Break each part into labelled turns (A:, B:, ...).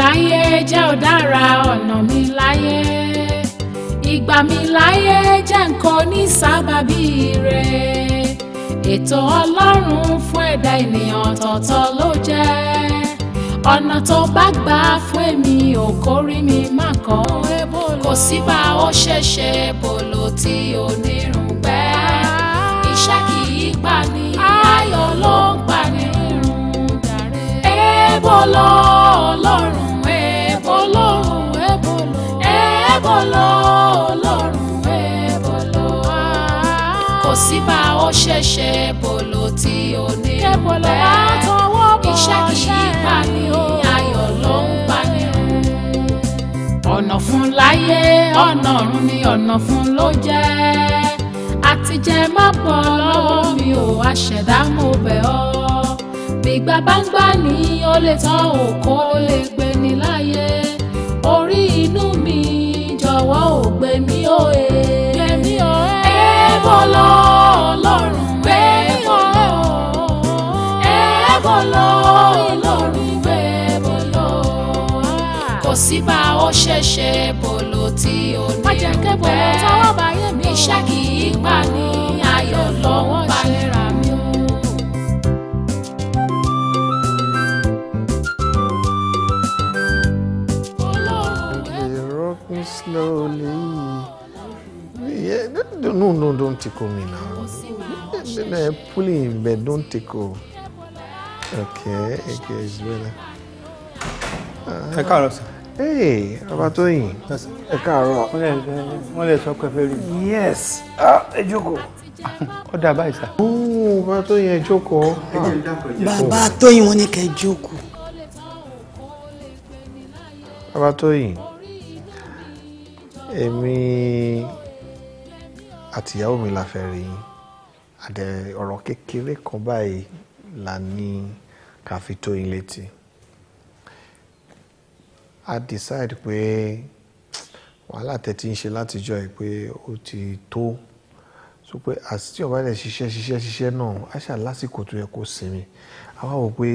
A: láyé jẹ́ ọ̀dára ọ̀nà mi láyé ìgbà mi láyé jẹ́ nǹkan ní sábàbí rẹ̀ ètò ọlọ́run fún ẹ̀dá ènìyàn ọ̀tọ̀ọ̀tọ̀ ló jẹ́ ọ̀nà tó bá gbà fún èmi ò kórí mi má kọ́ kò sí bá ó ṣẹ̀ṣẹ̀ bolo tí ò ní rùn pẹ́ iṣẹ́ kì í gbà ní ayọ̀ ló ń gbà ní rùn
B: dàrẹ́ ọlọ́run.
A: síbà ó ṣẹ̀ṣẹ̀ bolo tí ó ní bẹ́ẹ̀ iṣẹ́ kì í pa mí ayọ̀ ló ń pa mí ọ̀nà fún láyé ọ̀nà ọ̀run ni ọ̀nà fún ló jẹ́ àtijẹ́ má pọ̀ lọ́wọ́ mi ò àṣẹ̀dá mo bẹ̀ ọ́ gbígbà báńgbà ní ó lè tán òkó lè gbé ní láyé orí inú mi jọ̀wọ́ ò gbé mi ó e bọ́lọ́ ọlọ́run
B: wẹ́ẹ́bọ̀
A: ẹ bọ́lọ́ ọlọ́run wẹ́ẹ́bọ̀lọ́ kò sí bá ó ṣẹ̀ṣẹ̀ bọ́lọ́ tí ó ní wẹ́ẹ́ iṣẹ́ kì pa ní ayọ̀ lọ́wọ́ ṣe ra
B: mi o.
C: Don't,
D: no, no, don't tickle me
B: now. Eh, eh,
D: eh, no, but don't tickle. Okay, okay, it's better. Ah. Ẹ káàárọ̀ sir. Hey, Abatoyin. Ẹ káàárọ̀. Wọ́n lè sọ pé fẹ́rí. Yes, ah, ẹ jókòó. Ah, ó dà báyìí sá. Ooo, Abatoyin ẹ jókòó. Bàbá Tóyin wọn ni kẹ́ ẹ jókòó. Abatoyin, èmi àtìyàwó mi la fẹ́ rí yín àdẹ ọ̀rọ̀ kékeré kan báyìí la ní ká fi tó yín létí a decide pé wàhálà tẹ́tí ń ṣe látijọ́ yìí pé ó ti tó so pé àti ọba ilẹ̀ ṣiṣẹ́ ṣiṣẹ́ ṣiṣẹ́ náà àṣà lásìkò tó yẹ kó sinmi àwa wò pé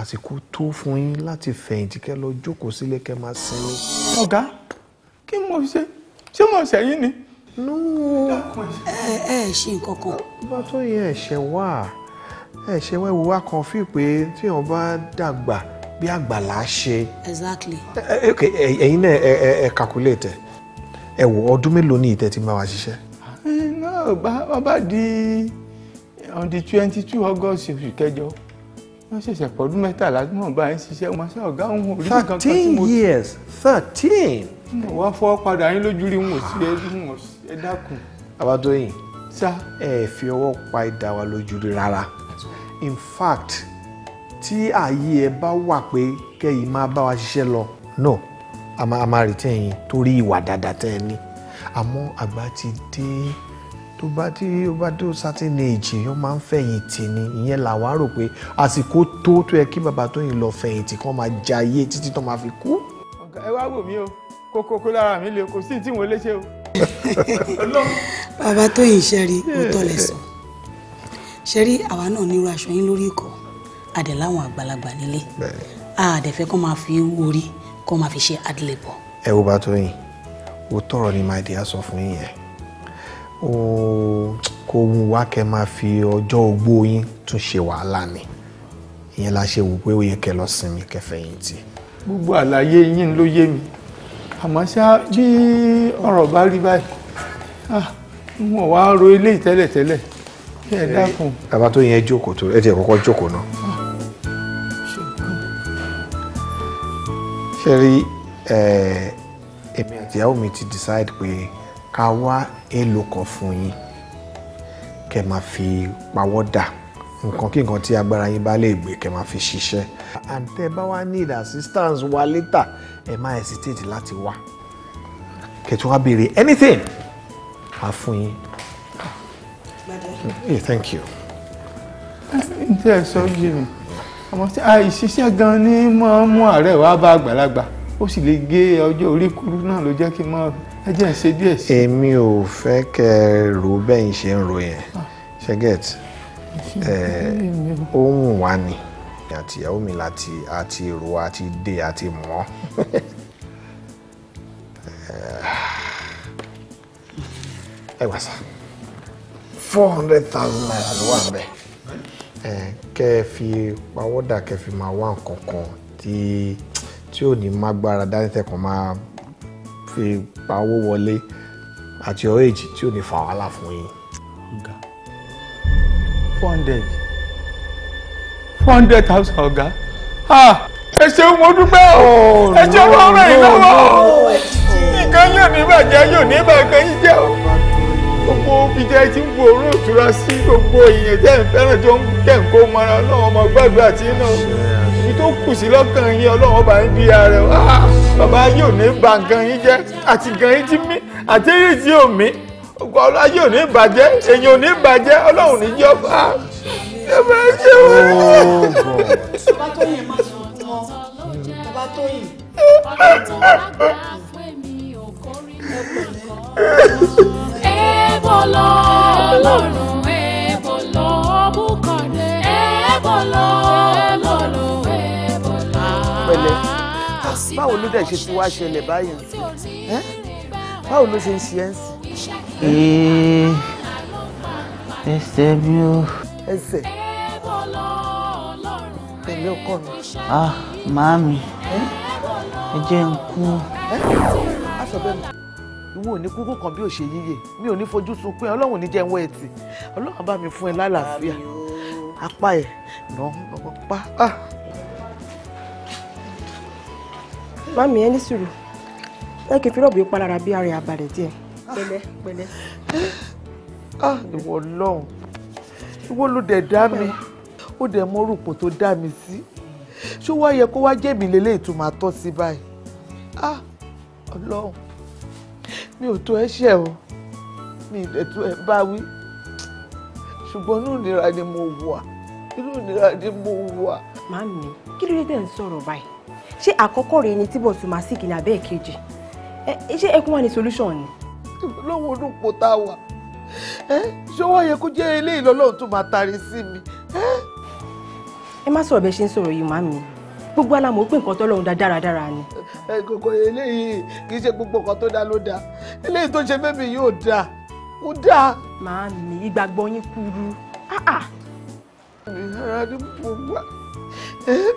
D: àsìkò tó fún yín láti fẹ̀yìntì kẹ́ lọ jókòó sílé kẹ́ máa sinmi.
E: ọ̀gá
C: kí mo
D: ṣe ṣé mo ṣẹ̀yìn ni no ẹ ẹ ṣe nǹkan kan. bá tó yẹ ẹ̀ṣẹ̀ wá ẹ̀ṣẹ̀ wá ìwúwá kan fi pé tí wọ́n bá dàgbà bí àgbàlá ṣe. exactly. ẹ̀yin náà ẹ ẹ calculate ẹ wò ọdún mélòó ni ìtẹ́ ti máa wá ṣiṣẹ́.
C: náà bá di on the twenty two august oṣù kẹjọ wọ́n ṣẹ̀ṣẹ̀ pọ̀dún mẹ́tàlá tí wọ́n bá ń ṣiṣẹ́ wọn ṣe ọ̀gá òun ò rí tí mo. thirteen
D: years thirteen.
C: wọ́n fọ́ padà yín lójú rí wọn sí ẹ́ wọn sí ẹ dákun.
D: Abátóyìn ẹ fi ọwọ́ pa idà wa lójú rárá in fact tí ààyè ẹ bá wà pé kẹ́yìn máa bá wa ṣiṣẹ́ lọ no a máa a máa rí tẹ̀yìn torí ìwà dáadáa tẹ́ ẹ ní àmọ́ àgbà ti dé tó bá tí ó bá tó certain age yóò máa ń fẹ̀yìntì ni ìyẹn làwa rò pé àsìkò tó tó yẹ kí bàbá Tóyìn lọ fẹ̀yìntì kán máa jayé títí tó máa fi kú.
C: ẹ wá wò mí o kókó kó lára mi le kò sí tí mo ṣe o
D: bàbá Tóyìn ṣẹ́rí
C: ó tọ́lẹ̀ sọ
F: ṣẹ́rí àwa náà nírú aṣọ yín lórí ikọ̀ àdẹ̀ láwọn àgbàlagbà nílé àdẹ̀fẹ́ kọ́ máa fi ewu orí kọ́ máa fi ṣe adìlẹ̀bọ̀.
D: ẹ wo bá Tóyìn ó tọrọ ni máa dìá sọ fún yín yẹn ó kó wù wá kẹ máa fi ọjọ́ ogbó yín tún ṣe wàhálà ni ìyẹn la ṣe wò pé ó yẹ kẹ lọ sinmi kẹfẹ̀yìntì.
C: gbogbo àlàyé yín ló yé mi àmọ́
E: ṣá bí ọ̀rọ̀ bá rí báyìí wọn ah, wá ro ilé tẹ́lẹ̀tẹ́lẹ̀ kí ẹ
B: dákun.
D: bàbá tó yẹn jókòó tó ẹ tiẹ̀ kọ́kọ́ jókòó náà. ṣe rí èmi àtìyàwó mi ti decide pé ká wá èlò kan fún yín kẹ́ máa fi pawọ́ dà nǹkan kí nǹkan tí agbára yín bá lè gbé kẹ́ máa fi ṣiṣẹ́ and bá wá need assistance wa later ẹ má hesitate láti wá kẹtù wá béèrè anything á fún yín. Mm, yeah, thank you.
C: ǹjẹ́ ẹ sọ yé mi àmọ́ sí
E: àìṣiṣẹ́ gan ni máa ń mú àárẹ̀ wá bá àgbàlagbà ó sì lè gé ọjọ́ orí kúrú náà ló jẹ́ kí n máa
D: ẹ jẹ́ ẹ ṣe díẹ̀ sí. èmi ò fẹ́ kẹ́ ẹ rò bẹ́ẹ̀ ṣe ń ro yẹn ṣe get ẹ ó wùn wá ni àtìyàwó mi láti àti rò àti dé àti mọ́. ẹ wà sá four hundred thousand naira ló wà bẹ́ẹ̀ kẹ́ ẹ fi pawọ́dà kẹ́ ẹ fi máa wá nǹkan kan tí tí ò ní mágbára dání tẹ̀kàn máa fi pawó wọlé àti ọ̀rẹ́ èjì tí ò ní fa wàhálà fún yín.
C: four hundred four hundred thousand ọ̀gá ẹ ṣeun mo dúpẹ́ o oh, ẹ ṣe wọ́n rẹ̀ lọ́wọ́ o
E: nǹkan yóò ní bàjẹ́ yóò ní bàjẹ́ yìí jẹ́ o gbogbo ìjẹ́ tí ń bu òórùn ìtura sí gbogbo èèyàn tẹ́ ń fẹ́ràn tó ń tẹ̀ ń kó mọ́ra náà ọmọ gbàgbà tí ń náà ibi tó kù sí lọ́kàn yín ọlọ́run ọba ń di ara ẹ̀ ah, bàbá yóò ní ba nǹkan yín jẹ́ àti gan yín ti mí àti èyí tí ò mí ọlọ́run yóò ní bàjẹ́ èyí ò ní bàjẹ́ ọlọ́run ní jọ́ ẹ má ṣe wọ́n. bàbá
G: tóyìn má sunkún ẹ
B: bọ̀ lọ lọ́rùn
A: ẹ bọ̀ lọ bùkọ̀dé ẹ bọ̀ lọ lọ́rùn
G: ẹ bọ̀ lọ. pẹ̀lẹ́ báwo ló dẹ̀ ṣe ti wá ṣẹlẹ̀ báyìí báwo ló ṣe ń ṣe ẹ́ ń sìn.
A: ẹsẹ̀ bí ó
B: ẹsẹ̀. pẹ̀lú ọkọ mi. ah mami, ẹ
G: jẹ́ n kú. aṣọ bẹ́ẹ̀ ni ìwọ ò ní kúkú kan bí ò yíyẹ mi ò ní fojú sunkún ẹ ọlọ́run ní jẹ́ ń wọ ẹtì ọlọ́run bá mi fún ẹ lálàáfíà apá ẹ nà ọmọ pa. Ah. mami ẹ ní sùúrù ẹ kì í fi rọ́ọ̀bù yìí palára bí ara ẹ díẹ̀ ah. pẹ̀lẹ́ pẹ̀lẹ́. ah ìwọ ọlọ́run ìwọ ló dẹ̀ dá mi ó dẹ̀ mọ́rùpò tó dá mi sí ṣó wá yẹ kó wá jẹ̀bi lélẹ̀ ìtumọ̀ àtọ́ sí báyìí ah ọlọ́run mi ò tó ẹ̀ṣẹ̀ o
E: mi ì dẹ̀ tó ẹ̀ bá wí ṣùgbọ́n inú ìnira ni mo wà inú ìnira ni mo wà.
H: màámi kí ló dé tẹ̀ ń sọ̀rọ̀ báyìí ṣé àkọ́kọ́ rẹ̀ ni tíbọ̀ tún máa sì kìlà bẹ́ẹ̀ kejì
G: ṣé ẹkún wà ní solution ni.
E: lọ́wọ́ olùpọ̀ tá a wà e wọ́n yẹ kó jẹ́ eléyìí lọ́lọ́run tó máa tari sí mi.
G: ẹ má sọ̀rọ̀ bẹ́ẹ̀ ṣe ń sọ̀rọ̀ yìí gbogbo alamọ̀ pé nǹkan tó lọ́run dáradára ni.
E: kòkò eléyìí kì í ṣe gbogbo
G: nǹkan tó dá ló dá eléyìí tó ṣe bébì yóò dá ó dá. màmí ìgbàgbọ́ yín kúrú. ara ni mo wá. pẹ̀lẹ́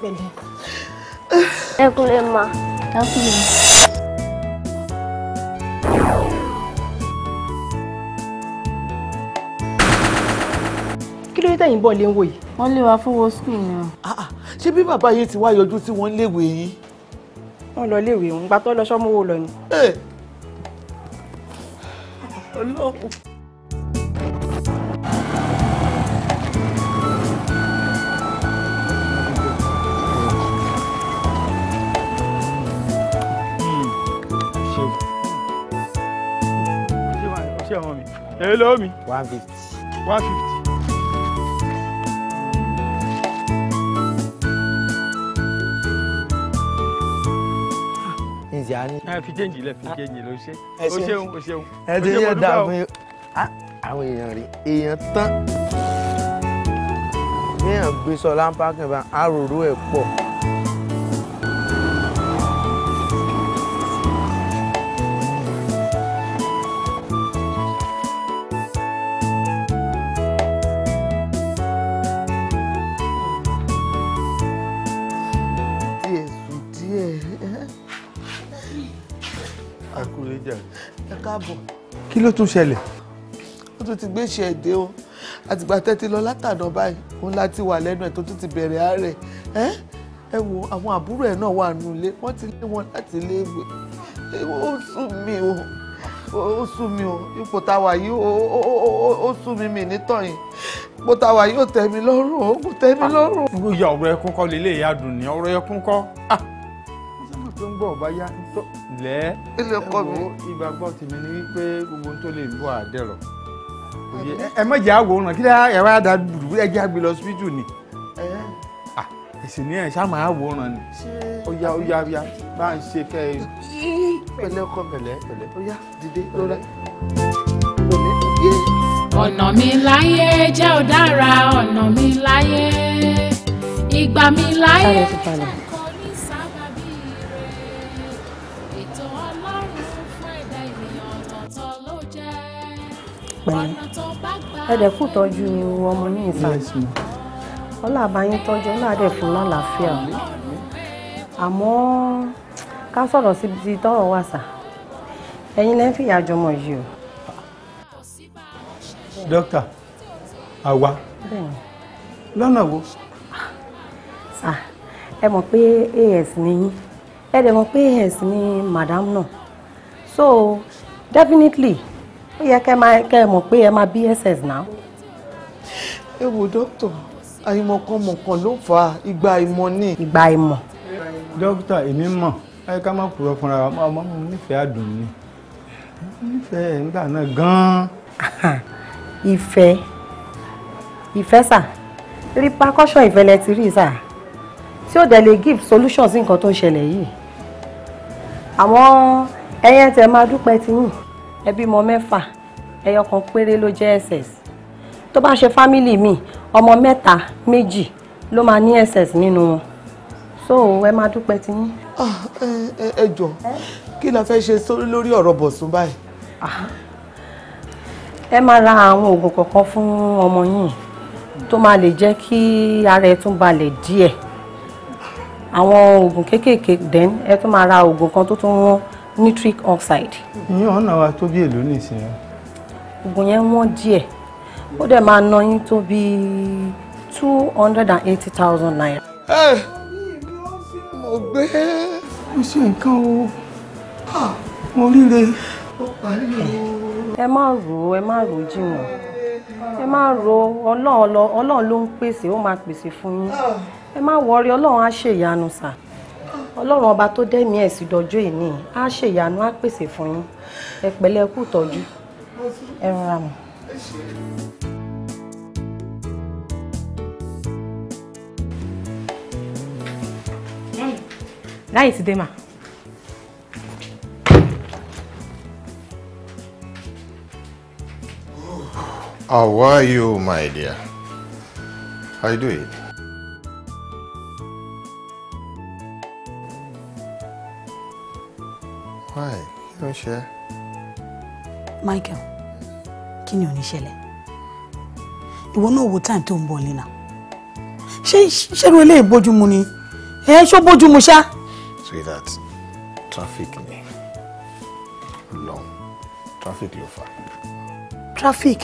G: pẹ̀lẹ́. ẹ
H: ma ẹ ma.
G: kí ló dé tẹ̀yìn bọ̀ lé ń wò yìí.
A: wọ́n lé wa fowó skul ni o. Ah, ah,
E: ṣé bí bàbá yìí ti wá yọjú tí wọ́n ń léwèé
G: wọ́n lọ léwèé òun gbà lọ sọ́mọ́wó lọ ni.
C: ọlọ́run. Eh. iṣẹ́ ọmọ mi èyí ló mi. one fifty. one fifty. ǹjẹ́ a ní. ẹ fi jẹ́ǹjì lẹ fi jẹ́ǹjì ló ṣe o ṣeun o ṣeun. ẹ ti yẹ dà fún
E: yín ah, àwọn èèyàn rè èèyàn tán. bí èèyàn gbé sọ lápá kan bá aròrò ẹ̀ pọ̀. káàbọ̀. kí ló tún ṣẹlẹ̀.
G: ó tún ti gbé iṣẹ́ èdè o àtìgbà tẹ́tí lọ látàná báyìí òun láti wà lẹ́nu ẹ̀ tó tún ti bẹ̀rẹ̀ àárẹ̀ ẹ́ ẹ wo àwọn àbúrò ẹ̀ náà wà nù ilé
E: wọ́n ti lé wọn láti ilé ìwé ó sún mi o ó sún mi o ipò táwa yìí ó sún mi mi nítọ̀yìn ipò táwa yìí ó tẹ́ mi lọ́rùn
C: ó kò tẹ́ mi lọ́rùn. ìyá ọ̀rọ̀ ẹkún kọ́ lélẹ́yìí adùn ní ọ̀rọ̀ ẹkún kọ́ ah
E: pé ń bọ̀ bá yá lẹ́ ìgbàgbọ́ tèmi ni wípé gbogbo tó lè lu àdẹ̀rọ̀ ẹ má àwòrán kí ẹ wá da dùdú ẹ jẹ́ àgbè lọ síbítù ni ẹ̀sìn ní ẹ̀ ṣá máa ni ó yá ó yá yá bá ń ṣe kẹ́ ẹ pẹ̀lẹ́ ọkọ pẹ̀lẹ́ pẹ̀lẹ́ ó yá dìde lọ́rẹ́ ọ̀nà
A: mi láyé jẹ́ ò ọ̀nà mi láyé ìgbà mi láyé.
H: pẹ̀lẹ́ ẹ dẹ̀ kú tọ́jú ọmọ ní ìfà ọlá àbáyín tọ́jú ọlá dẹ̀ fún lálàáfíà àmọ́ ká sọ̀rọ̀ síbi tí wà sà ẹ̀yin lẹ́ ń fìyà jọmọ yìí o.
B: dókítà àwa
H: lọ́nà wo. sà ẹ mọ̀ pé as ni yín ẹ dẹ̀ mọ̀ pé as ni madam náà so definitely ó yẹ kẹ́ máa kẹ́ mọ̀ pé ẹ máa bss náà.
G: ẹ wo dókítà àìmọ̀kànmọ̀kàn ló fà á ìgbà ìmọ̀ ni. ìgbà ìmọ̀. dókítà èmi
E: mọ̀ ẹ ká má purọ́ fúnra wa ọmọ mi nífẹ̀ẹ́ àdùn ni nífẹ̀ẹ́ nígbà náà gan-an. ìfẹ́
H: ìfẹ́ sà repercussion ìfẹ́lẹ̀ ti rí sà tí ó dẹ̀ lè give solution sí nǹkan tó ń ṣẹlẹ̀ yìí àwọn ẹyẹ tẹ máa dúpẹ́ ti yìn ẹ bímọ mẹ́fà ẹyọ kan péré ló jẹ́ ss tó bá ṣe fámìlì mi ọmọ mẹ́ta méjì ló máa ní ss nínú wọn so ẹ máa dúpẹ́ ti yín. Ah, ẹ jọ kí la fẹ́ ṣe lórí ọ̀rọ̀ bọ̀sùn báyìí. Ah, ẹ máa ra àwọn oògùn kọ̀ọ̀kan fún ọmọ yín tó máa lè jẹ́ kí ara ẹ tún balẹ̀ díẹ̀ àwọn oògùn kéékèèké dẹ́n ẹ tún máa ra oògùn kan tó tún wọ́n nitric oxide.
C: ìyẹn ọ̀nà wa tó bí èlò nìsín.
H: oògùn yẹn wọ́n díẹ̀ ó dẹ̀ máa ná yín tó bí two hundred and eighty thousand naira. Eh!
B: mo gbé mo ṣe nǹkan o mo ríre o.
H: ẹ má rò ó ẹ má rò ó jìnnà ẹ má rò ó ọlọ́run ló ń pèsè ó máa pèsè fún yín ah! ọlọ́run ọba tó dẹ́mi ẹ̀ sí dọjọ́ ìní á ṣèyanu á pèsè fún yín ẹ pẹ̀lẹ́ kú tọ́jú ẹ rọra mọ̀.
G: láyé ti dé mà.
D: How are you, my dear? How you doing? ń ṣe.
F: Michael kí ni ò ní ṣẹlẹ̀ ìwọ náà wo time tó ń bọ̀ lena
G: ṣé ṣẹ́nu eléyìí bójúmu ni ẹ ṣó bójúmu ṣá.
D: sweetheart traffic ni long traffic ló fà.
F: traffic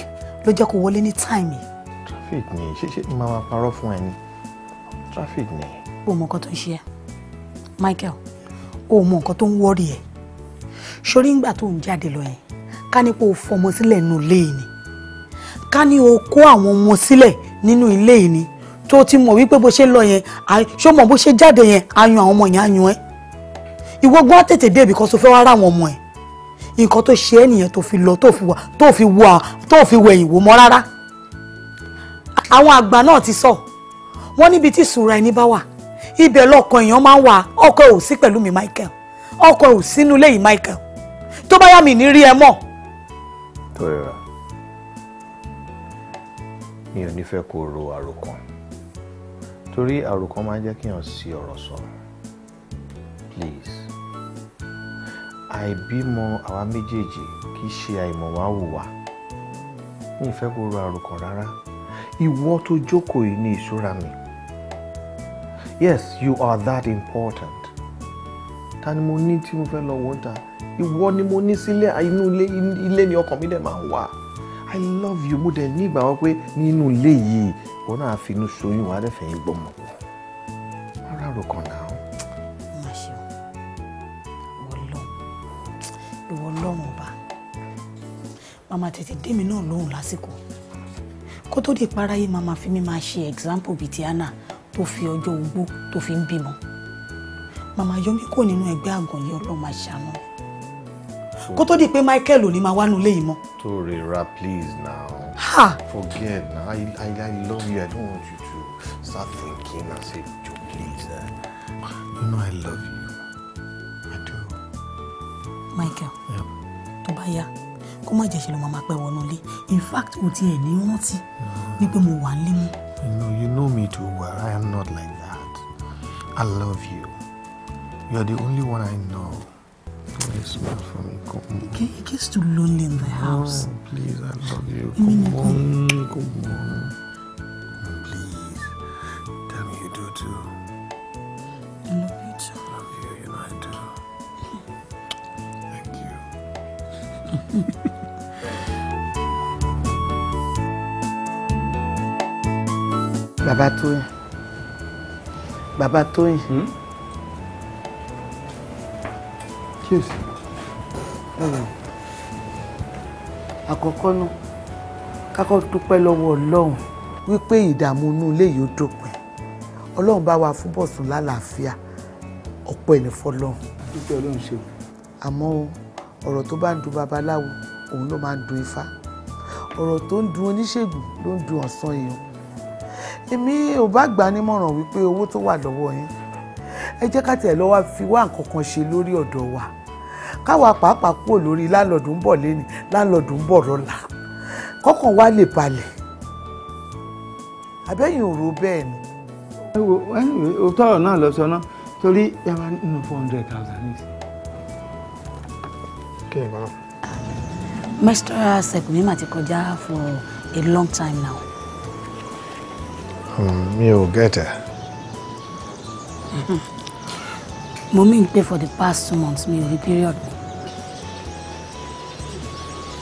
F: ló jẹ́ kó wọlé ní time yìí.
D: traffic ni ṣé ṣé máa ma parọ́ fún ẹni traffic ni.
F: o mọ nǹkan tó ń ṣe ẹ́ Michael o mọ nǹkan tó ń wọ́ọ̀rì ẹ́ sórí ńgbà tó ń jáde lọ yẹn ká ní pé o fọmọ
G: sílẹ̀ nínú ilé yìí ni ká ní o kó àwọn ọmọ sílẹ̀ nínú ilé yìí ni tó ti mọ̀ wípé bó ṣe lọ yẹn ṣó mọ̀ bó ṣe jáde yẹn ayan àwọn ọmọ yẹn ayan ẹ ìwọ gan tètè dé ibìkan tó fẹ́ wá rà àwọn ọmọ ẹ nǹkan tó ṣe é nìyẹn tó fi lọ tó fi wà tó fi wà tó fi wẹ̀yìn wò mọ́ rárá àwọn àgbà náà ti sọ wọ́n níbi tí ìṣúra ẹni bá wà ibẹ̀ lọ́kàn èèyàn máa ń wà ọkọ ò sí pẹ̀lú mi Michael ọkọ ò sínú léyìí Michael tó bá yá mi ní rí ẹ mọ́.
D: Tóyọ̀rá mi ò ní fẹ́ kó ro àròkàn torí àròkàn máa ń jẹ́ kéèyàn sí ọ̀rọ̀ sọ please àìbímọ àwa méjèèjì kì í ṣe àìmọ̀ wá hùwà mi ò fẹ́ kó ro àròkàn rárá ìwọ tó jókòó yìí ní ìṣúra mi yes you are that important ta ni mo ní tí mo fẹ́ lọ wọ́n ta ìwọ ni mo ní sílẹ̀ inú ilé ilé ni ọkàn mi dẹ̀ máa ń wà i love you mo dẹ̀ ní ìgbàgbọ́ pé nínú ilé yìí ìwọ náà fi inú ṣoyún wà á dẹ̀ fẹ̀yìn gbọ́mọ
B: ara rò kàn náà. má ṣe o ìwọ lọ́rùn ọba
F: màmá tètè dé mi náà lóhùn lásìkò kó tó di ìparáyé màmá fi mi máa ṣe example bíi ti anna tó fi ọjọ́ ogbó tó fi ń bímọ màmá yọ mí kúrò nínú ẹgbẹ́ àgàn yìí ọlọ́run máa kó tó di pé Michael ò ní máa wánú lé yìí mọ́.
D: Torera please now ha. forget na I, I, I love you I don't want you to start thinking as a joke please eh? you know I love you I do.
F: Michael tó bá yá kó má jẹ́ ṣe ló máa máa pẹ́ wọnú ilé in fact o ti ẹ̀ ní rántí mm. wípé mo wà nílé mú.
D: you know you know me too well I am not like that I love you you are the only one I know. Please Come on. It,
F: gets too lonely in the
D: house. Oh, please, I love you. I mean, come on, come on. Please, tell me you do too.
B: I love you too. I love
D: you, you I
G: do. Thank you. Baba Tóyìn. Baba Tóyìn. Hmm? kíyèsí ẹ̀wọ̀n àkọ́kọ́ náà kákọ́ dúpẹ́ lọ́wọ́ ọlọ́run wípé ìdààmú inú ilé yìí ó dópin ọlọ́run bá wa fún bọ̀sùn lálàáfíà ọ̀pọ̀ ẹni fọlọ́run. dúpẹ́ ọlọ́run ṣe. àmọ́ ọ̀rọ̀ tó bá ń dun babaláwo òun ló máa ń dun ifá ọ̀rọ̀ tó ń dun oníṣègùn ló ń dun ọ̀sán yìí èmi ò bá gbà á nímọ̀ràn wípé owó tó wà lọ́wọ́ yín ẹ jẹ́ ká tiẹ̀ lọ wá fi wá nǹkan kan ṣe lórí ọ̀dọ̀ wa káwa pàápàá kúrò lórí láńlọ́ọ̀dù ń bọ̀ lẹ́ni láńlọ́ọ̀dù ń bọ̀ lọ́la kọ́kàn wa lè balẹ̀ àbẹ́yìn òru
E: bẹ́ẹ̀ ni. ẹ wo òótọ́ ọ̀rọ̀ náà lọ sọ náà torí yàrá nínú four hundred thousand ní. kí ni bàbá.
F: ma ti kọjá for a long time now.
B: Hmm,
D: mi ò gẹ̀tẹ̀.
F: Mommy mí pé for the past two months mi period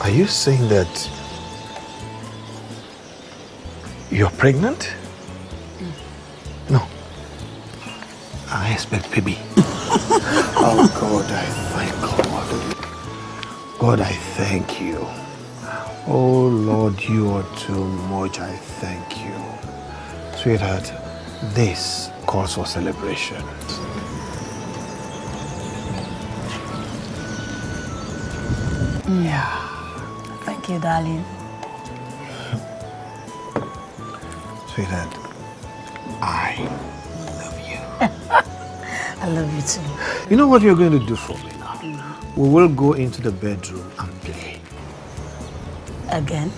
D: Are you saying that you're pregnant? Mm. No. I expect baby.
B: oh
D: God, I thank God. God, I thank you. Oh Lord, you are too much. I thank you. Sweetheart, this calls for celebration.
B: Mm. Yeah.
F: Thank you, darling.
D: Sweetheart, I love you. I love you too. You know what you're going to do for me now? Mm. We will go into the bedroom and play.
F: Again?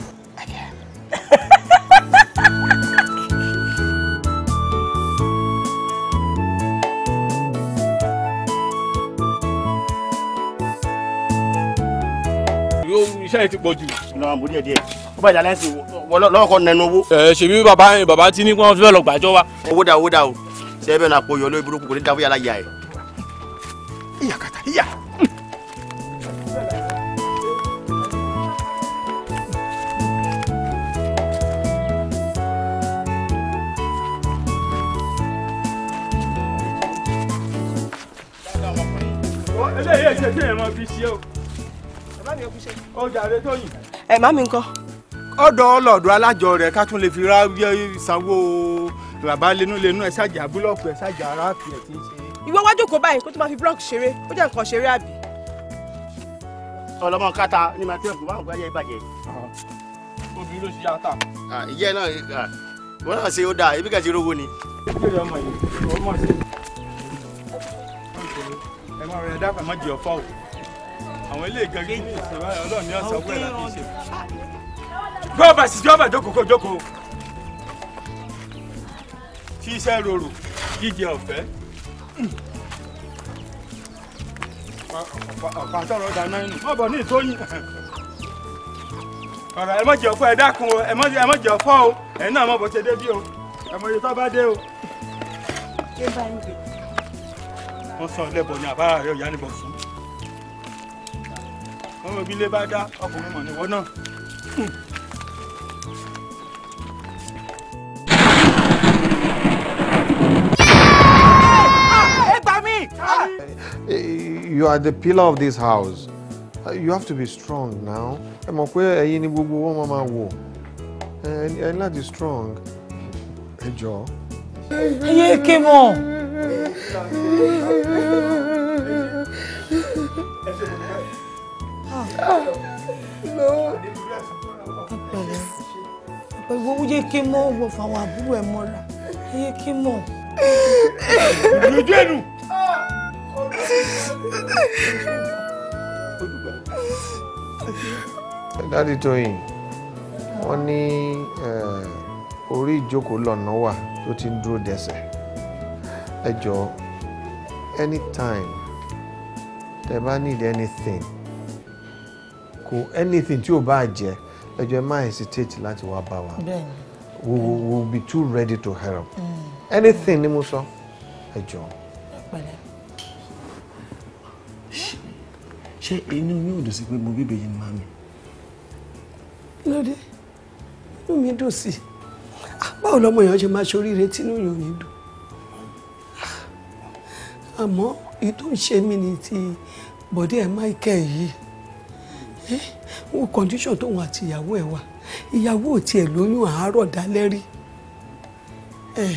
C: iṣẹ́ yìí ti pọ̀ jù.
E: ìlànà àbúrò díẹ̀ díẹ̀ ó bàjẹ́ alẹ́ sí lọ́kọ̀ nẹnu owó. ẹ ṣèbí bàbá yẹn bàbá tí ní kí wọ́n fẹ́ lọ gbàjọ wa. owó dà owó dà o ṣe é bẹ́ẹ̀ náà pòyọ lórí burúkú kò ní dáwọ́ yàrá yà ẹ̀. ìyá kàtà ìyá.
C: eléyìí ẹ̀ ṣe tí ẹ̀ máa fi ṣe o ó jàre tóyìn.
E: ẹ má mi ńkọ́. ọ̀dọ̀ ọlọ́ọ̀dọ̀ alájọ rẹ̀ ká tún lè fi ra sanwó bàbá lenúlenú ẹ̀ ṣàjà búlọ̀kù ẹ̀ ṣàjà aráàfin ẹ̀ tí ń ṣe.
G: ìwọ wá jókòó báyìí kó tó máa fi búlọ̀kù ṣeré ó jẹ́ nǹkan ṣeré àbí. ọlọmọ kata ni màá tẹ̀kùn báwọn gbáyà ìbàjẹ́.
C: obìnrin ló ṣe yàtà.
E: ìyá náà wọn náà ṣe ó dáa ibi
C: kàti rówó ni. ìbéèrè ọmọ yìí ọmọ ṣe. ẹ má rẹ dákàá má jẹ ọ̀fọ̀ àwọn ilé ìgangi ní ìsìnwá ọlọ́run ní ọ̀sán wúrẹ́ láti ṣe. gbọ́ bá sì jọba jókòó kó jókòó tí iṣẹ́ rorò jíjẹ ọ̀fẹ́. ọ̀pá sọ̀rọ̀ dáná nínú ọ̀bọ̀ ní ìtóyìn. ọ̀rọ̀ ẹ mọ̀jẹ̀ ọ̀fọ́ ẹ dákun o ẹ mọ̀jẹ̀ ọ̀fọ́ o ẹ̀yin náà mọ̀ bó ṣe dé bí o ẹ mọ̀jẹ̀ tó bá dé o. wọ́n sọ ọ lẹ́bọ̀ ni àbára rẹ̀ ò níbọ̀ sùn wọn ròbí ilé bá dá ọkùnrin mọ̀ níwọ náà.
D: You are the pillar of this house. You have to be strong now. Ẹ mọ̀ pé ẹ̀yin ni gbogbo wọn máa wò. Ẹ láti strong. Ẹ jọ̀ọ́.
B: Ẹyẹ ike mọ̀. Ẹ ṣe kò ní ká pẹ̀lẹ́
G: ìwọ yé kí mọ́ wọ fáwọn àbúrò ẹ̀ mọ́ra
B: yé kí mọ́. ìlójú ẹnu.
D: dádì tóyìn wọ́n ní orí ìjókòó lọ́nà wà tó ti ń dúró anytime Never need anything ẹranko anything tí ò bá jẹ́ ẹ ẹ má hesitate láti wá bá wa we will be too ready to help mm. anything ni mo sọ
C: ẹ jọ̀ọ́. ṣé inú yóò dùn sí pé mo bíbè yìí máa mi.
G: lóde inú mi dùn sí ah, báwo lọmọ èèyàn ṣe máa ṣoríire tí inú yóò ní dùn ah. àmọ́ èyí tó ń ṣe mí ni ti bọ̀dé ẹ̀ máìkẹ́ yìí wo condition tóun àti ìyàwó ẹ̀ wà ìyàwó ò tiẹ̀ lóyún àárọ̀ dálẹ́ rí ẹ̀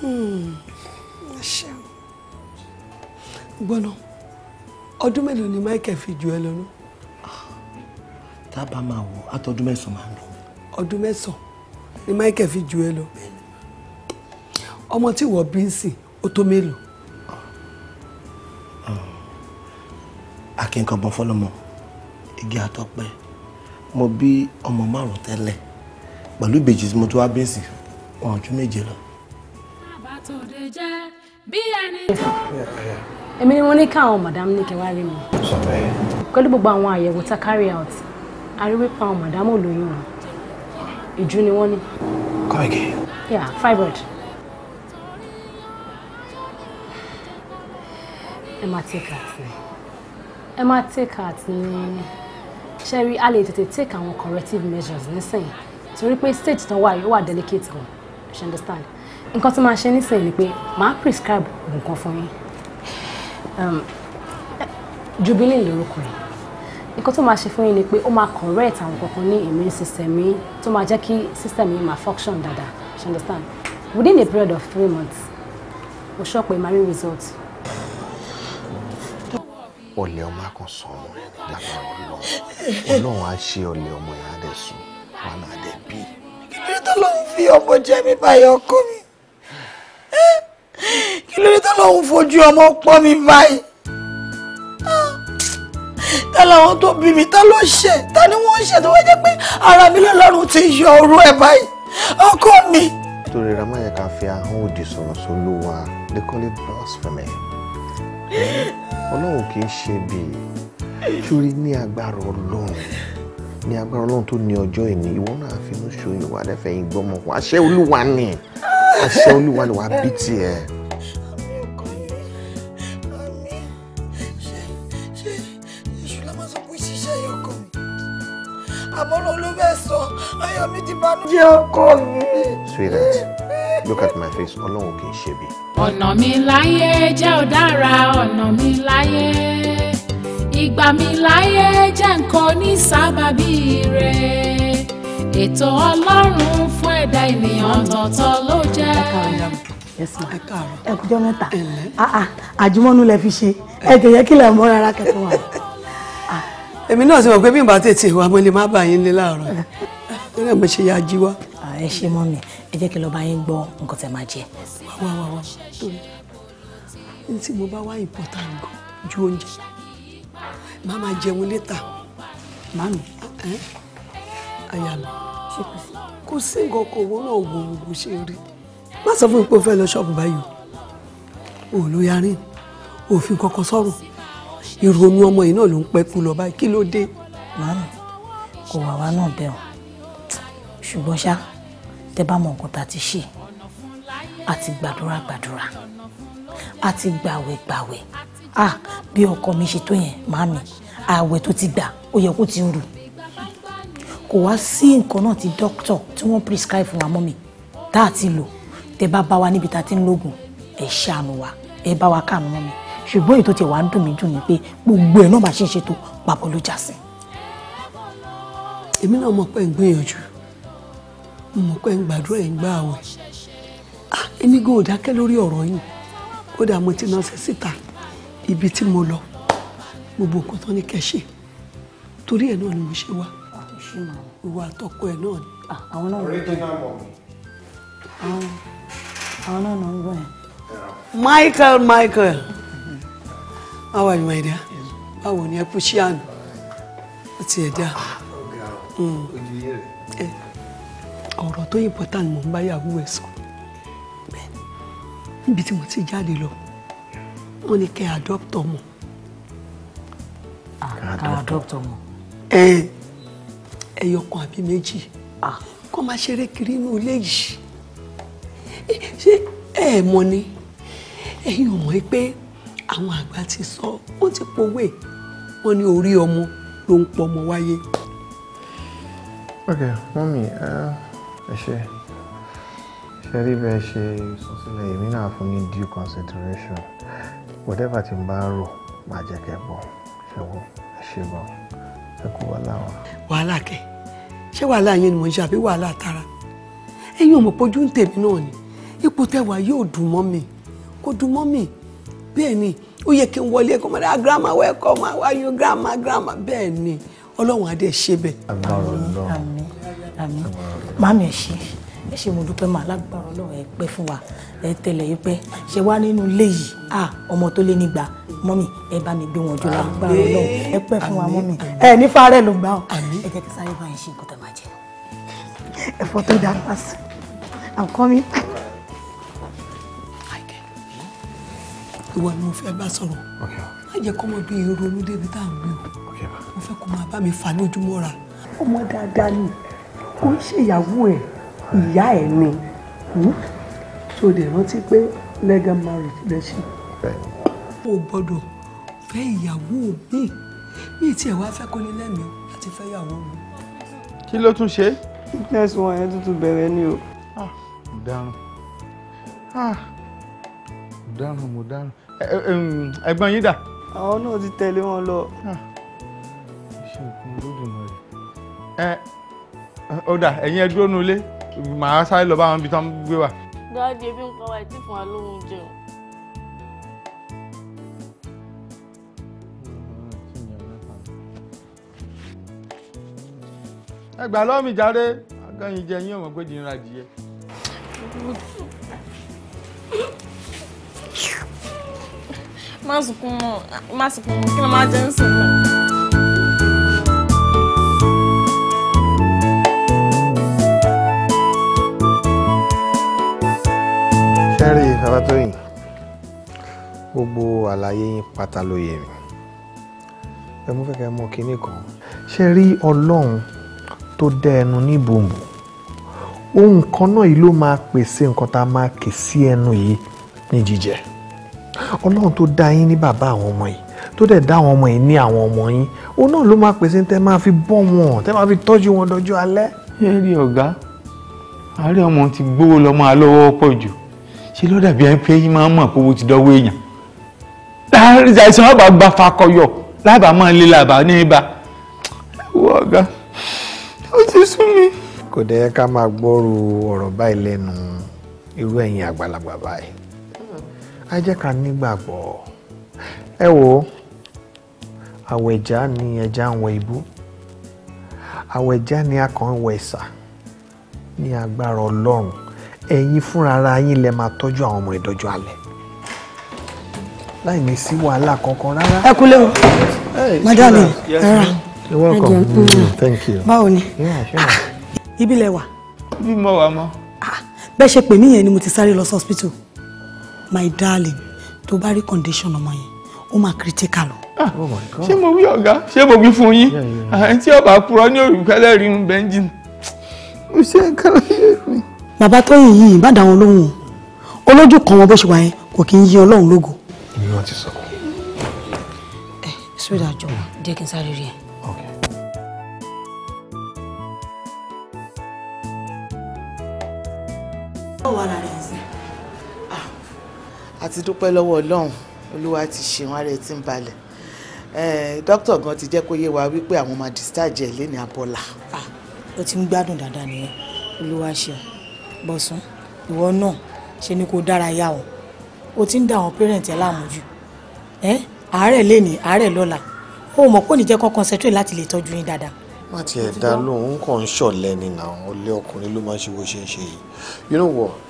G: hmm, gbọ́nà ọdún mélòó ni Michael fi jù ẹ lọ́nà.
E: tá a bá máa wọ àtọdún mẹ́sàn-án máa ń lọ.
G: ọdún mẹ́sàn-án ni Michael fi jù ẹ lọ ọmọ tí wọ́n bí ń sìn ó tó mélòó.
E: akínkànbọ̀n fọlọ́mọ igi àtọ́pẹ́ mo bí ọmọ márùn tẹ́lẹ̀ pẹ̀lú ìbejì tí mo tún wá bí sí wọn ọjọ́ méje lọ.
A: àbátòde jẹ́ bí
E: ẹni tó.
F: èmi ni wọ́n ní káwọn madam ní kẹwàá rí mi. pẹ̀lú gbogbo àwọn àyẹ̀wò tá carry out a rí wípé àwọn madam ò lóyún wọn ìjú ni wọ́n ní. come again. yeah fibroid. ẹ máa tẹ̀ káàtì ẹ má take heart ní ṣẹ́rí a lè tètè take àwọn corrective measures nísìnyí torí pé stage tán wà yóò wà delicate gan you understand nǹkan tí màá ṣe nísìnyí ni pé màá prescribe oògùn kan fún yín um, jubilee lórúkọ yìí nǹkan tó máa ṣe fún yín ni pé ó máa correct àwọn kankan ní immune system yín tó máa jẹ́ kí system yín máa function dáadáa you understand within a period of three months o sọ pé màá rí result
D: ọ̀lẹ ọmọ kan sọ̀rọ̀ lágbára ọlọ́run ọlọ́run á ṣe ọ̀lẹ ọmọ yẹn á dẹ̀ sùn wọn á
G: dẹ̀ bí. kí ló dé tó lòun fi ọmọ jẹ mí báyìí ọkọ mi kí ló dé tó lòun fojú ọmọ pọ́ mi báyìí ta làwọn tó bí mi ta ló ṣe ta ni wọ́n ṣe tó wá jẹ́ pé ara mi lọ́lọ́run ti yọ ọrú ẹ̀ báyìí ọkọ mi.
D: torí ramayẹ ká fi ahọ́n òdì sọ̀rọ̀ sólúwa they call it blasphemy ọlọ́run kì í ṣe bí ṣúrí ní agbára ọlọ́run ní agbára ọlọ́run tó ní ọjọ́ ìní ìwọ náà fi inú ṣòyìn wà lẹ́fẹ̀ẹ́ yìí gbọ́mọ̀ wá àṣẹ olúwa ni
B: àṣẹ olúwa bí
D: tiẹ̀.
G: àmọ́ ló sọ ayọ̀ mi ti
D: bànújẹ́ ọkọ mi. sweetheart look at my face ọlọ́run kì í ṣe bí.
A: ọ̀nà mi láyé jẹ́ ọ̀dára ọ̀nà mi láyé ìgbà mi láyé jẹ́ nǹkan ní sábàbí rẹ̀ ètò ọlọ́run fún ẹ̀dá ènìyàn ọ̀tọ̀ọ̀tọ̀ ló jẹ́. ẹ̀ka àrùn
F: ẹ̀kújọ́ mẹ́ta ah, ah, àjùmọ̀nù
G: lẹ fi ṣe ẹ̀jẹ̀ yẹ kí lè mọ́ rárá kẹ́kọ̀ọ́ wà èmi náà sì mọ̀ pé bí n bá tètè wá mo lè má bà yín lé láàárọ̀ lórí
F: ẹ̀ mo ṣe ya jí wá. ẹ ṣe mọ́ mi ẹ jẹ́ kí lọ́ọ́ bá yín gbọ́ nǹkan tẹ̀ máa jẹ. wá wá wá torí ní tí mo bá wá
G: important gan ju oúnjẹ má máa jẹun létà. màmí àyà mi kò sí nǹkan kan wọ́n náà wò ó ṣe rí má sọ fún mi pé o fẹ́ lọ ṣọ́ọ̀bù báyìí o ò lóyarí òfin kankan sọ̀rọ̀ ìrònú ọmọ yìí náà ló ń pẹ́ kú lọ báyìí kí ló dé. màámi
F: kò wà wá náà bẹ́ẹ̀ o ṣùgbọ́n ṣá tẹ bá mọ nǹkan tá a ti ṣe a ti gbàdúrà gbàdúrà a ti gbàwẹ̀ gbàwẹ̀ a bí ọkọ mi ṣe tó yẹn màámi ààwẹ̀ tó ti gbà ó yẹ kó ti ń rù kò wá sí nǹkan náà ti dókítà tí wọ́n prescribe fún wa mọ́ mi tá a ti lò tẹ bá bá wa níbi tá a ti ń lògùn ẹ ṣàánú wa ẹ bá wa káàánú mọ́ mi ṣùgbọ́n èyí tó wà ń dùn mí dùn ni pé gbogbo ẹ̀ náà bá ṣe ń ṣètò papọ̀ ló já sí.
G: èmi náà mọ̀ pé ń gbìyànjú mọ̀ pé ń gbàdúrà ẹ̀ ń gbà àwẹ̀ ah, èmi gan ò lórí ọ̀rọ̀ yìí kódà mo ti náà ṣe síta ibi tí mo lọ gbogbo nǹkan tó ní kẹ́ torí ẹ̀ náà ni mo ṣe wá ìwà àtọkọ
D: ẹ̀ náà ni. Ah, àwọn náà ah, àwọn
G: náà ń gbọ́ yẹn. Michael Michael. Awa are you, my dear? Báwo ni ẹ kú sí àná? Ó ti ẹ̀ dá. Ah,
B: hmm. Ọ̀rọ̀
G: tó important mò ń bá yàwó ẹ̀ sọ. Níbi mo ti jáde lọ, wọ́n ní kẹ́ adopt ah, Ká adopt ọmọ. Ẹyọ kan àbí méjì. Kọ́ máa ṣeré kiri inú ilé yìí. Ṣé ẹ mọ̀ ni? Ẹ̀yin ò mọ̀ pé àwọn àgbà ti sọ wọ́n ti pòwe wọ́n ní orí ọmọ ló ń pọmọ wáyé.
D: ok mọ́mí ẹ ṣe ṣe rí bẹ́ẹ̀ ṣe ìsọsílẹ̀ èmi náà fún ní due consideration whatever ti ń bá rò máa jẹ́ kẹ́ bọ̀ ṣe wo ẹ ṣe bọ̀ ẹ kú wàhálà wa. wàhálà kẹ
G: ṣé wàhálà yẹn ni mò ń ṣe àbí wàhálà tara ẹ̀yin ò mọ̀ pójú ń tèmi náà ni ipò tẹwàá yóò dùn mọ́ mi kò dùn mọ́ mi bẹ́ẹ̀ ni ó yẹ kí n wọlé ẹ̀kọ́ mọ́ra grandma welcome how are you grandma grandma bẹ́ẹ̀ ni ọlọ́run adé ṣe
E: bẹ́ẹ̀. àmín
F: àmín àmín màmí ẹ ṣe ẹ ṣe mo dúpẹ́ màá lágbára ọlọ́run ẹ pẹ́ fún wa ẹ tẹ̀lẹ̀ yìí pẹ́ ṣe wá nínú ilé yìí à ọmọ tó lé nígbà mọ́mì ẹ bá mi gbé wọn jọ lágbára ọlọ́run ẹ pẹ́ fún wa mọ́mì
G: ẹ ní fárẹ́ ló gbà ọ́
F: ẹ jẹ́ kí sáré báyìí ṣe nǹkan tó máa jẹ ẹ̀fọ́ tó dára sí
G: I'm coming. ìwọ ni mo fẹ́ bá sọ̀rọ̀ má jẹ́ kọ́mọ bí ronú débi tá à ń gbé o mo fẹ́ kó máa bá mi fà lójúmọ́ ra. ọmọ dáadáa ni kò ń ṣèyàwó ẹ ìyá ẹ ni tó lè rántí pé legal marriage rẹ ṣe. o gbọ́dọ̀ fẹ́ ìyàwó mi mi tí ẹ wá fẹ́ kó ní lẹ́mìí láti fẹ́ ìyàwó
E: mi. kí ló tún ṣe. fitness wọn yẹn tuntun bẹ̀rẹ̀ ni o. ah mo dáràn ah, mo dáràn ẹ̀gbọ́n yín dà. àwọn náà ti tẹ̀lé wọn lọ.
B: Ah. ṣé ìkún
E: olódùmarè. ẹ ó dà ẹ̀yin ẹ dúró nulẹ̀ màá sáré lọ bá àwọn ibi tí wọ́n gbé wà.
A: dáàdi ebi ń pa wá ìtì fún wa lóhun jẹun.
E: ẹ gbà lọ́mì jáde agányin jẹ yín ọmọ gbé di ìrìnàjò yẹ má
H: sunkún mọ́ má sunkún mọ́ kí ló máa jẹ́ ń sùn mọ́.
D: sẹ́rí babatóyìn gbogbo àlàyé yín pátá ló yé mi ẹ mú fẹ́kẹ́ mọ kinní kan ṣe rí ọlọ́run tó dá ẹnu ní bòǹbò ohun kan náà yìí ló máa pèsè nǹkan tá a máa kè sí ẹnu yìí ní jíjẹ ọlọ́run tó dá yín ní bàbá àwọn ọmọ yìí tó dẹ̀ dá àwọn ọmọ yìí ní àwọn ọmọ yín òun náà ló máa pèsè tẹ́ máa fi bọ́ wọn tẹ́ máa fi tọ́jú wọn dọjọ́ alẹ́. ẹ rí ọ̀gá àárẹ̀ ọmọ ti gbówó lọ́mọ
C: alọ́wọ́ pọ̀ jù ṣé lọ́dà bí ẹni pé yín máa ń mọ̀ pé owó ti dọ́wọ́ èèyàn. láàárín àìsàn àbá gba fakọyọ lábà máa lé làbà ní ibà wọ ọ̀gá ó
B: ti sún mi.
D: kò dẹ̀ ká máa gbọ́rù ọ̀rọ̀ báyìí lẹ́nu irú ẹ̀yin àgbàlagbà báyìí ẹ jẹ́ ká nígbàgbọ́ ẹ wò ó àwẹ̀já ni ẹja ń wẹ ibú àwẹ̀já ni akàn wẹ ẹ̀sà ní agbára ọlọ́run ẹ̀yin fúnra ara yín lẹ máa tọ́jú àwọn ọmọ ìdọ́jú alẹ́ láì ní sí wàhálà kankan rárá. ẹ kú léwu madame ẹ rà
H: ẹ báwo ni
G: ibi lẹ wà. bí mo wà mọ. Ah, bẹ́ẹ̀ ṣe pè mí yẹn ni mo ti sáré lọ sí hospital my darling tó bá rí condition ọmọ yẹn
E: ó máa critical
B: o. Ah, oh ṣé
E: mo wí ọ̀gá ṣé mo wí fún yín àǹtí ah, ọba purọ́
C: ní òrùkẹ́lẹ́ rí ń bẹ́ńjìn
E: mo ṣe nǹkan lọ́yẹ̀
G: mi. bàbá tóyìn yìí má dá wọn lóhùn o olójú kan wọn bó ṣe wà yẹn kò kí ń yí ọlọ́run lógo.
C: èmi náà ti sọ.
F: ẹ eh, sódà jọ jẹ́ kí n sáré rí ẹ.
B: báwo wà lára ẹ
G: àti dúpẹ́ lọ́wọ́ ọlọ́run olúwa ti ṣeun ara ẹ̀ ti ń balẹ̀ dókítà gan ti jẹ́ kó yé wa wípé àwọn máa discharge ẹ̀ lẹ́ni abọ́là.
F: ó ti ń gbádùn dáadáa nìyẹn olúwa ṣe bọ̀sùn
G: ìwọ náà ṣe ni kò dára yá o o ti ń da àwọn parent ẹ jù ẹ
F: àárẹ̀ lẹ́ni àárẹ̀ lọ́la o mọ̀ kó ní jẹ́ kó concentrate láti lè tọ́jú yín dáadáa
D: má tiẹ̀ dá lóhùn kàn ń ṣọ̀lẹ́ ni náà ọlẹ́ ọkùnrin ló máa ń ṣe bó ṣe ń ṣe yìí you know what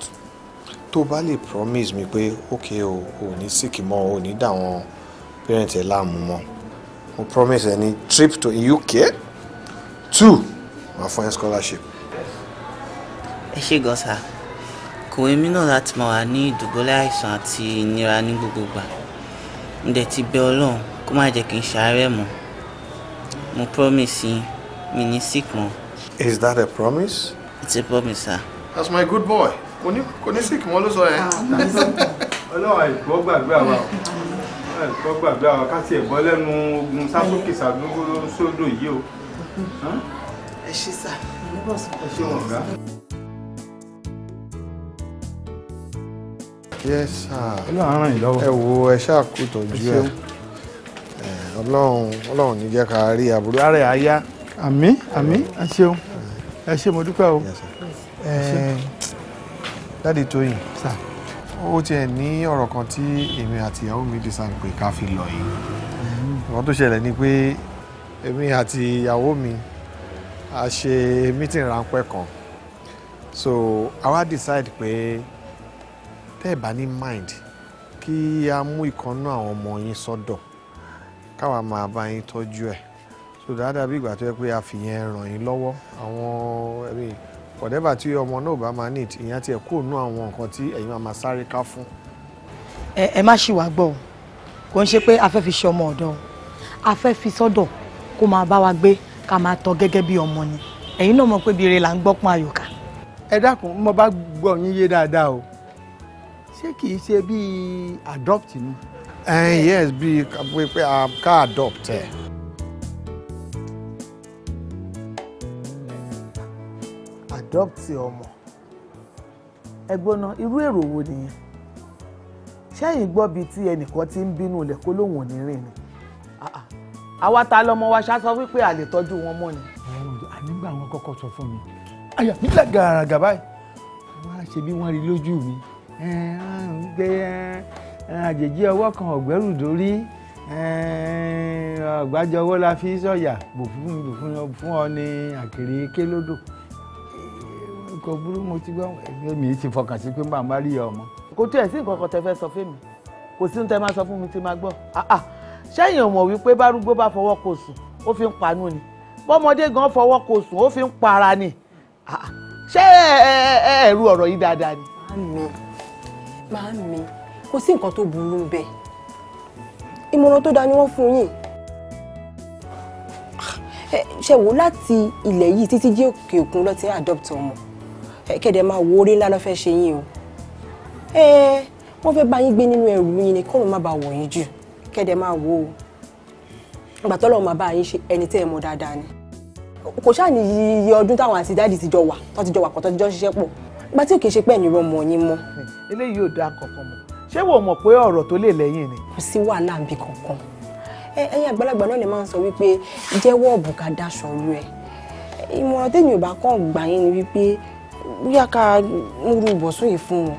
D: tó bá lè promise mi pé ok o ò ní sick mọ́ o ò ní dà wọ́n parent láàmú mọ́ mo promise ẹ ní trip to UK two máa fún ẹ scholarship.
G: ẹ ṣe gan sa kò èmi náà láti máa wà ní ìdùbọ́lẹ̀ àìsàn àti ìnira ní gbogbo ìgbà ń
D: ti bẹ ọlọ́run kó má jẹ́ kí n ṣàárẹ̀ mọ́ mo promise yín mi ní sick mọ́. is that a promise? it's a promise sir. that's my good boy kò ní síkì wọn ló sọ yẹn. ọlọ́run àìkọ́ gbàgbé àwa àìkọ́
C: gbàgbé àwa ká tiẹ̀ bọ́ lẹ́nu ogun sásókè sàdúgbò sódò yìí o. ẹ ṣe sà
B: ẹ ṣe wọn gá.
D: yes sir ọlọ́run á ràn yín lọ́wọ́. ẹ wo ẹ ṣáà kú tọ́jú ẹ ọlọ́run ọlọ́run ní jẹ́ ká rí àbúrò ara ẹ̀ á yá.
E: àmín àmín ẹ ṣeun ẹ ṣe mo dúpẹ́ o
D: dáàdi tóyìn sà ó tiẹ̀ ní ọ̀rọ̀ kan tí èmi àti ìyàwó mi decide pé ká fi lọ yìí ìwọ́n tó ṣẹlẹ̀ ni pé èmi àti ìyàwó mi a ṣe meeting ráńpẹ́ kan so àwa decide pé tẹ́ ẹ̀ bá ní mind kí a mú ìkànnú àwọn ọmọ yín sọ́dọ̀ káwa máa bá yín tọ́jú ẹ̀ so dáadáa bí ìgbà tó yẹ pé a fìyẹn ràn yín lọ́wọ́ àwọn ẹ̀mí whatever tí ọmọ náà bá máa need ìyẹn ti ẹ̀ kúrò nú àwọn nǹkan tí ẹ̀yin máa máa sáré ká fún.
G: ẹ ẹ má ṣì wá gbọ́ o kò ń ṣe pé a fẹ́ fi ṣe ọmọ ọ̀dọ́ a fẹ́ fi sọ́dọ̀ kó máa bá wa gbé ká máa tọ́ gẹ́gẹ́ bí ọmọ ni ẹ̀yin náà mọ̀ pé bire là ń gbọ́ pọ́n àyòká. ẹ dákun mo bá gbọ́ yín yé
D: dáadáa o ṣé kì í ṣe bíi adopt ni. Eh, yes bíi pé ká adopt ẹ. Eh. adopt ọmọ
G: ẹgbọ́n náà irú èrò wo nìyẹn ṣẹ́yìn gbọ́ bíi tí ẹnìkan ti ń bínú ilẹ̀ kó
E: lóun ò ní rìn ni
G: ah, ah. àwa ta lọmọ wa ṣá sọ wípé a lè tọ́jú wọn mọ́ ni.
C: ànígbà wọn kọ́kọ́ sọ fún mi
E: àyà mi là gàràgà báyìí wọn á ṣe bí wọn rí lójú mi gbé àjèjì ọwọ́ kan ọ̀gbẹ́rù dórí ọ̀gbájọ ọwọ́ la fi sọ̀yà bò fún mi bò fún ọ ní àkèrè ké lódò kò burú mo ti gbọ́ ẹgbẹ́ mi ti fọkàn sí pé màmá rí ọmọ. kò tí ẹ̀ sí nǹkan kan tẹ fẹ́ sọ fẹ́mi kò sí ní tẹ máa sọ fún mi tí máa gbọ́
G: ṣẹ́yìn ọ̀mọ̀ wípé bárúgbó bá fọwọ́ kò sùn ó fi ń panú ni bọ́mọdé gan fọwọ́ kò sùn ó fi ń para ni ṣé ẹ̀rù ọ̀rọ̀ yìí dáadáa ni. màámi màámi kò sí nǹkan tó burú ń bẹ ìmọ̀ràn tó dáa ni wọ́n fún yín ṣe wò láti ilẹ̀ yìí títí dé òkè òkun lọ́ọ́ ti ọmọ kẹ́dẹ̀ máa wo orí ńlá ló fẹ́ ṣe yín o ẹ wọ́n fẹ́ bá yín gbé nínú ẹrù yín ni kọ́run má bàa wọ̀ yín jù kẹ́dẹ̀ máa wo o ìgbà tọ́lọ́run máa bá yín ṣe ẹni tẹ́ ẹ mọ̀ dáadáa ni kò ṣáà ní iye ọdún táwọn àti dáàdì ti jọ wà tó ti jọ wà kó tó ti jọ ṣiṣẹ́ pọ̀ ìgbà tí òkè ṣe pẹ́ ní rọmọ yín mọ́. eléyìí ò dáa kankan mọ́ ṣé wò mọ̀ pé ọ̀rọ̀ tó lè lẹ́yìn ni. kò sí wàhálà bí kankan ẹ̀yin àgbàlagbà náà lè máa ń sọ wípé jẹ́wọ́ ọ̀bùn ká daṣọ ìmọ̀ràn téèyàn ò bá kàn gbà yín ni wípé bóyá ká múrú ìbọ̀sùn yìí fún wọn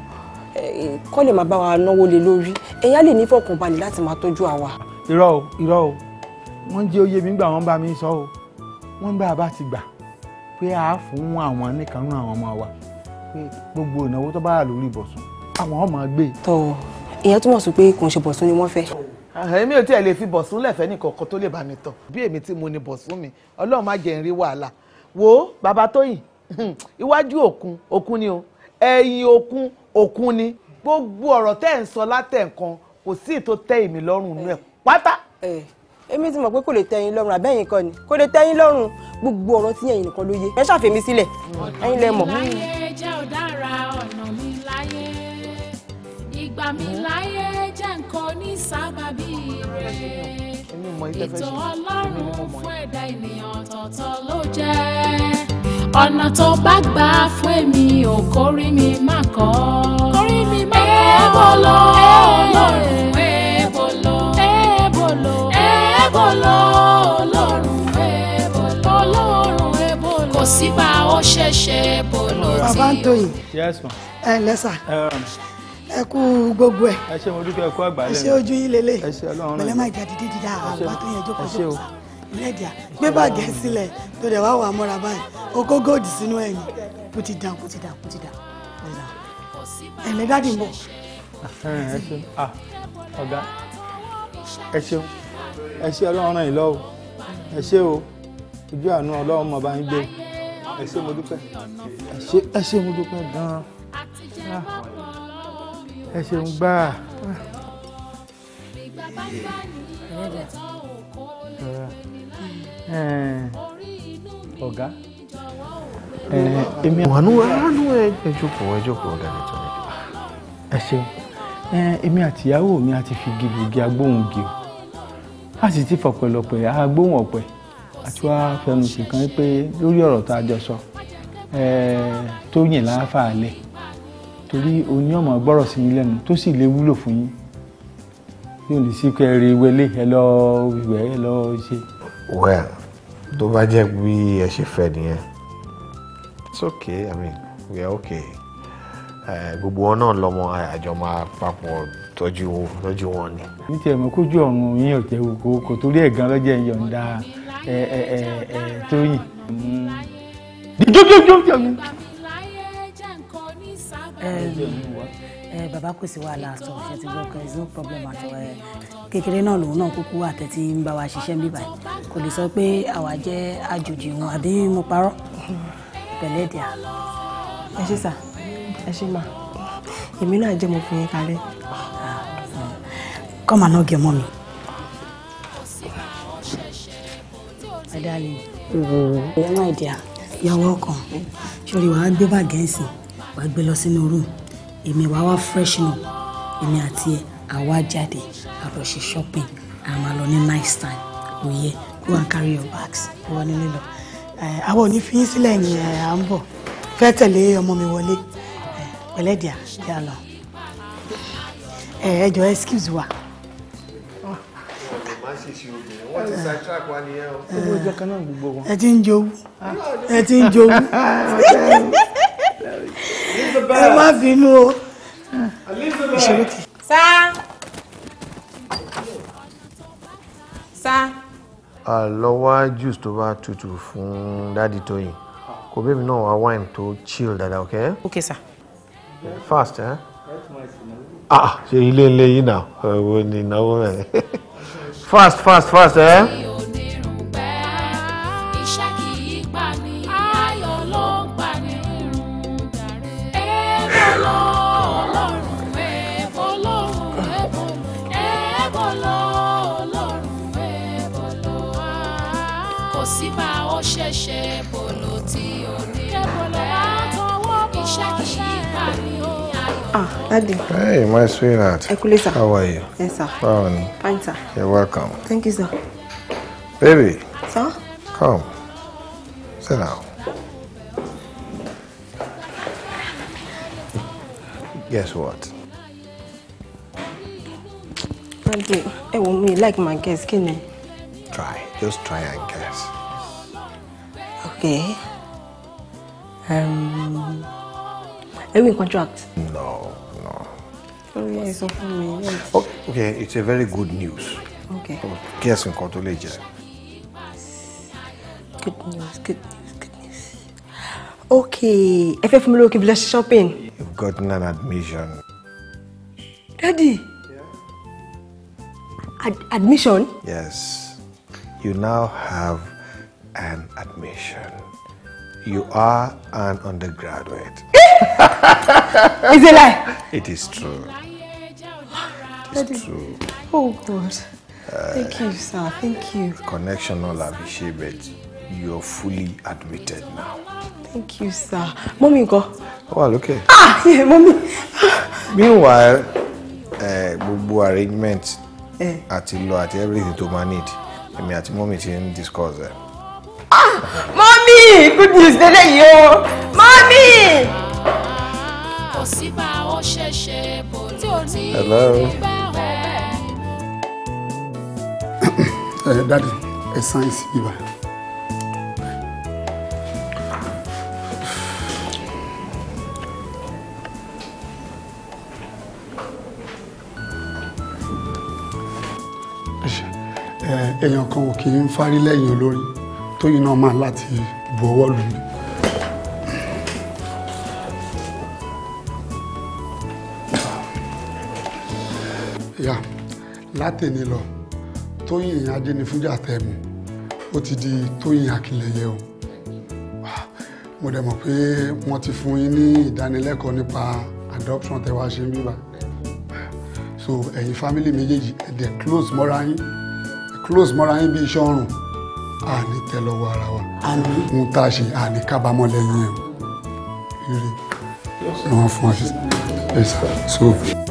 G: kọ́ lè máa bá wa náwó lé lórí ẹ̀yà lè ní fọkànbalẹ̀ láti máa tọ́jú àwa.
E: irọ́ o irọ́ o wọ́n ń jẹ́ oyè mi gbà wọ́n bá mi sọ o wọ́n bá a bá ti gbà pé a fún àwọn nìkan nínú àwọn ọmọ wa pé gbogbo ìnáwó tó bá
G: wà lórí ìbọ̀sùn àwọn ọmọ gbé. tọ ìyẹn túmọ̀ sí pé kò ń ṣe bọ̀sùn ni wọ́n fẹ́
E: èmi ò tí ẹ lè fi bọ̀sún lẹ̀fẹ́ nìkọ̀ọ̀kan tó lè bá mi tọ̀ bí èmi tí mo ní bọ̀sún mi ọlọ́run má jẹ́ n wàhálà
G: wo bàbá tóyìn Hmm, iwájú òkun òkun ni o ẹ̀yìn òkun òkun ni gbogbo ọ̀rọ̀ tẹ́ ẹ̀ ń sọ látẹ̀ǹkan kò sí ètò tẹ́ èmi lọ́rùn inú ẹ̀ eh. pátá. Eh, èmi ti mọ̀ pé kò lè tẹ́ lọ́rùn àbẹ́yìn kan ni kò lè tẹ́ lọ́rùn gbogbo ọ̀rọ̀ tí ẹ̀yin nìkan ló yé ẹ ṣàfẹ́mi sílẹ̀ ẹ̀yin lẹ mọ̀. ọ̀nà mi
A: láyé jẹ́ ọ̀dára ọ̀nà mi láyé ìgbà mi láyé jẹ́ nǹkan ní sábàbí
B: rẹ̀
A: ètò ọlọ́run fún ẹ̀dá ènìyàn ọ̀tọ̀ọ̀tọ̀ ló jẹ́ ọ̀nà tó bá gbà fún èmi ò kórí mi má kọ́. kórí mi má kọ́. ẹ̀ẹ́bọ̀ lọ ọlọ́run ẹ̀ẹ́bọ̀ lọ ẹ̀ẹ́bọ̀ lọ ẹ̀ẹ́bọ̀ lọ ọlọ́run ẹ̀ẹ́bọ̀ lọ ọlọ́run ẹ̀ẹ́bọ̀ lọ. kò sí bá ó ṣẹ̀ṣẹ̀ bọ̀ lọ tí o. bàbá Tóyìn ẹ lẹ́sà
G: um, ẹ kú gbogbo ẹ. ẹ ṣe mo dúpẹ́ ẹ kú àgbálẹ̀. ẹ ṣe ojú yín lélẹ̀. ẹ ṣe ọlọ́run rẹ̀. bẹ̀lẹ́ máa jà dídí dídá àwọn àgbà tó yẹ jókòó jókòó sá búrẹ́dì à gbé bàgẹ́ sílẹ̀ tó dẹ̀ wá wà
F: mọ́ra báyìí o kó sínú ẹ̀yìn put it down put it down put it down put it down ẹ̀mí dáàdì ń bọ̀.
B: ẹ ah, ṣeun ọ̀gá
E: ẹ ṣeun ẹ ṣe ọlọ́run ràn yín lọ́wọ́ ẹ ṣe o ojú àánú ọlọ́run mọ̀ bá ń gbé ẹ ṣe mo dúpẹ́ ẹ ṣe ẹ ṣe mo dúpẹ́ gan-an ah, ẹ ṣeun gbáà. Ah.
B: ọ̀gá. èmi àánú
C: àánú ẹ jókòó ẹ jókòó ọ̀gá rẹ tó rẹ. ẹ ṣeun èmi àtìyàwó mi a ti fi gìgìgì agbóhùngi o a sì ti agbóhùn ọ̀pẹ àti wàá fẹnu ṣìkan pé lórí ọ̀rọ̀ tá jọ sọ tó yìn torí gbọ́rọ̀ tó sì wúlò
D: well tó bá jẹ́ bí ẹ ṣe fẹ́ nìyẹn it's okay i mean we are okay gbogbo wọn náà lọmọ àjọ máa papọ̀ tọ́jú tọ́jú wọn ni.
C: ní tiẹ̀ mọ́ kójú ọ̀run yín ò tẹ́ kó kò torí ẹ̀ gan lọ́jọ́ ìyọ̀ǹda ẹ̀ ẹ̀ ẹ̀ tóyìn.
F: jójójójó mi.
A: ẹ ẹ
F: Eh, bàbá kò sí wàhálà àtọ ṣètì gbọkàn is no problem àtọ ẹ eh, kékeré náà lòun náà kúkú àtẹ̀tí ń bá wa ṣiṣẹ́ bíbà kò lè sọ pé àwa jẹ́ àjòjì wọn àbí
H: mo parọ́ pẹ̀lẹ́ dìá. ẹ ṣe sà ẹ ṣe mà èmi náà jẹ́ mo fi yín kalẹ̀.
F: come and hug your mommy. my darling. ìyá máa dìá. you're welcome. sori wàá gbé bàgẹ́ǹsì wàá gbé lọ sínú rúùmù èmi wá wá fresh up èmi àti ẹ àwa jáde àlọ́ṣe shopping àmà lọ ní nice time òye go and carry your bags wọ nílé lọ. Eh, àwọn òní fi yín sílẹ̀ yìí eh, à ń bọ̀ fẹ́ tẹ̀lé ọmọ mi wọlé eh, pẹ̀lẹ́dìá yà lọ ẹ jọ excuse wa
D: ẹ ti ń jowú ah, ẹ ti ń jowú.
G: ẹ má bínú
A: o ìṣòro kì. sá sá.
D: àlọ́wọ́ juice tó bá tutù fún dádì tóyìn kò bẹ́ẹ̀ mi náà wá wine tó chill dáadáa ok. ok sá. fast ẹ. Eh? ah ṣe ilé ilé yìí náà ẹ̀wọ̀n ni ìnáwó rẹ̀ fast fast fast ẹ. Eh? Daddy. Hey, my sweetheart. Ekule, sir. How are you? Yes, sir. Báwo Fine, sir. You're welcome. Thank you, sir. Baby. Sir? Come. Sit down. Guess what?
H: Daddy, ẹ wò me like my guess, can ni?
D: Try. Just try and guess.
H: Okay. Um, are we in contract?
G: No lórí
D: okay it's a very good news. okay. kí ẹ̀sìn kan tó lè jẹ.
G: good news good news good news. okay ẹ fẹ́ fún mi lóko ibi shopping.
D: you've gotten an admission.
G: daddy. Yeah. Ad admission.
D: yes you now have an admission. You are an undergraduate. Eh! is it lie? It is true.
B: Daddy. true. Oh God.
H: Uh, Thank you, sir. Thank you.
D: Connection all have been but you're fully admitted now.
G: Thank you, sir. Mommy go. Oh, well, okay. Ah, yeah, mommy.
D: Meanwhile, uh, gbogbo arrangement eh. àti lọ àti everything to máa need. mean, àti mommy ti ń discuss ẹ.
G: Ah, mommy, good news leleyi yo,
A: Mommy. Hello.
E: Eh, Daddy, dáàdì ẹ sáyẹnsì bíbá. Eh, èèyàn kan ò kì í fárí lẹ́yìn olórí tóyìn náà máa láti bu ọwọ́ lù mí. yá látẹ̀ni lọ tóyìn ajínifújà tẹ̀mù ó ti di tóyìn akílẹ̀yẹ o ah, mo dẹ̀ mọ̀ pé wọ́n ti fún yín ní ìdánilẹ́kọ̀ọ́ nípa adoption tẹ́ wá ṣe ń bíbá so ẹ̀yin family méjèèjì ẹ̀dẹ̀ close mọ́ra yín close mọ́ra yín bí iṣẹ́ ọrùn àní tẹ lọ́wọ́ ara wa ohun tá a ṣe àní kábàámọ̀ lẹ́yìn ẹ̀ rírì
B: ràn wọ́n fún ọ́fíìsì
E: ẹ̀ sà so.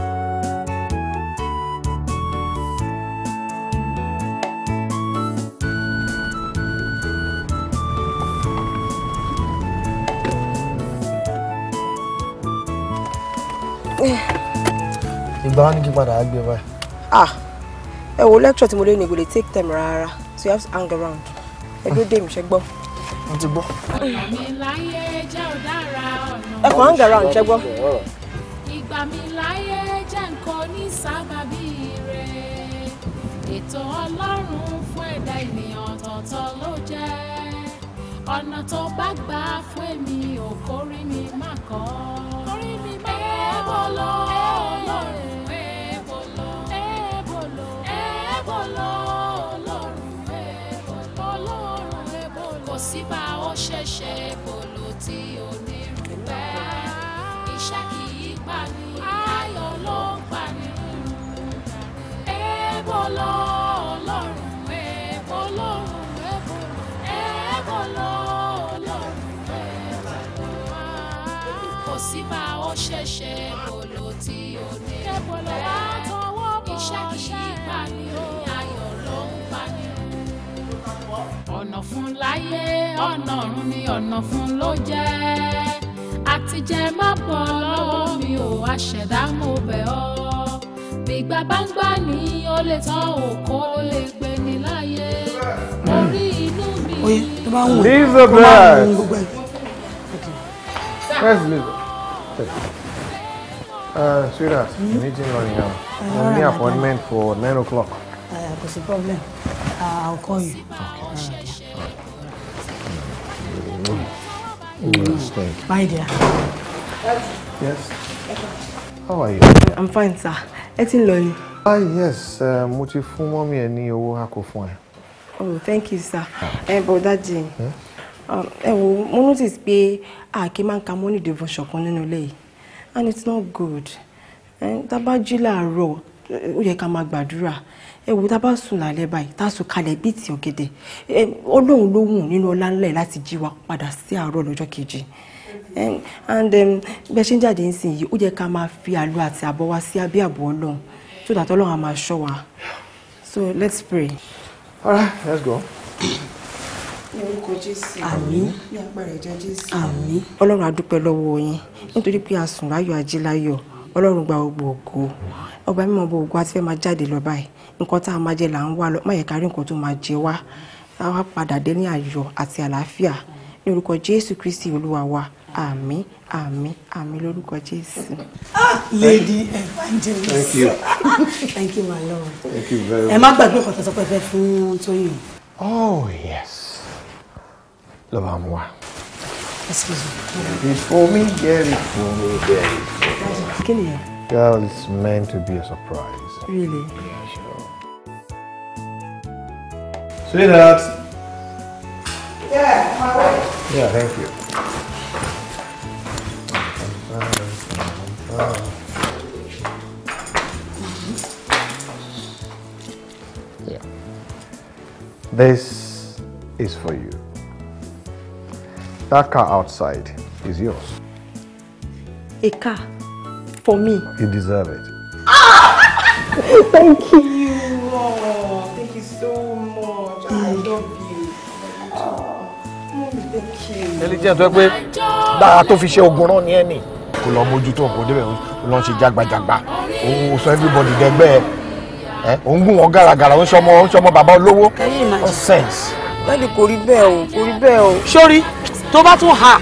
E: ìgbà wọn ni kí padà gbé báyìí.
G: ah ẹ wo lecture tí mo lé ní kò lè take time rárá so you have to hang around ẹ dúró dé mi ṣe gbọ́. mo ti gbọ́.
A: ẹ kàn hang around ṣe gbọ́. ìgbà mi láyé jẹ́ nǹkan ní sábàbí rẹ̀ ètò ọlọ́run fún ẹ̀dá ènìyàn ọ̀tọ̀ọ̀tọ̀ ló jẹ́ ọ̀nà tó bá gbà fún èmi ò kórìí mi má kọ́ ẹ
B: bọ́ lọ́ọ́ lọ́rẹ́.
A: kò sí bá ó ṣẹ̀ṣẹ̀ bolo tí onírun rẹ̀ iṣẹ́ kì í pa ni ayọ̀ ló ń pa ni èèbó lọ ọlọ́run èèbó lọ́run èèbó èèbó lọ ọlọ́run èèbó wá kò sí bá ó ṣẹ̀ṣẹ̀ bolo tí onírun rẹ̀ iṣẹ́ kì í pa ni. fún láyé ọ̀nà ọ̀run ni ọ̀nà fún ló jẹ́ àtijẹ má bọ̀ lọ́wọ́ mi ò àṣẹ̀dá mo bẹ̀ ọ́ bìgbà bá ń ó lè tán òkó lè gbé ní láyé orí inú mi. tó bá
B: ń wò tó bá ń wò gbogbo ẹ.
D: uh, sweetheart mm-hmm. meeting running now uh, only appointment for nine o'clock. Uh,
B: kò
F: sí problem uh, I'll call you. Okay. Uh,
B: Mm. My dear. Yes.
D: How are you? I'm fine, sir. Ẹ ti Ah yes, mo ti fún mọ́mí ẹ ní owó a kò fún ẹ.
H: Oh thank you sir. Ẹ bọ̀ dájì. Ẹ wo mo notice pé àáké máa ń ka money devotion kan nínú ilé yìí and it's not
G: good. Eh, tá a bá jí láàárọ̀ ó yẹ ká máa gbàdúrà ẹ wo tá a bá sùn lálẹ́ báyìí tá a sùn kalẹ̀ bíi ti ọ̀gẹ̀dẹ̀ ọlọ́run ló wù nínú ọlá ńlá yìí láti jí wa padà sí àárọ̀ lọ́jọ́ kejì and bẹ́ ṣe ń jáde nísìnyí ó yẹ ká máa fi àlọ àti àbọ̀ wa sí abẹ́ àbọ̀ ọlọ́run so that ọlọ́run á máa ṣọ́ wa so let's
H: pray.
D: all right let's
C: go.
H: orúkọ jésù àmín ní agbára ẹ̀jẹ̀ jésù àmín ọlọ́run a dúpẹ́ lọ́wọ́ yín nítorí pé a sùn láyọ̀ ají láyọ̀
G: ọlọ́run gba gbogbo ògo ọba mímọ́ gbogbo ògo àti fẹ́ máa jáde lọ báyìí nǹkan tá a máa jẹ là ń wá lọ má yẹ ká nǹkan tó máa jẹ wá a wá padà dé ní ayọ̀ àti àlàáfíà ní orúkọ jésù kristi olúwa wa àmín àmín àmín lórúkọ jésù. Ah,
F: lady evangelist thank you thank you my lord ẹ má gbàgbé ọkọ̀ tó sọ fún tóyìn. oh yes
D: lọ́ba mu wa. excuse me. get it me get it for me get it. Girl, it's meant to be a surprise.
C: Really? Yeah, sure. Sweetheart. Yeah, my way. Yeah, thank you.
D: Yeah. Mm-hmm. This is for you. That car outside is yours.
G: A car? for me.
D: You deserve it.
G: Thank you. Oh,
B: thank you so much. I love you. Oh, Elijah tó pé dára tó fi ṣe
D: ogun rán ní ẹnì. Kò lọ mójútó kò débẹ̀
E: lọ ṣe jágbajàgba. Òun sọ everybody dẹgbẹ́ ẹ. Òun gùn wọn gàràgàrà, ó ń ṣọmọ ó ń ṣọmọ bàbá olówó. Nonsense. Bẹ́ẹ̀ni kò rí bẹ́ẹ̀ o, kò rí bẹ́ẹ̀ o. Sórí
G: tó bá tún hà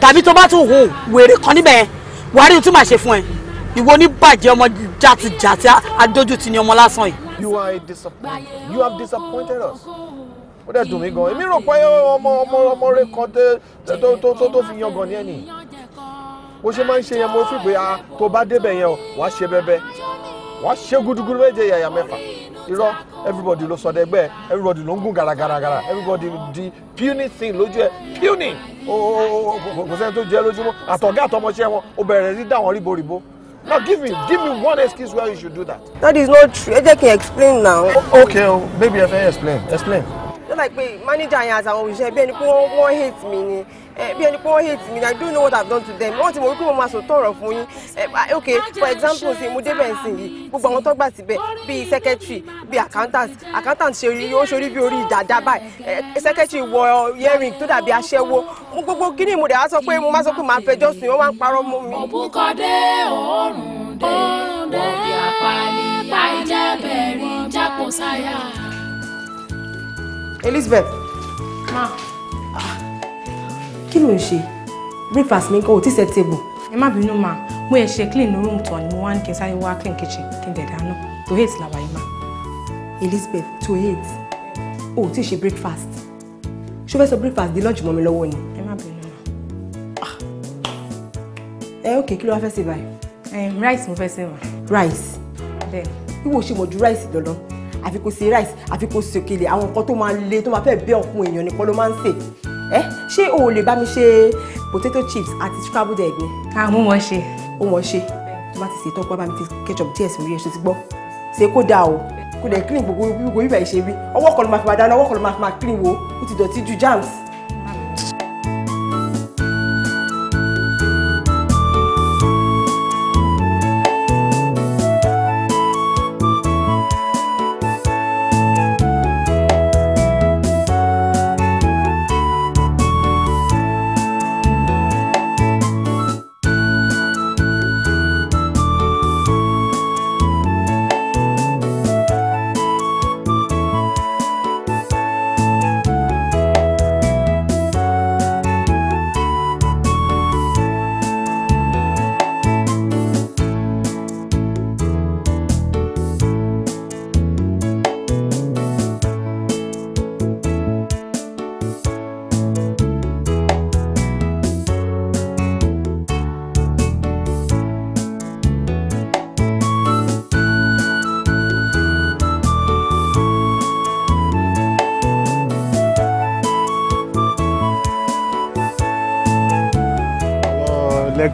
G: tàbí tó bá tún hùn wèrè kan níbẹ̀ wàá rí n tún máa ṣe fún ẹ ìwọ ní bàjẹ́ ọmọ jàtìjàtì adójútì ni ọmọ lásán yìí.
D: you are a disappointment you have disappointed us ó dẹ̀ dùn mí gan èmi rò pé ọmọ ọmọ ọmọ rẹ kan tó tó tó fi yan gan ní ẹni bó ṣe máa ń ṣe yẹn mo fi pé a tó bá débẹ̀ yẹn o wàá ṣe bẹ́bẹ́ wàá ṣe gudugudu méje yàyà mẹ́fà irọ́ everybody ló sọdẹ ẹgbẹ́ everybody ló ń gùn gàràgàràgàrà everybody di puny thing lójú ẹ puny kò sẹ́ni tó jẹ́ lójúmọ́ àtọ̀gá àtọmọṣẹ́ wọn ó bẹ̀rẹ̀ sí dáwọn ríboríbo now give me give me one excuse why you should do that. that is not true ẹ jẹ́ kí n explain now. okay o baby ẹ fẹ́ explain explain.
H: just like pé manager yẹn àtàwọn òṣìṣẹ́ bí ẹni pé wọ́n hate me ni. Eh, bí ẹni pé wọ́n hate me i don't know what i've done to them wọ́n ti mọ̀ wípé mo máa sọ tọ̀rọ̀ fún yín eh, ah, ok for example sí mo
G: débẹ̀ nsìn yìí gbogbo àwọn tó síbẹ̀ bíi secretary bíi accountant accountant ṣe orí ó ṣorí bí orí ìdàdà báyìí eh, secretary wọ earring tó dàbí aṣẹ́wó gbogbo kíní mo dẹ̀ wá sọ pé mo máa sọ pé màá fẹjọ́ sùn wọ́n máa ń parọ́ mọ́ mi. òbúkọdé
A: òórùn dé àpáyé àìjẹ́bẹ̀rì jápọ̀ sáyà. Elizabeth
G: kí ló ń ṣe breakfast mi kọ́ ti tí set table.
H: ẹ má bínú ma mo ẹ ṣe clean room tán ni mo wá ní kí n sáré wá clean kitchen kí n dẹ̀ dáná to eight làwa yìí ma. Elizabeth
G: to eight o ti tí ṣe breakfast ṣó fẹ́ sọ breakfast di lunch mọ́ mi lọ́wọ́ ni.
H: ẹ má bínú ma.
G: ẹ ah. eh, ok kí ló wá fẹ́ ṣe báyìí. rice mo fẹ́ ṣe ma. rice bẹ́ẹ̀ ìwọ ṣe mọ̀ ju rice dandan àfi kó rice àfi kó òkèlè àwọn nǹkan tó máa le tó máa fẹ́ bẹ́ ọ̀kun èèyàn nìkan ló máa ń ṣe ẹ eh, ṣé o ò lè bá mi ṣe potato chips àti scrambled egg ni. àmú wọn ṣe. ó wọn ṣe tó bá ti ṣe tọ́pọ̀ bá mi ti ketchup díẹ̀ sórí ẹ̀ ṣe ti gbọ́ ṣe kó dáa o kó dẹ̀ clean gbogbo gbogbo ibà ìṣe rí ọwọ́ kan ló máa fi máa dáná ọwọ́ kan ló máa fi máa clean wo ó ti dọ̀tí ju germs.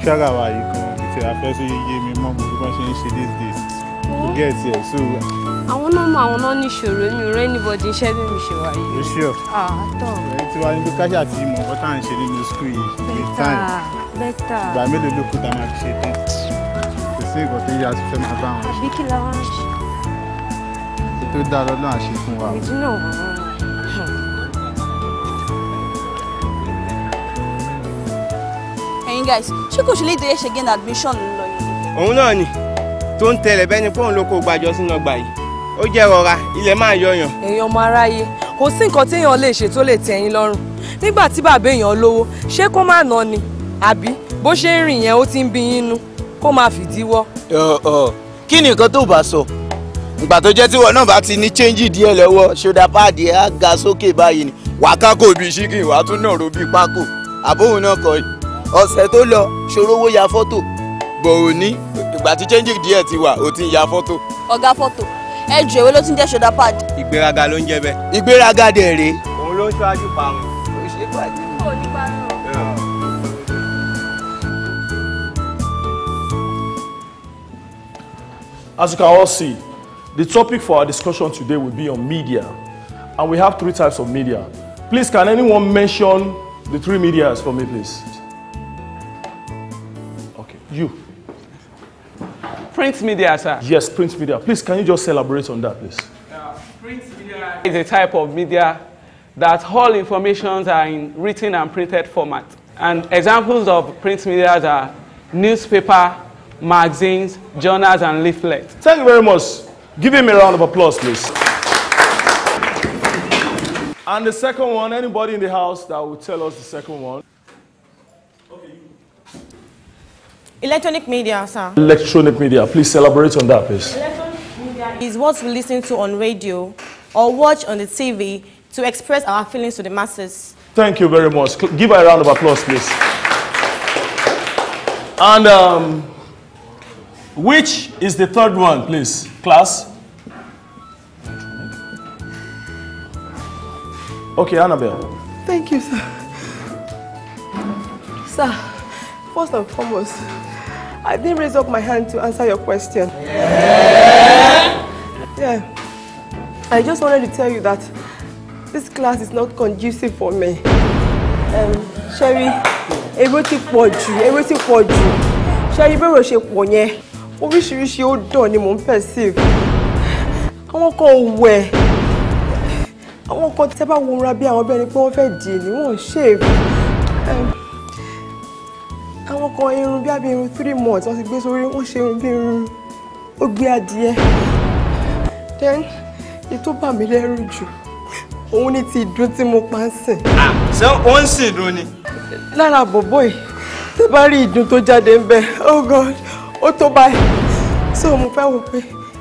C: lecturer wa yìí kan ètò àfẹ́sọ yeye mi mọ́ gbogbo bá ṣe ń ṣe these days get here so.
H: àwọn náà mọ àwọn náà ní ìṣòro mi rẹ anybody iṣẹ́ bí mi ṣe wà
C: yìí. o ṣe ọ
E: ẹ ti wá ní pé káṣí àti ìmọ̀ ọ̀gá tá à ń ṣe nínú school yìí with time ìgbà mélòó a máa fi ṣe tán kò sí nǹkan tó yẹ àti fẹ́ máa bá wọn ṣe.
B: àbí kí la wá ń ṣe.
E: ètò dáa lọ́dún àṣẹ fún
B: wa.
F: ẹ̀yin guys ṣé kò ṣe léde ẹ̀ṣẹ̀ gain admission lọ yìí.
B: òun
E: náà ni tó ń tẹlẹ bẹ́ni fóun ló kó gbàjọ sínú ọgbà yìí ó jẹ́ rọra ilẹ̀ máa yọyàn.
G: èèyàn ọmọ aráyé kò sí nǹkan téèyàn lè ṣe tó lè tẹ́ yín lọ́rùn nígbà tí bàbá èèyàn lówó ṣé kó má ná ni àbí bó ṣe ń rìn yẹn ó ti ń bí yín nu kó má fìdíwọ́.
E: kí ni nǹkan tó bá sọ ìgbà tó jẹ́ tíwọ náà bá ti ní chẹ́ńjì díẹ̀ lọ́wọ́ ṣọ́dà páàdì á ga sókè báyìí ni wàá kákò bíi ṣíkì wàá tún náà ro bíi àbóhùn náà kọ́ yìí ọ̀sẹ̀ tó lọ ṣòrowó ya fọ́tò gbòòrò ní ìgbà tí chẹ́ńjì díẹ̀ ti wà ó ti ya fọ́tò.
G: ọ̀gá fọ́tò ẹ jù èwe ló ti ń jẹ́ ṣọdá pad.
E: ìgbéraga ló ń jẹ bẹ́ẹ̀. ìgbéraga dẹ̀ rèé. òun ló ń ṣáájú parun.
C: As you can all see, the topic for our discussion today will be on media. And we have three types of media. Please, can anyone mention the three medias for me, please? You. Print media, sir. Yes, print media. Please, can you just elaborate on that, please? Uh, print media is a type of media that all informations are in written and printed format. And examples of print media are newspaper, magazines, journals, and leaflets. Thank you very much. Give him a round of applause, please. And the second one, anybody in the house that will tell us the second one?
H: Electronic media, sir. Electronic
C: media. Please elaborate on that, please.
H: Electronic media is what we listen to on radio or watch on the TV to express our feelings to the masses.
C: Thank you very much. Give her a round of applause, please. And um, which is the third one, please, class? Okay, Annabelle.
B: Thank you, sir.
G: Sir, first and foremost, I didn't raise up my hand to answer your question. Yeah. yeah. I just wanted to tell you that this class is not conducive for me. Um, Sherry, ewé ti pọ̀ jù, ewé ti pọ̀ jù. Sherry bẹ́rẹ̀ ṣe pọ̀ yẹn, oríṣiríṣi ó dàn ni mò ń perceive. Àwọn kan ò wẹ̀. Àwọn kan tẹ́ bá wo ra bí àwọn bẹ́ẹ̀ ni pé wọ́n fẹ́ dì ní wọ́n ṣèèfù àwọn kan irun bí abẹ three months wọ́n ti gbé sórí wọ́n ṣe irun bí irun ó gbé adìẹ then ètò bà mí lẹ́rù jù òun ní ti ìdún tí mo pa ń sìn. Ah,
E: ṣé ó ń sìn ìdún ni.
G: lára bòbó yìí tẹ bá rí ìdún tó jáde ń bẹ oh god ó tó báyìí so mo fẹ́ wò pé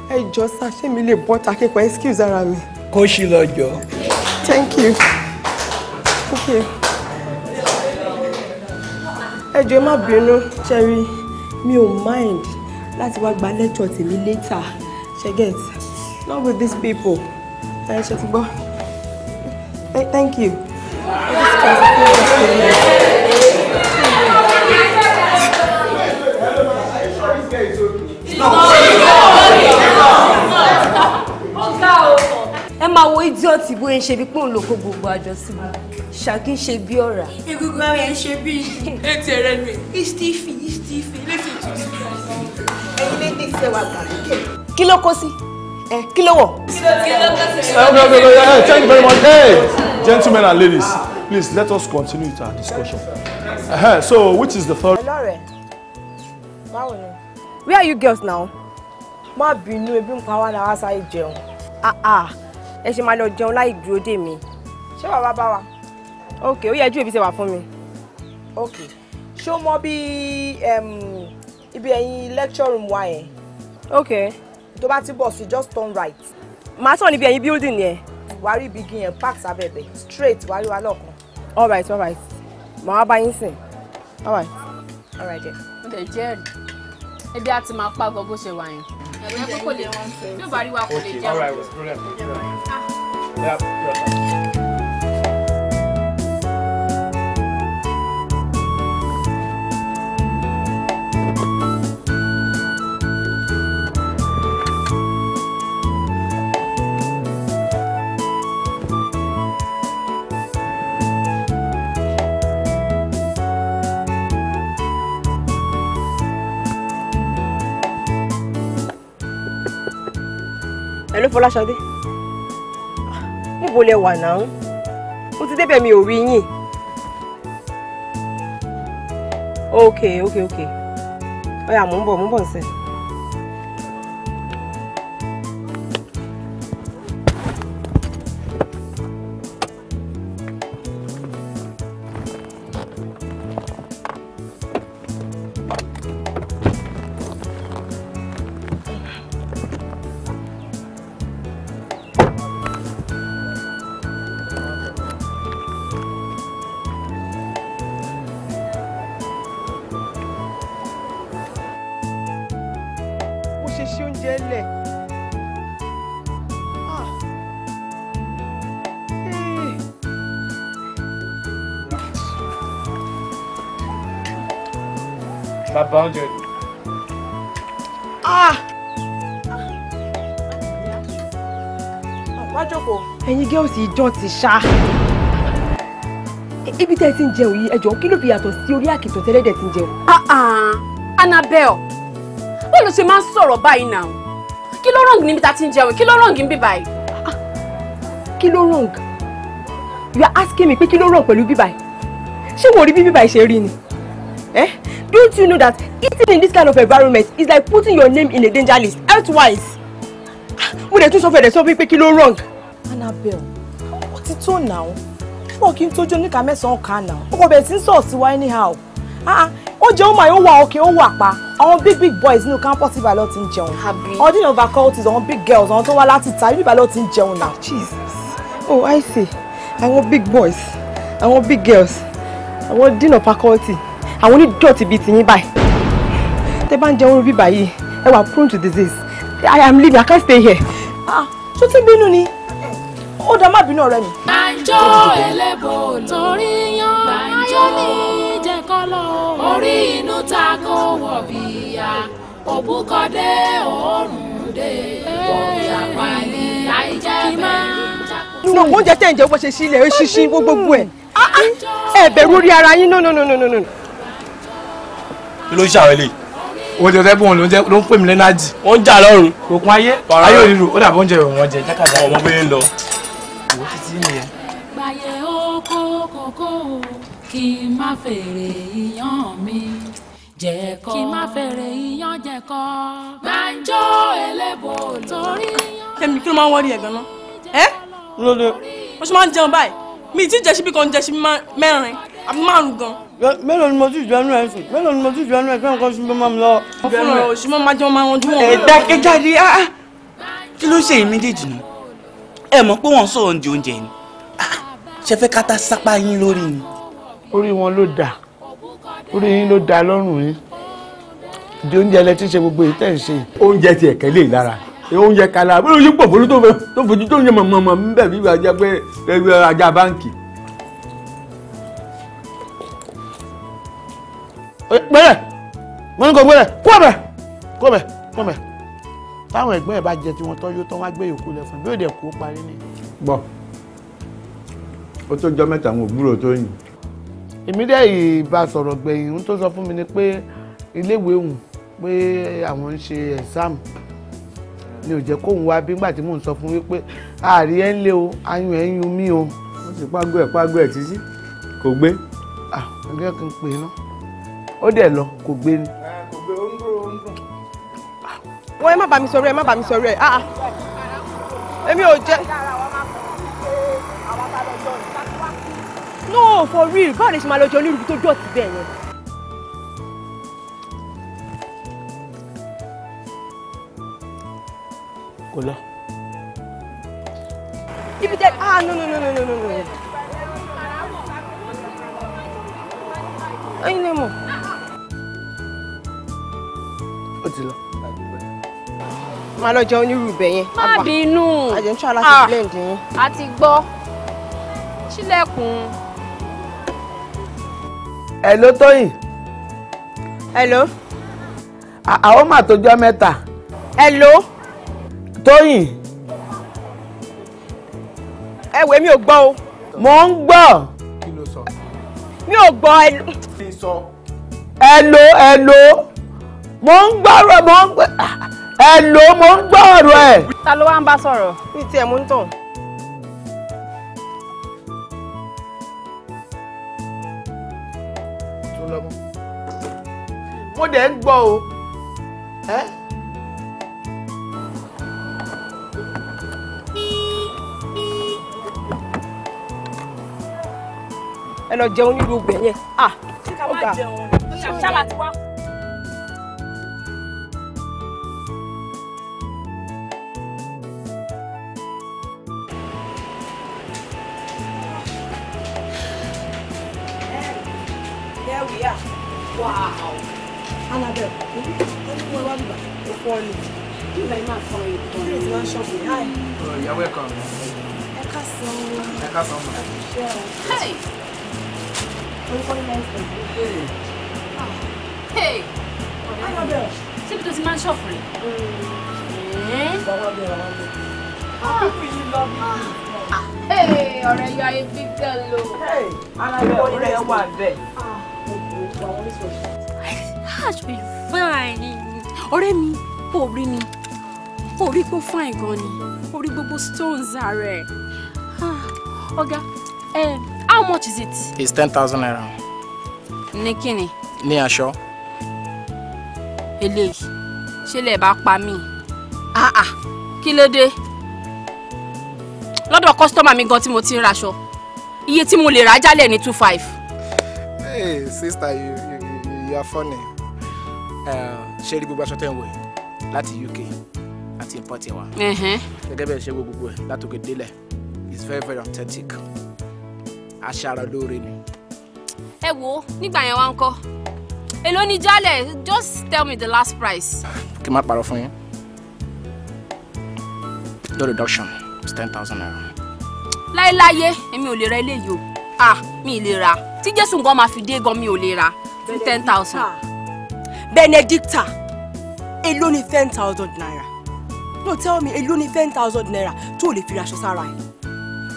G: ẹ jọ sá ṣé mi lè bọ́ ta kíkọ excuse ara mi.
C: kó ṣì lọ jọ.
G: thank you. Okay ẹ jọ̀ọ́ ẹ má bínú ṣẹ́rí mi ò mind láti wá gba lẹ́jọ́ tèmi létà ṣẹ́gẹ̀t not with these people ẹ ṣe ti gbọ́ thank you.
H: Stop. máa wo
G: idiot bó ń ṣe bí pò ń lo kó gbogbo àjọ sí mi ṣàkí ṣe bí ọ̀rà. egungun ara ẹ ṣe bí ètò ẹrẹ mi istifi istifi lẹsẹ tó ti bọ ẹyin lẹni ṣe wà kí ló kó sí ẹ kí ló wọ. thank
C: you very much hey, gentlemen and ladies please let us continue with our discussion
G: uh-huh.
C: so which is the third.
G: ọlọrẹ báwo ni where are you girls now má bínú ebi ń pa wá náà wá sáré jẹun. Ah, ah ẹ ṣe máa lọ jẹun láì dúró dè mí. ṣé wàá wá bá wa. ok ó yẹ ju ibi tí wà fún mi. ok ṣó mọ bí ibi ẹ̀yìn lecture room wa yẹn. ok tó bá ti bọ̀ sí just turn right. màá sàn níbi ẹ̀yìn building yẹn.
H: wàá rí ibi igi yẹn park sábẹ́bẹ̀ straight wàá rí wa lọ́kàn. all right all right màá bá yín sìn all right. all right jẹ́.
A: ó lè jẹ́rìí ebi a ti máa pa gbọ́ ṣe wà yẹn ẹ kókò lè rántí yóò bá rí wa kò
F: Fọláṣadé
G: ah, níbo lẹ wà náà mo ti débẹ̀ mi ò rí yín
H: ok ok ok ọ̀yá mò ń bọ̀ mò ń bọ̀ nsẹ́yìn.
C: about it.
G: Ah! Wá jókòó. Ẹ̀yin girls ìjọ ti ṣá. Ibi tẹ́ ti ń jẹun yìí ẹjọ́ kí ló fi yàtọ̀ sí orí àkìtàn tẹ́lẹ̀dẹ̀ ti ń jẹun.
F: Ah, ah, Annabelle, báwo ló ṣe máa ń sọ̀rọ̀ báyìí náà? Kí ló rọ̀ǹgì níbi tá a ti ń jẹun? Kí ló rọ̀ǹgì ń ah,
G: You are asking me pé kí ló rọ̀ǹgì be by? She won't be by, bí you know that eating in this kind of environment is like putting your name in a danger list health-wise. mo dẹ̀ suffer. sọ fẹ̀dẹ̀ sọ wípé wrong. Annabelle, ó it all now pọ̀ kí n tójú oníkà mẹ́sàn-án kan now ó kọ bẹ̀rẹ̀ sí ń sọ̀rọ̀ sí wa anyhow ah, ah, ó jẹun my ó wà okay, ó wà pa àwọn big big boys nínú campus lot in ti ń jẹun ọdún ìyànfà cultists àwọn big girls àwọn tó wá láti ta ibà ló ti ń jẹun now. Jesus oh I see I want big boys I want big girls àwọn dean of faculty àwọn onídọ̀tí bíi tiyín báyìí tẹ bá ń jẹun orí bíbá yìí ẹ wà prone to disease i am leaving i can't stay here. ah tó ti bínú ni ó dá má bínú ọ̀rẹ́ mi.
A: banjo ẹlẹ́bò torí yan banjo ní ìjẹkọ́lọ́ orí inú ta kó wọ̀ bíyà òbúkọdé òórùn dé òbí àpáyé àìjẹ́ bẹ́ẹ̀
G: nínú oúnjẹ tẹ̀ ń jẹ́ bó ṣe sílẹ̀ ó ṣíṣí gbogbo ẹ̀ ah, ah. ẹ bẹ̀rù orí ara yín no no no no no
C: kí ló ń ṣàwọn eléyìí. o jẹ ọtẹ bóun ló ń pè mí lẹ́nàjì. wọ́n ń jà lọ́rùn. òkun ayé ayé òrìrù ó dàbọ̀ oúnjẹ ìwọ̀n jẹ jákàjá. ọmọ bẹ́ẹ̀ ń lọ. ìwọ títí nìyẹn.
A: gbàyẹ oko kòkó kí n má fèrè iyán mi jẹ̀kọ́ kí n má fèrè iyán jẹ̀kọ́ máa ń jó ẹlẹ́bọ̀ lórí iyán. èmi kí ló máa ń wọ́rí ẹ̀ gan-an ẹ́
G: lólo mo máa ń jẹun báyìí mi ì tí jẹ́ síbí kan jẹ́ síbí mẹ́rin àbí márùn-ún gan-an mélòó ni mo ti jọ ẹnu ẹ sùn mélòó ni mo ti jọ ẹnu ẹ sùn nǹkan ṣubú máa ń lọ. fúnra ẹ òṣìmọ́ máa jẹun máa rànjú wọn. ẹ dákẹ́jáde á ah, ah. kí ló ṣe èmi dèjì nù ẹ mọ̀ pé wọ́n sọ̀rọ̀ ní oúnjẹ ni ah, ṣe fẹ́ kátà sápá yín lórí ni. orí wọn ló
E: dà orí yín ló dà lọ́rùn yín di oúnjẹ lẹ ti ṣe gbogbo èyí tẹ̀ ń ṣe. oúnjẹ ti ẹ̀kẹ́ lè lára oúnjẹ kala bó ló ṣe pọ̀ fólú tó fojú tó ń yẹ mọ̀mọ́mọ́ ń bí ajá báńkì gbẹ́rẹ̀ mo ní kò gbẹ́rẹ̀ kú ọ̀bẹ̀ kú ọ̀bẹ̀ kú ọ̀bẹ̀ táwọn ẹ̀gbọ́n ẹ̀ bá jẹ tí wọ́n tọ́jú tán wá gbé yòókù lẹ̀ fún bí ó dẹ̀ kú ó parí ni.
C: gbọ́ ó tó jọ mẹ́ta àwọn òbúrò tó yìn.
E: èmi dẹ́ yìí bá sọ̀rọ̀ gbẹ̀yìn ohun tó sọ fún mi ni pé iléèwé òun pé àwọn ń ṣe exam mi ò jẹ́ kóun wá bí nígbà tí mò ń sọ fún wípé ààrí ẹ̀ ń lé o ayún ẹ̀ ń yun mí o. wọ́n ti pàgọ́ ẹ̀ pàgọ́ ẹ̀ títí kò gbé. ah kan pè é náà ó dẹ̀ lọ kò gbé ni. kò gbé ó ń dúró ó ń dùn.
G: wọ́n ẹ má bà mí sọ̀rọ̀ ẹ má bà mí sọ̀rọ̀ ẹ ah ah èmi ò jẹ́. no for real báwo lè ṣe máa lọ jẹ onírúurú tó dọ̀tí bẹ́ẹ̀ yẹn.
H: kò lọ. ibi tẹ ah no no no no no no. ẹyin no mọ̀ ó ti lọ. máa lọ jẹ onírú ibẹ̀ yẹn. má bínú àjẹntúrà ah,
A: a ti gbọ́ sílẹ̀kùn.
G: ẹ ló tóyìn. ẹ àwọn máa tójọ́ mẹ́ta. ẹ tóyìn. ẹ mi ò gbọ́ o. mo ń gbọ́. mi ò gbọ́ ẹ ló. ẹ mo ń gbọ́rọ̀ mo ń gbẹ
B: ẹ lò mo ń gbọ́rọ̀ ẹ.
G: ta ló wá ń bá sọ̀rọ̀. mi tiẹ̀ mú ń tàn.
E: mo dẹ̀ ń gbọ́ o. Eh?
G: ẹ lọ jẹun nílùú gbẹ̀yẹn. ah
B: ọgá ṣáà máa wá.
G: alábẹ́ ọmọ ẹwà bíbá kò
F: fọ́ ni kí ni máa fọ ìtàn ní ìtura ṣọ́ọ̀bù yìí háì. you're welcome. ẹ ká sọ ọ́ ẹ ká sọ ọ́ mọ̀. orúkọ ní
B: lẹ́sẹ̀.
F: alábẹ́ síbi tó ti máa ń ṣọ̀fù rẹ̀.
B: bàbá mi àwọn ọmọ mi.
A: àwọn pípì yìí lọ bí mi. ọ̀rẹ́ yọ ayé big girl o. alábẹ́ ọ̀rẹ́ wà gosh we fine ọ̀rẹ́ mi
F: ò rí mi ò rí pé fine gan ni ò rí gbogbo stones ààrẹ
A: ah, ọ̀gá eh, how much is it. it's ten thousand naira. ní kíni. ní aṣọ. eléyìí ṣé lè bá pa mí ah ah kí ló dé lọ́dọ̀ kọ́sítọ́mà mi gan tí mo ti ń raṣọ iye tí mo lè rà jálẹ̀ ní two five.
B: hey
E: sister you, you, you are funny. Eh, ṣe rí gbogbo aṣọ tẹ́ ń wọ̀ yìí
G: láti UK àti import ẹ̀ gẹ́gẹ́ bẹ́ẹ̀ ṣe wo gbogbo ẹ̀ látòkè délẹ̀ it's very very authentic aṣara lóore ni.
A: ẹ wo nígbà yẹn wá ń kọ́ èló ni jálẹ̀ just tell me the last price.
G: kí n má
C: parọ́ fún yín no reduction it's ten thousand naira.
A: láéláyé èmi ò lè ra eléyìí o ah mi ì lè ra tí jésù nǹkan máa fi dé
G: gan mi ò lè ra ten thousand benedicta alone ni ten thousand naira no tell me alone ni ten thousand naira tó o lè fi raṣọ sára ẹ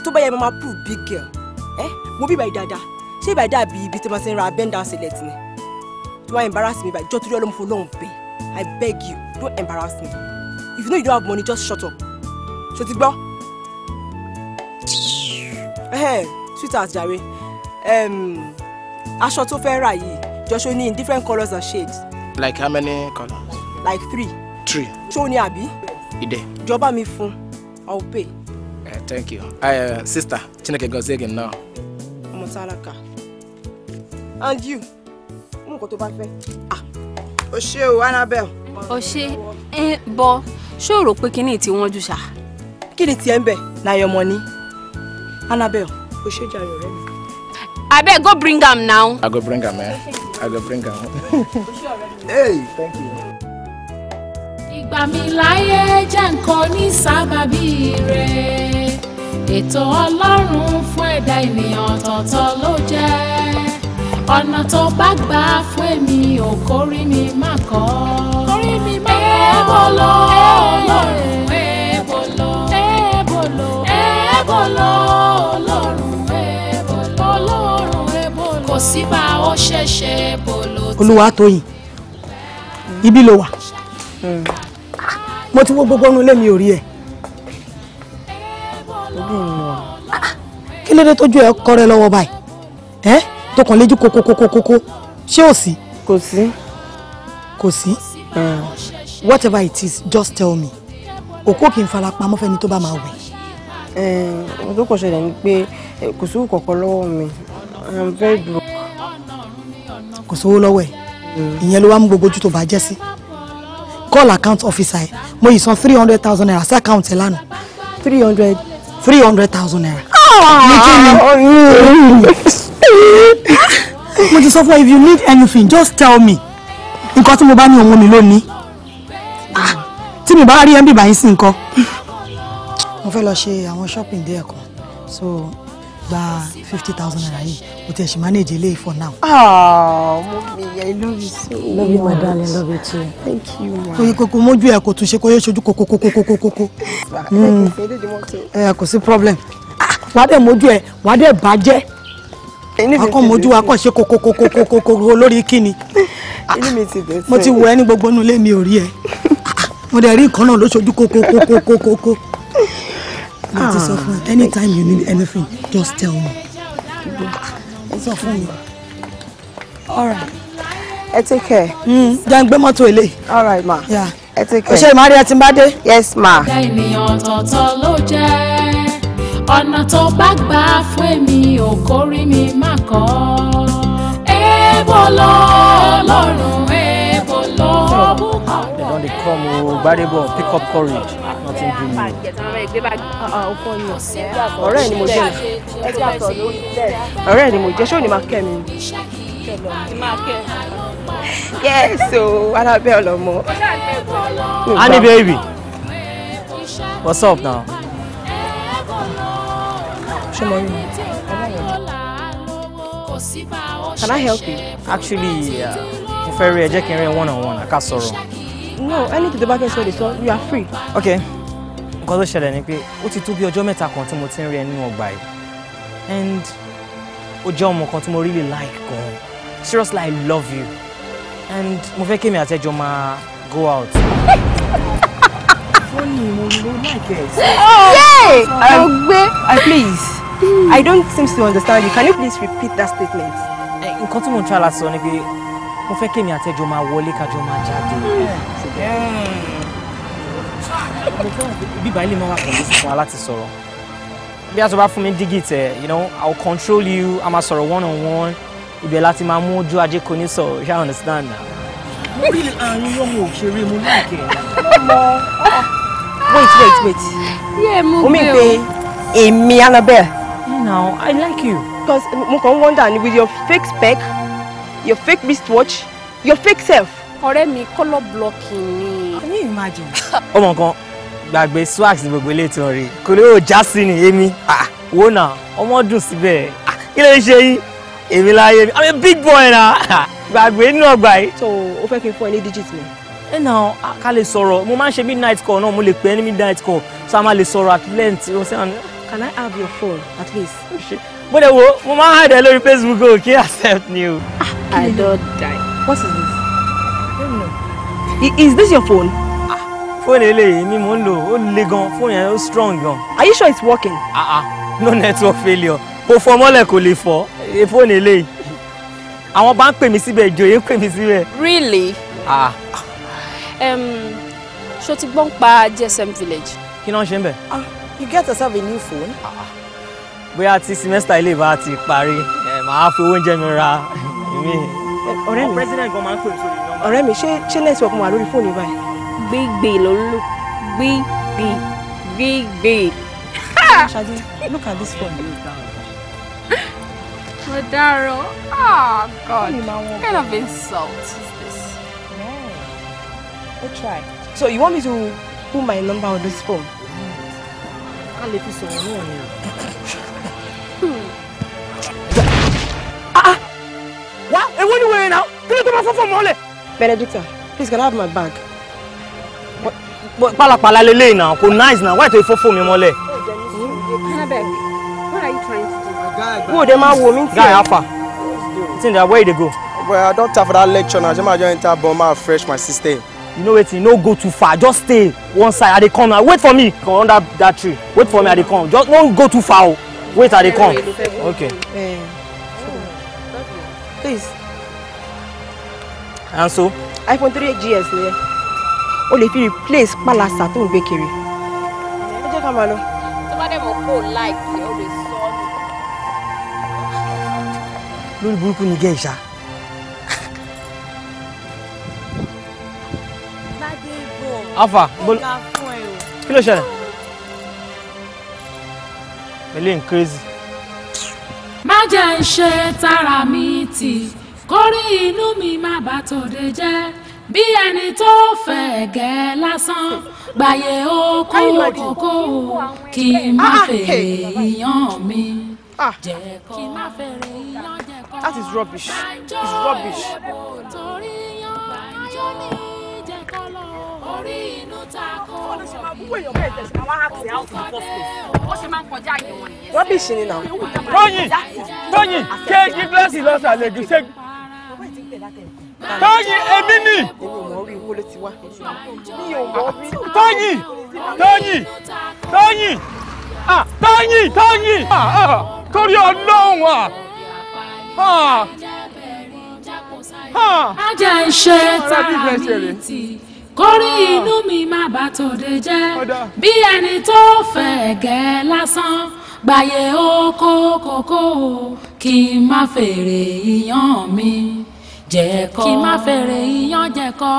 G: tó bá yẹ mama prove big girl ẹ eh? mo bí ìbàdí dáadáa ṣé ìbàdí dàbí ibi tí mo ti ń ra bend down select ni tó bá embarrass me ìbàdí jọ torí ọlọ́mọ fún ọlọ́run bẹ́ẹ̀ i beg you don't embarrass me if you know you don't have money just shut up ṣe ti gbọ́ sweetheart jàre aṣọ tó fẹ́ rà yìí jọ ṣó ní in different colours and shades like how many colors. like three. three. ṣó ni àbí. ìdẹ. jọba mi fún i pay. Uh, thank you.
C: Uh, sister chineke gọzie gị nnọọ.
H: ọmọ saraka and you mú nǹkan tó bá fẹ́. Ah, o ṣe o Annabel. o ṣe
G: eh, ẹ bọ ṣé o rò pé kinní tí wọ́n jù ṣá. kí ni tiẹ̀ ń bẹ̀ láyọ̀ ọmọ ni Annabel o ṣe jàre ọ̀rẹ́ mi.
F: abeg go bring am now.
A: i go
G: bring
D: am. Eh? I go bring am home. hey, thank you.
A: Ìgbà mi láyé jẹ́ nǹkan ní sábàbí rẹ̀. Ètò Ọlọ́run fún ẹ̀dá ènìyàn ọ̀tọ̀ọ̀tọ̀ ló jẹ́. Ọ̀nà tó bá gbà fún èmi ò mi má kọ́. mi má
B: kọ́. Ẹ wọ́n
A: kò sí bá ó ṣẹ̀ṣẹ̀ bò
G: ló ti. ibi ló wà mo ti wo gbogbo inú ilé mi ò rí ẹ. kí ló dé tójú ẹ kọrẹ lọ́wọ́ báyìí ẹ tó kàn kókókókókó ṣé ò sí. kò sí. kò sí. Hmm. whatever it is just tell me òkú kì í fara pamọ́ fẹ́ni tó bá máa wẹ̀.
B: Eh,
H: ohun tó kàn ṣẹlẹ̀ ni pé eh, kò sí òkòkò lọ́wọ́ mi i'm very broke
G: kò sówó lọ́wọ́ ẹ̀ ìyẹn ló wá mú gbogbo ojú tó bàjẹ́ sí call account officer ẹ̀ mo yìí san three hundred thousand naira sí account ẹ̀ lánàá. three hundred. three hundred thousand naira. Ah! ní kí ni mo ti sọ fún ẹ if you need anything just tell me nǹkan tí mo bá ní òun ah! mi lónìí tí mo bá rí ẹ ń bìbà sí nǹkan.
F: mo fẹ́ lọ ṣe àwọn shopping díẹ̀ kan
G: so gba fifty thousand naira yìí o tẹ̀ ṣì manage eléyìí for now.
H: mo mi yẹ i love you so much. love you my darling love you too. thank you ma. oye
G: koko mójú ẹ kò tún ṣe kó yẹ ṣojú kokokokokokoko. Hmm. ẹ kò sí problem ah, wàá dẹ̀ mójú ẹ wàá dẹ̀ bàjẹ́ akọ mojú wa kàn ṣe kokokokokokoko lórí kíni ah, mo ti wọ ẹ ní gbogbo inú ilé mi ò rí ẹ ah, mo dẹ̀ rí nǹkan náà lóṣojú kokokokokoko mo ti sọ fún anytime
F: you need anything just tell me
G: It's sọ fún mi.
H: all right ẹ take care. Hmm, jàǹgbé mọ́tò ilé. all right ma. Yeah I take care. ọṣẹ Maria, Timbade. yes ma.
A: ọ̀nà tó bá gbà fún èmi ò kórí mi má kọ́
B: èèbò lọ lọ́rùn
A: èèbò
B: lọ bùkọ́. don dey come
G: o oh, gbadebo pick up courage
A: ọ̀rẹ́ ni mo jẹ́
G: ọ̀rẹ́ ni mo jẹ́ ṣé ò máa kẹ́ mi. yes o alábẹ́ ọlọ́mọ. honey baby what's up now.
A: ṣé mo rí mi. Can I help
G: you? Actually, uh, mo fẹ́ rí ẹ jẹ́ kí n rí ẹ one on one, a ká sọ̀rọ̀. No, anything tó bá kẹ́ sọ lè sọ, you are free. Okay nǹkan tó ṣẹlẹ̀ ni pé ó ti tó bí ọjọ́ mẹ́ta kan tí mo ti ń rí ẹ ọgbà yìí and ó jẹ́ ọmọ kan tí mo really like gan seriously I love you and mo fẹ́ kémi àtẹ́jọ́ máa go out. fúnni mo lo like yay mo please I don't seem to understand you can you please repeat that statement. nǹkan tí mo ń tra láti sọ ni pé mo fẹ́ kémi àtẹ́jọ́ máa wọlé kájọ máa jáde.
B: Hmm
G: bíbá ilé máa wà pẹ̀lú fún wa láti sọ̀rọ̀ bí a sọ bá fún mi dígìtì you know i will control you a máa sọ̀rọ̀ one on one ibẹ̀ láti máa mú ojú ajé kò ní sọ̀rọ̀ you understand na.
E: mo rí àárín ọmọ òṣèré mo láìpẹ́
G: ọmọ. wait wait wait.
A: yẹ́ẹ̀ mo gbé o. omi pe
G: èmi Annabelle. you know i like you. because mo kàn ń wonder ni with your fake spec your fake wristwatch your fake self ọ̀rẹ́ mi kọ́lọ́ blọọkì ni. can you
H: imagine.
C: ọmọ
G: kan gbàgbé swags ní gbogbo ilé tí wọn rí kò lè ò já sí ni èmi wò náà ọmọ dùn síbẹ̀ kí ló ṣe yín èmi láyé mi i'm a big boy na gbàgbé inú ọgbà yìí. so o fẹ́ kí n fún ẹ ní digit mi. ẹ nà ká lè sọ̀rọ̀ mo máa ń ṣe midnight call náà mo lè pè é ní midnight call so a máa lè sọ̀rọ̀ at length. can i have your phone at least. bó de wo mo máa ń hàdẹ lórí facebook o kí accept ni o. Ah, i don die what is this. Is this your phone? Fóònù ah, eléyìí ni mò ń lò, ó le gan, fóònù yẹn ó strong gan. Are you sure it's working? Ah ah, no network failure. Kò fọ mọ́lẹ̀ kò lè fọ́, fóònù e, eléyìí. Àwọn bá ń pè mí síbẹ̀, ìjòyè ń pè mí síbẹ̀. Really? Ah. Ṣo ti gbọ́n pa GSM Village? Kí ló ń ṣe ń bẹ̀? Ah, you get yourself a new phone. Ah ah bóyá tí semester ilé ìbá ti parí màá fi owó oúnjẹ mi ra èmi. ọ̀rẹ́ mi president gan máa ń pè mí sórí iná ọ̀rẹ́ mi ṣé ṣé network wà lórí fóònù báyìí. gbígbé
H: ló ń lò gbígbé gbígbé. Ṣadé look at this phone you down.
A: mo dárò ah god what kind of insult is this. no go try so
G: you want me to put my number on this phone.
B: a lè fi sọ̀rọ̀ náà ni ah, ah. wá
G: ewu ni now? Can you ló my phone fọ́fọ́ mọ́lẹ̀. Benedicta, please can I have my bag? But Pala lélẹ̀ náà kò nice now. why to ifo fún mi mọ́lẹ̀?
F: Annabelle,
H: what are you trying to do? Who dey ma wo Guy Alpha,
G: think that where you dey go? Well, I don't have that lecture now, I'm máa jọ enter bọ̀ máa fresh my sister. You know what? You no go too far, just stay one side, I dey come now, wait for me come under that tree, wait for me, I dey come, just don't go too far oh. wait I dey come. Okay.
B: Eh. Please
G: and so.
H: iphone three gs ni ẹ
G: o lè fi replace pàlàsà tó ń gbé kiri
H: ẹ jẹ́ ká máa lọ. tó bá dẹ̀ mọ̀ kó o like ẹ
A: o lè sọ ọ́
G: nù. lórí burúkú ni gẹ́ ìṣá. afa bolo kí ló ṣẹlẹ̀ pẹ̀lú crazy.
A: má jẹ́ ń ṣe tára mi tì kórí inú mi má bàa tòde jẹ́ bí ẹni tó fẹ́ gẹ́ lásán gbàyè okó kókó kí n má fèrè iyán mi jẹ́ kó that is rubbish it's rubbish. torí yan ayọ́ ní ìjẹ́kọ́ lọ orí inú ta kó oh,
G: rubbish ni na. lóyìn
A: lóyìn kéèkì gíláàsì
G: lọ́sàn-án lè gbèsè.
B: Tóyìn èmi ni.
G: Tóyìn Tóyìn
B: Tóyìn ah, Tóyìn Tóyìn ah, ah, torí ọlọ́run à. Má jẹ́ ṣe tàbí ti kórí inú
A: mi má bàa tòde jẹ́ bí ẹni tó fẹ́ gẹ́ lásán gbàyè ó kó kókó kí n má fèrè iyán mi jẹ̀kọ́. kì í má fèrè iyán jẹ̀kọ́.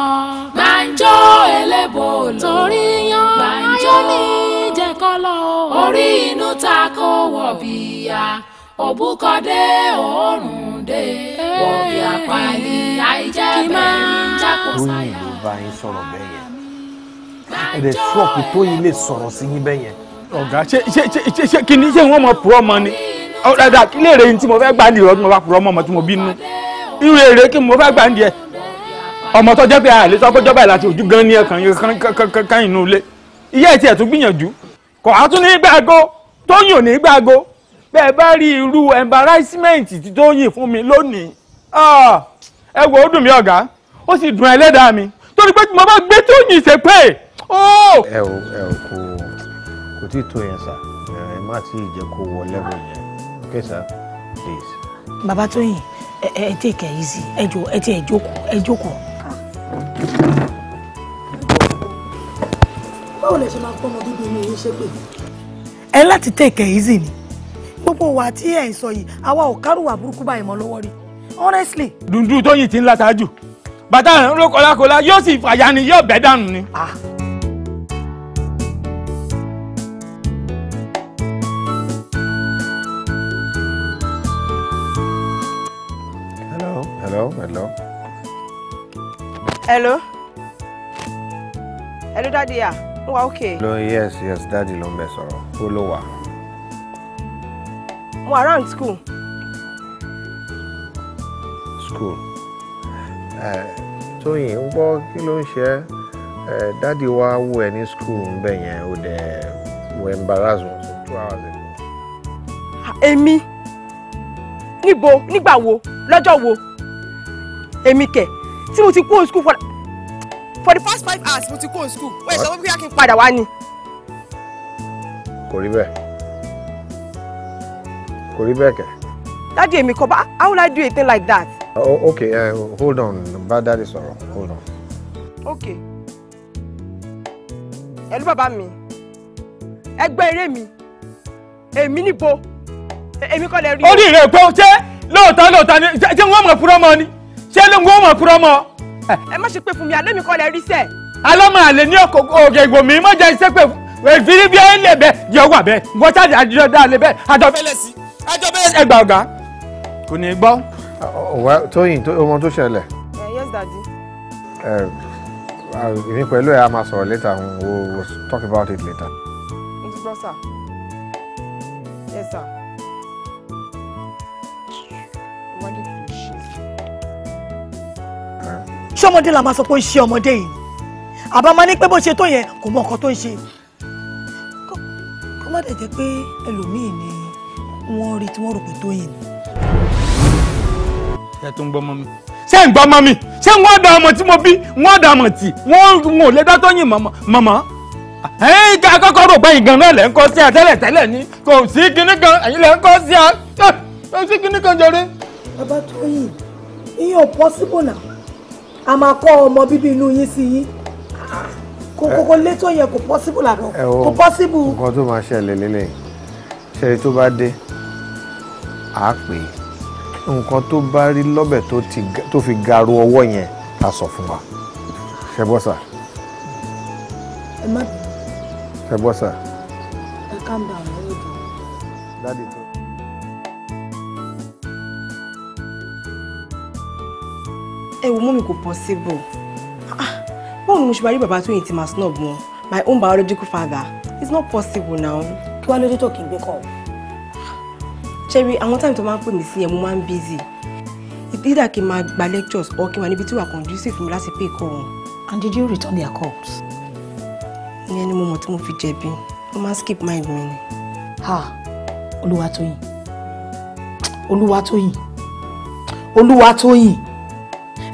A: gbàǹjo ẹlẹ́bọ̀ lò. torí iyán ayọ́ ní jẹ̀kọ́ lọ. orí inú ta kó wọ̀ bíyà òbúkọdé òórùn dé wọ̀ bí apáyé àìjẹ́ bẹ́ẹ̀ ní jákòsáyà.
D: lóyún ló bá yín sọ̀rọ̀ bẹ́ẹ̀ yẹn
E: ẹ dẹ̀ ṣọ́ọ̀kì tó yín lè sọ̀rọ̀ sí yín bẹ́ẹ̀ yẹn. ọ̀gá ṣé ṣé ṣé ṣé kí ni ṣé wọ́n mọ purọ́ mọ ni ọ̀dà kí lè rèé tí mo fẹ́ gbà ní ìrọ́ tí mo bá purọ́ mọ́ ọmọ tí mo bínú irú èrè kí mo fẹ́ gbà ń diẹ ọmọ tó jẹ́ pé àlè sọ pé jọba ìlà àti ojú gan ni ẹ̀kan yẹn
C: kan inú ilé iye ìtì ẹ̀tún gbìyànjú kò á tún ní gbàgbó Tóyìn ò ní gbàgbó bẹ́ẹ̀ bá rí irú embarrassment tí Tóyìn fún mi lónìí ah, ẹ wò ó dùn mí ọ̀gá ó sì dùn ẹlẹ́dàá mi torí pé mo bá gbé Tóyìn ṣe pé.
D: Oh! ẹ ò ẹ ò kò kò tí ì tó yẹn sá ẹ má tí ì jẹ́ kó wọ lẹ́bùn yẹn kẹsà please.
G: bàbá Tóyìn ẹ ẹ take it easy ẹ jọ ẹ ti ẹ jókòó ẹ jókòó.
F: báwo lè ṣe máa pọ́n ọmọ bíbí inú yín ṣe pé.
G: ẹ láti take it easy ni gbogbo wa tí ẹ ń sọ yìí àwa ò kárùwà burúkú báyìí mọ́ lọ́wọ́ rí honestly.
C: dundun tóyìn ti ń láta jù bàtà ń ro kọlákọlá yóò sì fàyà ni yóò bẹ́ dànù ni. ah
D: hello.
G: hello. hello dadi ah n wa okay. hello
D: yes yes dadi ló ń bẹ sọ̀rọ̀ kó ló wà.
G: mo around school.
D: school. tóyìn ń gbọ́ kí ló ń ṣe ẹ́ dadi wa wo ẹ ní school ń bẹ̀ yẹn ó dẹ̀ wọ embarrass wọn for two hours ago.
G: èmi níbo nígbà wo lọ́jọ́ wo èmi kẹ̀ tí mo ti kú on school for for the past five hours mo ti kú on school ó yẹ sọ wípé kí n padà wá ni.
D: kò rí bẹ́ẹ̀ kò rí bẹ́ẹ̀ kẹ̀.
G: dáàdi èmi kọ́ how will I do a thing like that.
D: Oh, okay uh, hold on bá dáàdi sọ̀rọ̀ hold on.
G: okay ẹ̀lú bàbá mi ẹgbẹ́ eré mi èmi níbo èmi kọ́ lè rí. ó rí ìrẹ̀ pé ó jẹ́
C: lóòótọ́ lóòótọ́ ni jẹ́ wọ́n mọ̀ fúnra mọ́ ni
G: ṣé ló ń gbọ́ mọ̀ fúrọ́ mọ́.
E: ẹ má ṣe pé fún mi àlọ́ mi kọ́ lẹ rí sẹ́ẹ̀. alọ́mọ àlè ní òkè ìgbò mi má jẹ́ iṣẹ́ pé ìfiri bí ẹ lè bẹ yọ wà bẹ wọ́tá àjọ dá lè bẹ àjọ fẹ́lẹ̀ sí àjọ fẹ́lẹ̀ sí ẹgbà ọ̀gá kò ní gbọ́.
D: ọ̀wẹ́ tóyìn ọmọ tó ṣẹlẹ̀. yes daddy. èmi pẹ̀lú ẹ̀ a máa sọ̀rọ̀ later we will talk about it later.
G: mo ti gbọ́ sà. ṣé ọmọdé la máa sọ pé ó ń ṣe ọmọdé yìí àbá máa ní pé bó ṣe tó yẹn kò mọ nǹkan tó ń ṣe kó má dẹ̀ jẹ́ pé ẹlòmíì ni wọ́n rí tí wọ́n rò pé tó yìn ni. ṣé ẹ tó ń gbọ́ mọ́ mi
C: ṣé ń gbọ́ mọ́ mi ṣé wọ́n dà ọmọ tí mo bí wọ́n dà ọmọ tì wọ́n ò lè dá tó yìn
E: màmá ẹ̀yin tí akọ́kọ́ rò náà lẹ́ ń kọ́ sí ẹ tẹ́lẹ̀ tẹ́lẹ̀ ni kò sí kinní kan ẹ̀yin lẹ́ ń kọ́ sí ẹ kò sí kinní kan jọre.
G: bàbá tó iye ò pọ́sibò náà a máa kọ́ ọmọ bíbí inú yín sí yín kò létò eh. yẹn kò pọ́síbù lànà eh, oh, kò pọ́síbù.
D: nǹkan tó máa ṣẹlẹ̀ lélẹ̀ ṣẹlẹ̀ tó bá dé àá pè é nǹkan tó bá rí lọ́bẹ̀ tó fi garu ọwọ́ yẹn ta sọ fún wa ṣe bọ́ sà. ẹ má. ṣe bọ́ sà.
G: ẹ ká ń bá àwọn ọ̀rẹ́ jù. ẹ wo mọ́mí kò possible ah, báwo ni mo ṣe bá rí bàbá tó yìn tí màá snob wọn my own biological father it's not possible now. kí wàá lójú tó kì í gbé kọ́ cherry àwọn táìmù tó máa ń pè mí sí ẹ mo máa ń busy either kí n máa gba lectures or kí n wà níbi tí wà conducive fún mi láti pay call wọn. and did you return their calls. ìyẹn ni mo mọ̀ tí mo fi jẹ̀bi mo máa ń skip mind mi ni. ha Olúwatóyìn Olúwatóyìn Olúwatóyìn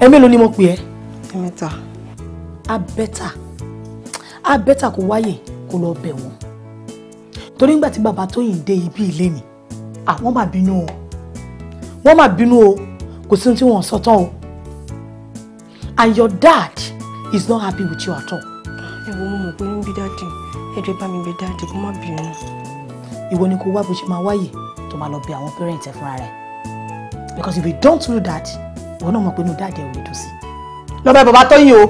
G: ẹ mélòó ni mo pè ẹ́. ẹ̀mẹ́ta. abẹ́ta abẹ́ta kò wáyè kó lọ bẹ̀ wọ́n torí nígbà tí bàbá Tóyìn dé ibi ilé mi àwọn máa bínú o wọ́n máa bínú o kò sí ohun tí wọ́n sọ tán o and your dad is not happy with you at all. ẹ wo mo mọ̀ pé ń bí dáàdì ẹjọ́ bá mi bí dáàdì kó má bínú. ìwọ ni kò wá bó ṣe máa wáyè tó máa lọ bí àwọn parents ẹ fúnra rẹ because if you don't do that wọn náà mọ̀ pé inú dáàdì ẹ̀ ò lè dùn sí i lọ́bẹ̀ bàbá Tóyìn o.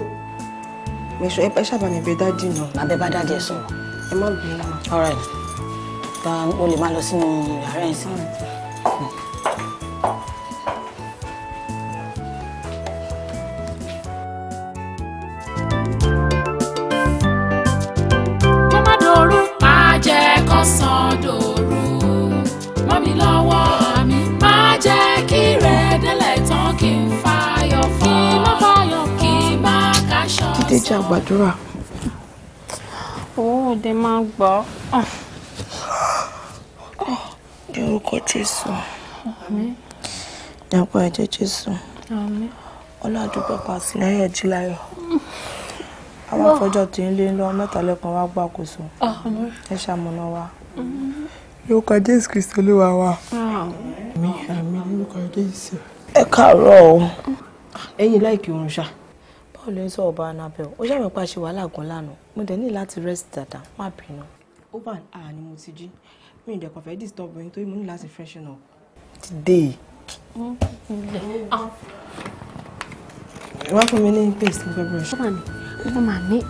G: mẹsọ ẹ bá ṣàbàmì ẹbẹ
F: dáàdì náà. bàbá bá dáàdì ẹ sọ̀rọ̀. ẹ má bínú. ọ̀rẹ́ ta o lè má lọ sínú yàrá ẹ̀ sí.
A: dìjà gbàdúrà. owó òde máa gbọ́.
H: ní orúkọ jésù ní apá ẹ̀jẹ̀ jésù
G: ọlọ́dúnpẹ́ pàṣẹ lẹ́yìn ẹ̀jí láyọ̀ àwọn afọ́jọ́ tí ń lé lọ́wọ́ mẹ́ta lẹ́kùn wá gbàkóso ẹ ṣàmùnà wa lórúkọ jésù kristi olúwa wa. àmín àmín lórúkọ jésù. ẹ káàárọ̀ o. ẹ̀yin láìkí oorun ṣáà báwo ló ń sọ ọba anabel ó ṣàmì pa ṣe wàhálà gan lánàá mo dẹ̀ ní láti rest dáadáa má bínú. ó bá a ní mo ti jí mi ò dẹ̀ kàn fẹ́ disturb mi torí mo ní láti freshen up. ti dé e. wá fún mi ní paste ní pepper. ó bá mi ó bá máa ní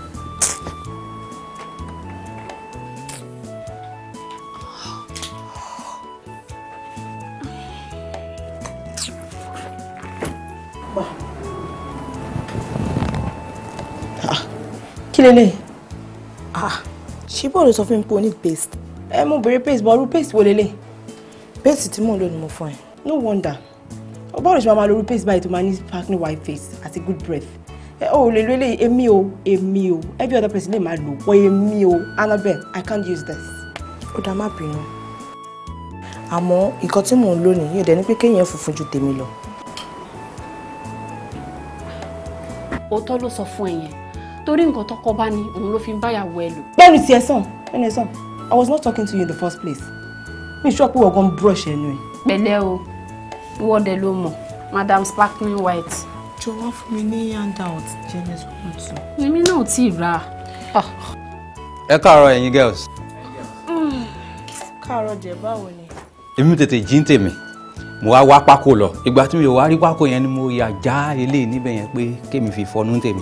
G: kí lélẹ̀ ah ṣé bọ́ọ̀lù sọ fún mi pé o ní paste ẹ mo bèrè paste bọ́ọ̀lù paste wo lélẹ̀ paste tí mò ń lò ni mo fún ẹ no wonder bọ́ọ̀lù ṣe máa ma lo paste báyìí tó máa ní sparkling white face àti good breath ẹ ò lè lo eléyìí èmi o èmi o every other person lè máa lò wọ èmi o Annabel I can't use this ó dá má bínú àmọ́ nǹkan tí mò ń lò nìyí ẹ̀dẹ̀ ni pé kéèyàn funfun ju tèmi lọ.
F: òótọ́ ló sọ fún ẹ yẹn torí nǹkan tọkọ bá ní òun ló fi ń báyàwó ẹ lò.
G: bẹ́ẹ̀ni ti ẹ̀sán bẹ́ẹ̀ni ẹ̀sán I was not talking to you in the first place mi sure pé wọ́n gan brush ẹnu ẹ̀.
F: pẹ̀lẹ́ o ìwọ dẹ̀ ló mọ̀ madam sparkling white. jọ̀wọ́ fún mi ní handout james kutu.
H: èmi náà ò tí ì rà á. Ah.
G: ẹ káàárọ̀ ẹ̀yin girls.
H: káàárọ̀ jẹ báwo ni.
G: èmi tètè jí ń tèmi mo wá wá pákó lọ ìgbà tí mi ò wá rí pákó yẹn ni mo yà já eléyìí níbẹ̀ yẹn pé kémi fi fọnú tèmi.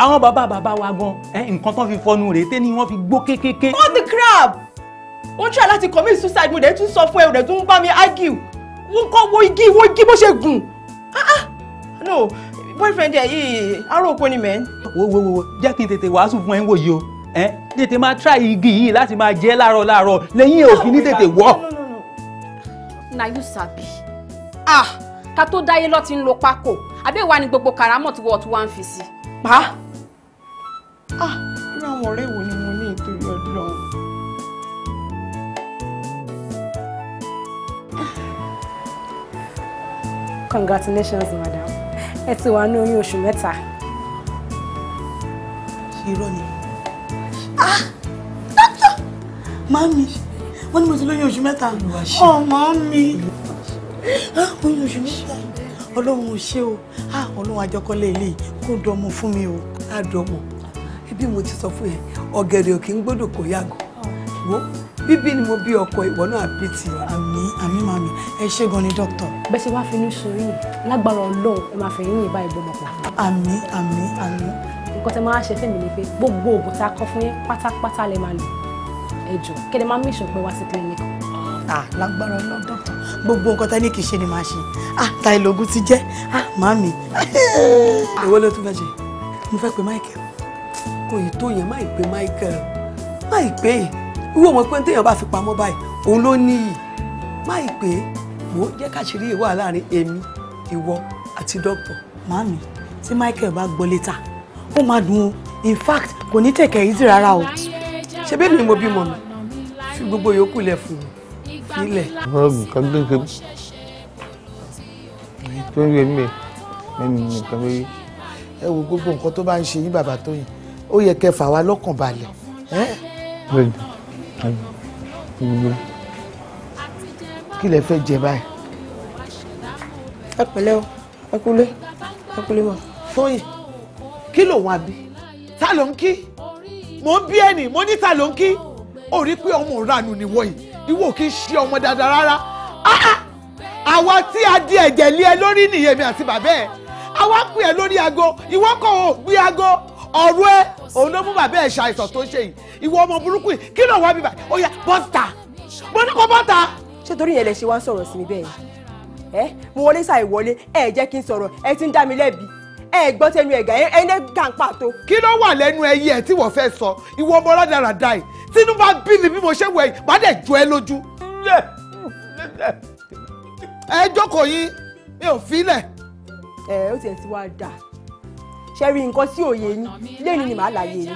G: àwọn bàbá bàbá wa gan nǹkan tán fi fọnu rèé tẹ́ ni wọ́n fi gbó kékeré. all the crap ó ń ṣe láti commit suicide mo dẹ̀ tún sọ fún ẹ o dẹ̀ tún bá mi argue wọ́n kọ́ wo igi wo igi bó ṣe gùn ah, ah! no boyfriend ẹ yìí aróko ni mẹ́. wo wo wo jẹ́ kí n tètè wàásù fún ẹ ń wòye o ẹ tètè máa try igi yìí láti máa jẹ láàárọ̀ láàárọ̀ lẹ́yìn òfin ní tètè wọ̀.
F: na you sabi ah ká tó dáyé lọ́ọ́ ti ń lo pákó àbẹ́wò wa ni gbogbo karamọ́ tí wọ́n ti wá ń fi sí. pa á ah
G: irú àwọn ọ̀rẹ́ wo ni mo ní ìtorí ọlọ́run.
F: congratulations madam ẹ ti wà ní oyún oṣù mẹ́ta. irọ́ ni ah doctor mami wọ́n ní mo ti lóyún oṣù
G: mẹ́ta ọmọ oh, mi ah, oyún oṣù mẹ́ta ọlọ́run ò ṣe o ah, ọlọ́run àjọkọ́lé ilé kó dọ́mọ fún mi o á dọ́mọ bí mo ti sọ fún yẹn ọ̀gẹ̀dẹ̀ òkè ń gbọ́dọ̀ kó yàgò wo bíbí ni mo bí ọkọ ìwọ náà
F: bí ti. àmì àmì màmí ẹ ṣe gan ni dókítà. bẹ́ẹ̀ ṣe wá fi inú sori lágbára ọlọ́run ẹ máa fẹ̀yìn yìnbá ìbomọ̀ pọ̀. àmì àmì àmì. nǹkan tẹ máa ṣe fẹ́mi ni pé gbogbo oògùn tá a kọ fún yín pátápátá lè máa lò ẹ jọ kí lè máa mí ìṣòpẹ wá sí clinic. lágbára ọlọ́run dókítà
G: gbogbo nǹkan tá ní kì í ṣe ni màá ṣe ta ìlògùn ti jẹ́ màmí. ìwọ ló tún fẹ́ ṣe mo fẹ́ pe Michael kó yìí tó yẹn má ì pé Michael má ì pé irú ọmọ pé téèyàn bá fi pamọ́ báyìí òun ló níyì má ì pé mo jẹ́ káṣírí ìwà láàrin èmi ìwọ àti dókítà. màámi tí Michael bá gbọ́ létà ó máa dùn ún in fact kò ní tẹ̀kẹ̀ yìí sí rárá o. ṣé bẹ́ẹ̀ ni mo bímọ mi fi gbogbo yòókù lẹ̀ fún
E: mi nílẹ̀. ọlọ́run kan ló ń ṣe tó ń yẹ mí ẹ̀ mẹ́mi nìkan lórí. ẹ wo gbogbo nǹkan tó bá ń ṣe yín bàbá Tóyìn ó yẹ kẹ́ fà wá lọ́kàn balẹ̀. kí lẹ fẹ́ jẹ báyìí.
G: ẹ pẹ̀lẹ́ o ẹ kúlé ẹ kúlé mọ́. Tóyìn kí ló wá bí ta ló ń kí
E: mo ń bí ẹnì mo ní ta ló ń kí ó rí pé ọmọ ìranù nìwọ yìí ìwọ kì í ṣe ọmọ dáadáa rárá àwa tí a di ẹ̀jẹ̀ lé ẹ lórí nìyẹn mi àti bàbá ẹ àwa pè ẹ lórí aago ìwọ kò gbé aago ọ̀rọ̀ ẹ òun ló mú
G: bàbá ẹ̀ ṣàìsàn tó ń ṣe yìí ìwọ ọmọ burúkú yìí kí ló wá bíbá ó yá bọ́ta mo ní kó bọ́ta. ṣé torí yẹn lè ṣe wá ń sọ̀rọ̀ sí mi bẹ́ẹ̀ ẹ mo wọlé ṣàì wọlé ẹ jẹ́ kí n sọ̀rọ̀ ẹ ti ń dá mi lẹ́bi ẹ gbọ́ tẹnu ẹ̀gà ẹ ẹ ní gàǹpà tó. kí ló wà lẹ́nu ẹyí ẹ tí
E: wọ́n fẹ́ sọ ìwọ ọmọ rádaràda yìí tínú bá bí mi bí mo ṣe wẹ̀ má dẹ̀ jọ ẹ lójú. ẹ jókòó yín
G: ṣẹ́rí nǹkan sí òye yín lẹ́yìn ni màá láyé yín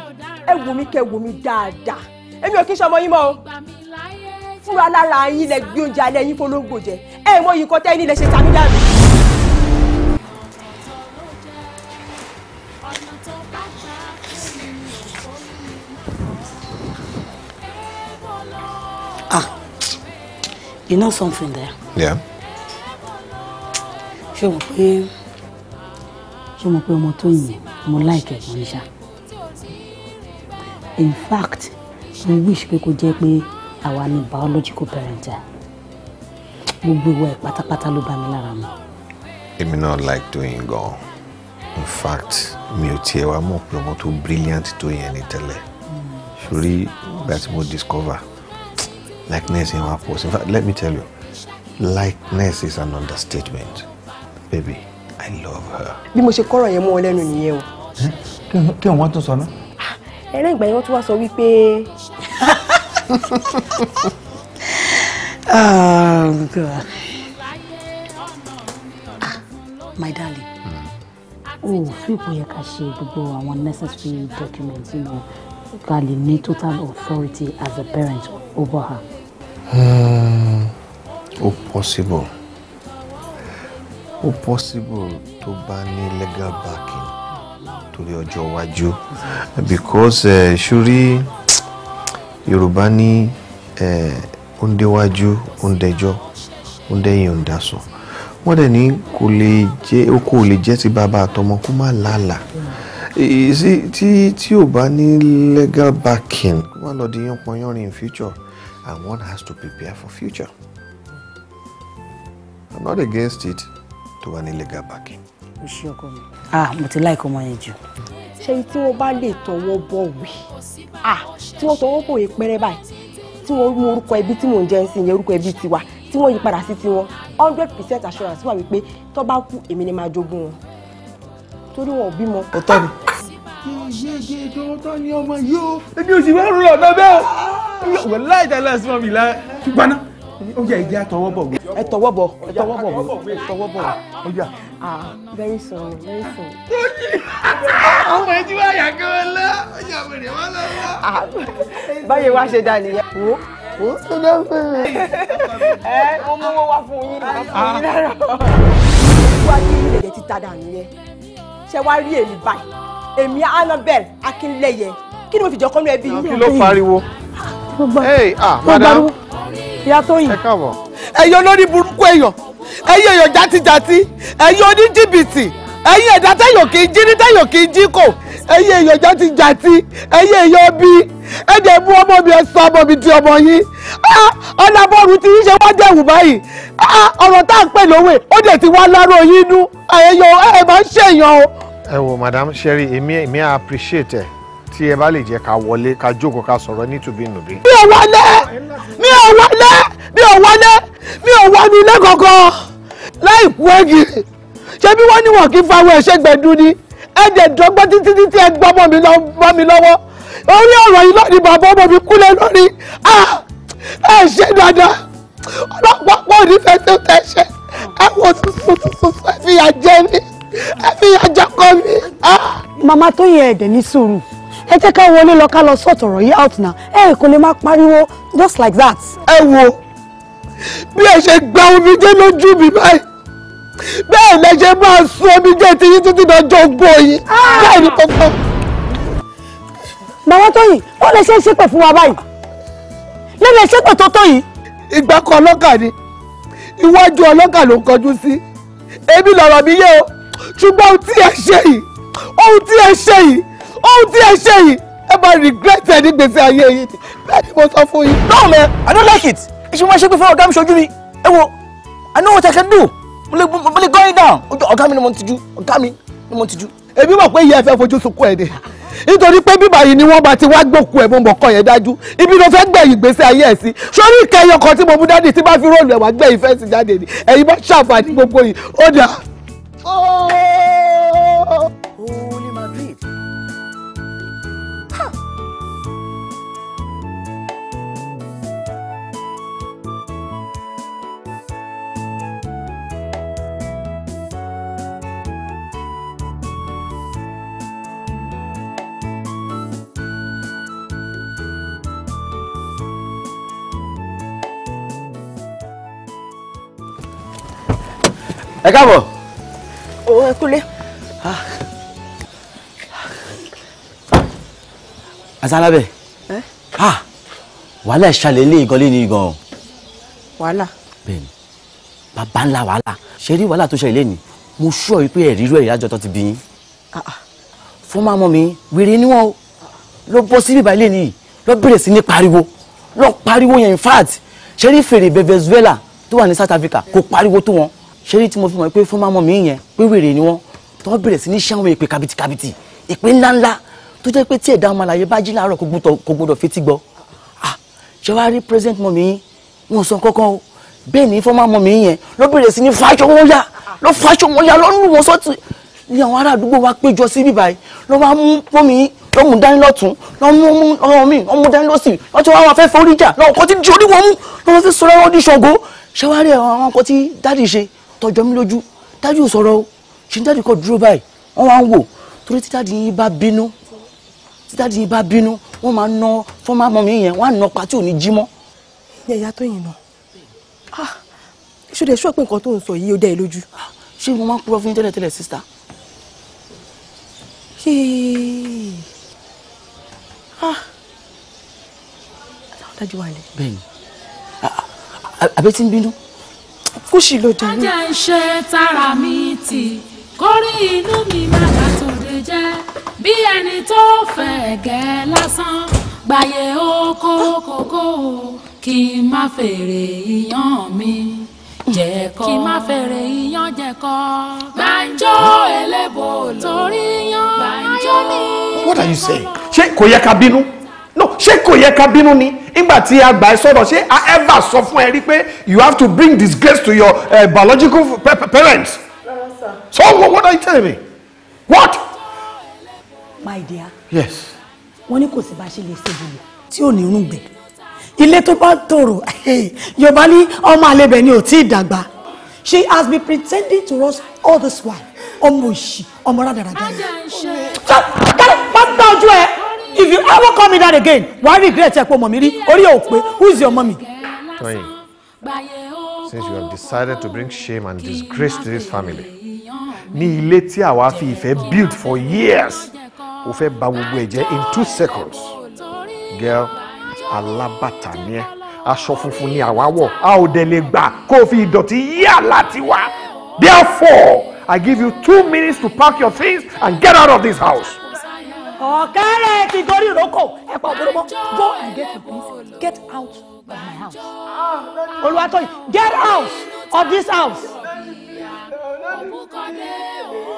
G: ẹ wò mí kẹ wò mí dáadáa èmi ò kí sọmọ yín mọ́ o fúnra lára yín lẹ gbé oúnjẹ alẹ́ yín fọlọ́gbò jẹ ẹ mọ yìí nǹkan tẹ́yìn lẹ ṣe ta mí
B: ah
D: you
F: know something there. Yeah. ṣé o mọ̀ ṣé mo pé ọmọ tó yìn mo láìkẹ́ kan ní ṣá in fact mo wish pé kó jẹ́ pé àwa ni biological parent ẹ̀ gbogbo ìwà ẹ̀ pátápátá ló bá mi lára mu.
D: èmi náà like Tóyìn gan in fact mi ò tiẹ̀ wá mọ̀ pé ọmọ tó brilliant tó yẹn ni tẹ́lẹ̀ sórí ìgbà tí mo discover likeness yẹn wá pọ̀ sí in fact let me tell you likeness is an understatement baby. I love her.
G: bí mo ṣe kọ́rọ̀ yẹn mú wọn lẹ́nu nìyẹn o. kí wọ́n tún sọ ná. Ah,
F: ẹ̀rẹ́ ìgbà yẹn wọ́n tún wá sọ wípé. Oh, ah, my darling o feel kò yẹ ká ṣe gbogbo àwọn necessary documents you know, ká lè ní total authority as a parent over her.
B: Hmm.
D: ó oh, possible ó possible tó bá ní legal backing torí ọjọ́ iwájú because ṣúrí eh, yorùbá ní eh, ó ń déwájú ó ń dẹjọ́ ó ń dẹ́yìn ó ń dasọ wọ́n dẹ̀ ní kò lè jẹ́ ó lè jẹ́ ti bàbá àtọmọ kó má làálàá eh, tí tí ò bá ní legal backing wọ́n lọ di yánpọnyánrin in future and one has to prepare for future I'm not against it tó wà ní legal backing. o
F: ah mo ti láìkọ ọmọ yẹn jù.
D: ṣé tí wọ́n bá lè tọwọ́ bọ̀wé
G: ah tí wọ́n tọwọ́ bọ̀wé pẹ́rẹ́ báyìí tí wọ́n mú orúkọ ẹbí tí mò ń jẹ́ ń sìn yẹn orúkọ ẹbí tiwa tí wọ́n yí padà sí tiwọn hundred percent assurance wà wípé tó bá kú èmi ni máa jogún wọn torí wọn ò bímọ. ó tọ́ ni. yege tọ́wọ́tọ́ ni ọmọ yìí o. ebi
C: òsì wẹ́rù lọ́dọ̀ bẹ́ẹ̀ o. wọ́n láì sí wọn mi láì
G: ó yẹ ìdí àtọwọ́ bọ̀ gbé. ẹ tọwọ́ bọ̀ ẹ tọwọ́ bọ̀ gbé ẹ tọwọ́ bọ̀ ó yà. ah
H: very soon very soon.
B: ọmọ ẹjú àyà gan lọ ọjà wèrè wọn lọ́wọ́.
G: Ah, báyìí wá
H: ṣe dá nìyẹn. wo wo ṣe dá fún mi.
G: ẹ mo mú owó wá fún yín nìkan fún yín lára. wájú ilé ẹ̀jẹ̀ ti ta dànù yẹn ṣé wàá rí èmi báyìí èmi Annabel Akínlẹ́yẹ kí ni mo fi jọ kọ́nú ẹbí yín. kí ló
D: pariwo. hey ah
G: madam
E: ìyá ẹ káàbọ̀ ẹ̀yin olórí burúkú èèyàn ẹ̀yin èèyàn játijàti ẹ̀yin oníjìbìtì ẹ̀yin ẹ̀dá tẹ̀yàn kì í jí ní tẹ̀yàn kì í jí kò ẹ̀yin èèyàn játijàti ẹ̀yin èèyàn bí ẹ̀dẹ̀ mú ọmọ mi ẹ ọmọ mi di ọmọ yín ah, ọ̀nà bọ́ọ̀rù ti ṣe wọ́n dẹ̀wù báyìí ah, ọ̀rọ̀ tá à pè lówe ó dẹ̀ ti wá láró yín nú ẹ̀yàn ẹ̀ máa ń ṣèyàn o.
D: ẹ wo madam sherry èmi èmi à appreciate ẹ tí ẹ bá lè jẹ ká wọlé ká jókòó ká sọ̀rọ̀ nítùbínùbí. mi
E: ò wọlé mi
G: ẹnu ilé kọ̀ọ̀kan láì kú ẹgìrì ṣé bí wọ́n níwọ̀n kí fáwọn ẹ̀ṣẹ́ gbẹ̀dú ni ẹ̀jẹ̀ dọ́gbọ́n títí títí ẹ gbọ́ mọ́ mi lọ́wọ́
E: orí ọ̀rọ̀ yìí lọ́ọ̀ni bàbá ọmọ mi kúlẹ̀ lórí ah, ẹ ṣe dáadáa ọlọ́pàá pọ̀ nífẹ̀ẹ́ tó tẹ̀ ẹ wò tuntun tuntun ẹ fi yà jẹ mi ẹ fi yà jẹ kọ́ mi. Ah.
G: màmá tó yẹ ẹ̀dẹ̀ ní sùúrù ẹ jẹ́ ká wọlé lọ ká lọ sọ̀tọ̀rọ̀ yìí out now ẹ kò lè má pariwo just like that. ẹ wo
E: bí ẹ ṣe gba omijé lójú mi báyìí bẹ́ẹ̀ lẹ ṣe máa sun omijé tiyín títí dọjọ́ ogbó yìí ah! bẹ́ẹ̀ ni kankan. bàbá tóyìn ó lè ṣe é ṣépè fún wa báyìí lẹ́nu ẹ̀ ṣépè tó tó yìí. ìgbà
G: kan ọlọ́kà ni iwájú ọlọ́kà ló ń kọjú sí èmi lọ̀rọ̀ mi yé o ṣùgbọ́n ohun tí ẹ ṣe yìí ohun tí ẹ ṣe yìí ohun tí ẹ ṣe yìí ẹ máa regret ẹ ní gbèsè ayé yìí bẹ́ẹ̀ ni mo sọ fún yín. no man i don't like it ṣé wọ́n ṣe pé fún
E: ọ̀gá mi ṣojú mi ẹ wo I know what I can do mo lè go in down ojú ọ̀gá mi ni mo ti ju ọ̀gá mi ni mo ti ju. èmi mọ̀ pé ìyá ẹ fẹ́ fojú sunkún ẹ̀ ni nítorí pé bíbà yìí ni wọ́n bá ti wá gbòkú ẹ̀ mo mọ̀ kọ́ yẹn dájú ibi ló fẹ́ gbẹ̀yìn gbèsè ayé ẹ̀ sí sórí ìkẹyọ kan tí mo mú dání tí bá fi róòlù ẹ̀ wá gbẹ̀yìn fẹ́ǹsì jáde ni ẹ̀yin bá ṣàǹfààní gbogbo yìí ó dà. Oh. ẹ káàbọ̀.
B: o
G: ẹ kúlé. azalabe wàhálà ìṣàlẹ̀ ilé ìgànlẹ̀ ni gan. wàhálà. bẹ́ẹ̀ni bàbá ńlá wàhálà ṣe rí wàhálà tó ṣẹlẹ̀ ni mo sọ wípé ẹ̀rírú ẹ̀yà àjọ tó ti bí yín ah, ah. fún máa mọ mi wèrè ni wọn lọ bọ́ sí bíbá ilé nìyí lọ bẹ̀rẹ̀ sí ní pariwo lọ pariwo yẹn in fact ṣe rí fèrè Venezuela tó wà ní South Africa kò pariwo tó wọn ṣeré tí mo fi mọ̀ pé fún mámọ́ mi yẹn pé wèrè ni wọ́n tó bẹ̀rẹ̀ sí ní ṣáwọn èpè kàbìtìkàbìtì èpè ńláńlá tó jẹ́ pé tí ẹ̀dá ọmọ àlàyé bá jí láàárọ̀ kò gbọdọ̀ fetí gbọ́ ṣé wàá rí president mọ̀ mi yín wọn sọ kankan o bẹ́ẹ̀ ni fọ́nmá mọ̀ mi yẹn ló bẹ̀rẹ̀ sí ní fàáṣọ wọn yá ló fàáṣọ wọn yá ló lù wọn sọ́tì ni àwọn ará àdúgbò wa péjọ sí bíbá yìí ló wá mú pọ́ mi yín ló mú dání lọ́tún ló ṣe tọjọ mi lójú dájú ò sọ̀rọ̀ o ṣì ń dájú kọ dúró báyìí wọ́n wá ń wò torí tí dáàdì yín bá bínú tí dáàdì yín bá bínú wọ́n máa ná fọ́nmá mọ́mí yẹn wọ́n á ná pa tí ò ní jí mọ́. yẹ̀yà tó yìn náà ah, ṣó dẹ̀ ṣó pé nǹkan tó ń sọ yìí ó dá ẹ lójú. Ah, ṣé mo máa ń purọ́ fún yín tẹ́lẹ̀ tẹ́lẹ̀ sísá.
A: Ah. dájú wà ní. bẹ́ẹ̀ni àbẹ tí ń bínú kùsì ló dé. ọjà ń tara mi tì kórí inú mi máa bá tòde jẹ́ bí ẹni tó fẹ́ gẹ́ lásán gbàyè ó kókó kí n má fèrè iyán mi jẹ̀kọ́ kí n má fèrè iyán jẹ̀kọ́ gbàǹjo ẹlẹ́bọ̀ lórí yan ayọ́ mi.
C: What are you saying? ṣé kò yẹ ká bínú ṣé kò yẹ ká bínú ni nígbà tí a gbà ẹ sọ̀rọ̀ ṣé a ever sọ fún ẹ rí pé
D: you have to bring disgrace to your uh, biological parents. so what, what are you telling me? What?
G: My dear. Yes. Wọ́n ní kò sí bá ṣe lè ṣe gbogbo tí ò ní irun gbẹ. Ilé tó bá tòrò, Yorùbá ní ọmọ àlebẹ̀ ni ò tí ì dàgbà. She has been pretending to us all this while. Ọmọ òṣì, ọmọ rádaràdà. Ká má gbá ojú ẹ if you ever call me that again wàá regret ẹ̀ pé ọmọ mi rí orí ò pé who is your mommy.
B: Toyin
D: since you have decided to bring shame and disgrace to this family ní ilé tí àwa fi ìfẹ́ build for years o fẹ́ bà gbogbo ẹ̀ in two seconds girl alábàtà ni ẹ́ aṣọ funfun ni àwa wọ̀ a ò dẹ̀ lè gbà kó o fi ìdọ̀tí yíyà láti wá therefore I give you two minutes to pack your things and get out of this house
G: ọ̀kẹ́rẹ́ ti gorí ìrókò ẹ pa òbúrú mọ́ go and get the police get out of my house Olúwatóyìn get out of this house.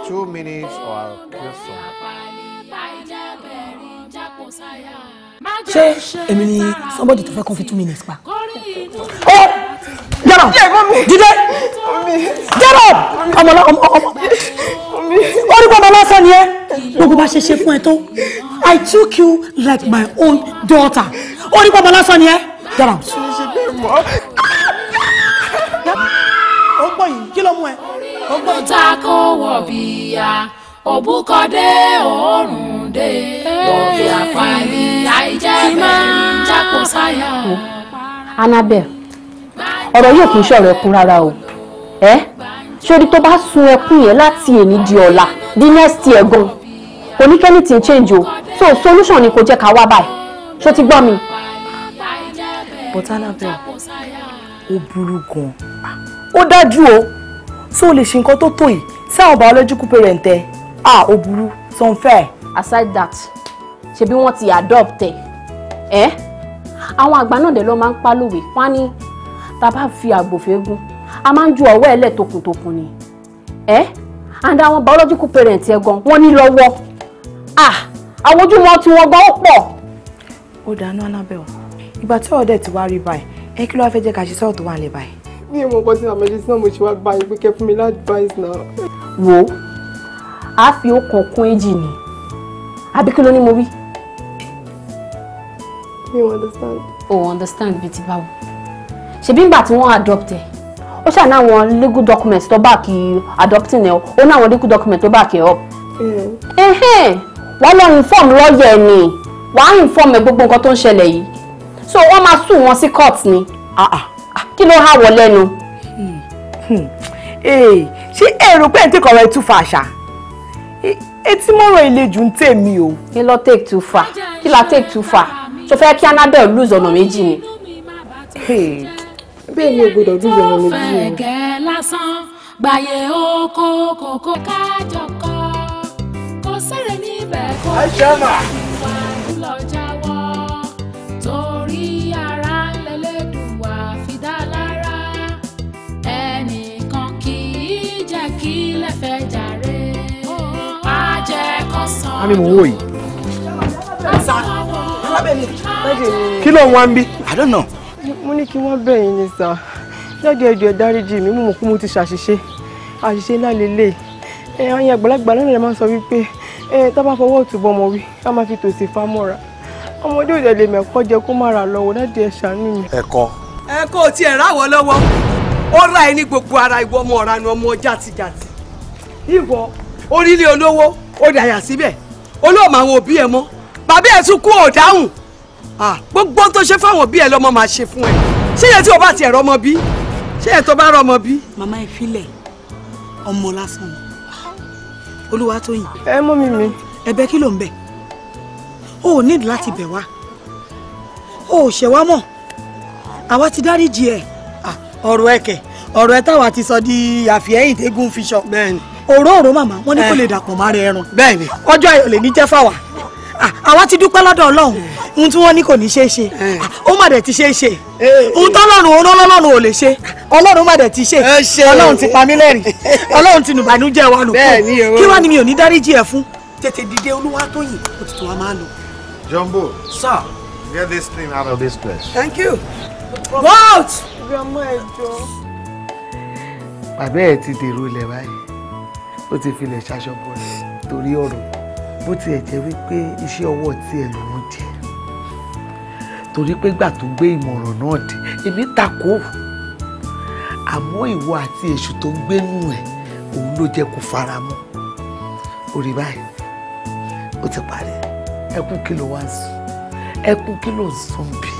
D: two minutes or I'll kill
B: ṣé èmi ni
A: somebody tó fẹ́ kún fi two minutes pa.
B: ó get up dìde get up ọmọlá
G: orúkọ ọmọlá sọ ni ẹ gbogbo bá ṣe ṣe fún ẹ tó I took you like my own daughter orúkọ ọmọlá sọ ni ẹ get up.
A: ọgbọ́n ah! yìí kí ló mú ẹ. ọgbọ́n ta kó wọ̀ bíyà òbúkọdé òórùn òde òbí àpáyé àìjẹ́ bẹ́ẹ̀ jákò sáyà.
F: Annabelle ọ̀rọ̀ yóò kì í ṣọ̀rọ̀ ẹkún rárá o ẹ sórí tó bá sun ẹkún yẹn láti èní di ọ̀la di next year gan kò ní kẹ́ni tí ń change o so solution ni kò jẹ́ ká wá báyìí ṣó ti gbọ́ mi.
H: but Annabelle
F: ó
G: burú gan-an ó dájú o tó lè ṣe nǹkan tó tó yìí tí àwọn biological
F: parent ẹ burú tó aside that ṣebí wọ́n ti adopt ẹ̀ ẹ́ àwọn àgbà náà dẹ̀ ló máa ń pálòwé wọ́n á ní tá a bá fi àgbò fẹ́gùn a máa ń ju ọwọ́ ẹ̀ lẹ̀ ni ẹ́ and àwọn biological parents ẹ̀ gan wọ́n ní lọ́wọ́ ah àwọn ojúmọ́ tí wọ́n gan ó pọ̀.
G: ó dànù Annabel ìgbà tí ọ̀dẹ̀ ti wá rí báyìí ẹ kí ló wá fẹ́ jẹ́ ká ṣe sọ́ọ̀tù wà lẹ̀ báyìí. mi ò mọ̀ bọ́ sí àmọ́jẹ́ náà mo ṣe wá báyìí pé kẹ́ fún mi láti advice náà.
F: wo a fi ó kún èjì ni àbí kí ló ní mo wí.
B: understand.
F: o oh, understand bíi ti báwo ṣebí ńgbà tí wọ́n adopt ẹ̀ ó ṣà ní àwọn legal documents tó bá kí adopting ẹ̀ ó ní àwọn legal documents tó bá kí ẹ̀ up. Hmm. wọ́n lọ inform lọ́ọ̀yà ni wàá inform ẹ̀ gbogbo nǹkan tó ń ṣẹlẹ̀ yìí so wọ́n máa sùn wọn sí court ni ah, ah, ah, kí ló
G: há wọ lẹ́nu. Hmm. Hmm. ṣé èrò pé ẹ̀ ń tẹ́kọ̀ọ́ rẹ̀ tún fa àṣà etí mọ́rọ̀ ìlejò ń tèmi o. kí ló take too far kí la take
F: too far So fẹ́ kí Annabel lose ọ̀nà méjì ni. bẹ́ẹ̀ ni o gbọ́dọ̀ lose ọ̀nà méjì ni.
A: gbàyè oko kòkó kájọkọ kò sẹ́rẹ̀ níbẹ̀ kó. ni mò ń yìí. kí
G: ló ń wá ń bí. I don't know. mo ní kí wọ́n bẹ̀ yín ni sà lọ́jọ́ ẹjọ́ dáríjì mi mo mọ̀ pé mo ti ṣàṣìṣe àṣìṣe ńlá lélẹ̀ ẹ ọyàn àgbàlagbà náà lè máa sọ wípé ẹ tá bá fọwọ́ òtúbọ̀ mọ̀ wí ká máa fi tòsí fámọ́ra ọmọdé òde lè mẹ́kọ́ jẹ kó má ra lọ́wọ́ láti ẹ̀ ṣàánú mi.
D: ẹ̀kọ́. ẹ kó
G: tiẹ̀ ráwọ̀ lọ́wọ́ ó ra ẹni gbogbo ara ìwọ ọmọ ọ̀ranu ọmọ jàtìjàtì ìwọ orílẹ̀ olówó ó dàyà síbẹ̀ olóòmà àwọn òbí ẹ mọ́ bàbá ẹ tún kú ò dáhùn gbogbo tó ṣe fáwọn òbí ẹ lọ́mọ máa ṣe fún ẹ ṣé yẹn tí o bá tiẹ̀ rọmọ bí ṣé yẹn tó bá rọmọ bí. màmá ẹ filẹ̀ ọmọ lásán olúwa tóyìn. ẹ mú mi mi. ẹ̀bẹ̀ kí ló ń bẹ̀ o ò nídìí láti bẹ̀ wá o ò ṣẹ̀ wá mọ̀ àwa ti dáríjì ẹ̀ ọ̀rọ̀ ẹ̀kẹ́ ọ̀rọ̀ ẹ̀ táwa ti sọ di àfihàn ìdégún fi sọ. bẹ́ẹ̀ni òróòró màmá wọn ní kò eh. lè dàpọ̀ má rẹ ẹran bẹ́ẹ̀ni ọjọ́ ayọ̀ lè ní jẹ́ fáwa àwa ti dúpẹ́ lọ́dọ̀ ọlọ́run ohun tí wọ́n ní kò ní ṣeé ṣe eh. ó má dẹ̀ ti ṣeé ṣe eh. ohun tọ́lọ́run òun lọ́lọ́run ò lè ṣe ọlọ́run má dẹ̀ ti ṣe ọlọ́run ti pa mí lẹ́rìn ọlọ́run ti nùbànújẹ́ wa nù kí wàá ni mi ò ní dáríjì ẹ̀ fún tètè dìde Olúwatóyìn ó ti tó wa máa lọ. Jumbo
D: sir get this thing out of this place. thank you.
G: what. grandma
B: ẹjọ.
E: bàbá ẹ ti dèrò ilẹ̀ báyìí ó ti filẹ̀ ṣaṣọ́bọ̀ rẹ̀ torí ọ̀rọ̀ bó tiẹ̀ jẹ́ wípé iṣẹ́ ọwọ́ tiẹ̀ ló ń jẹ
G: torí pé gbà tó gbé ìmọ̀ràn náà dé èmi takò àmọ́ ìwọ àti èṣù tó ń gbénú ẹ̀ òun ló jẹ́ kó fara mọ́ orí báyìí ó ti parí ẹkún kí ló wá ń sùn ẹkún kí ló ń sùn bí.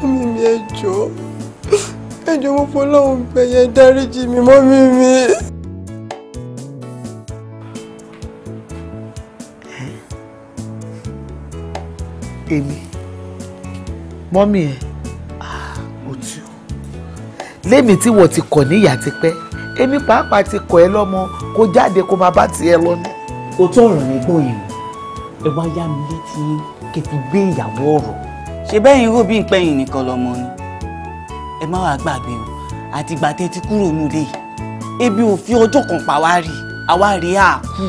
G: mọ́mí mi ẹ jọ̀ọ́
E: ẹ jọ̀ọ́ mo fọlọ́run bẹ̀yẹ dáríjì mi mọ́mí mi.
D: tèmi mọ́mì ẹ̀ òtù ah,
G: lémi tí wọ́n ti kọ̀ níyà tipẹ́ èmi pàápàá ti kọ̀ ẹ́ lọ́mọ kó jáde kó máa bá tiẹ̀ lọ ní. o tó ọ̀rọ̀ rẹ gbọ́ yìí ẹ wá yá mi létí kí n fi gbé ìyàwó ọ̀rọ̀. ṣé bẹ́yìn rò bí ìpẹ́yìn nìkan lọ́mọ ni ẹ má wàá gbàgbé o àtìgbà tẹ́ ti kúrò nílé yìí ebi ò fi ọjọ́ kan pa wá rí àwa rí àkú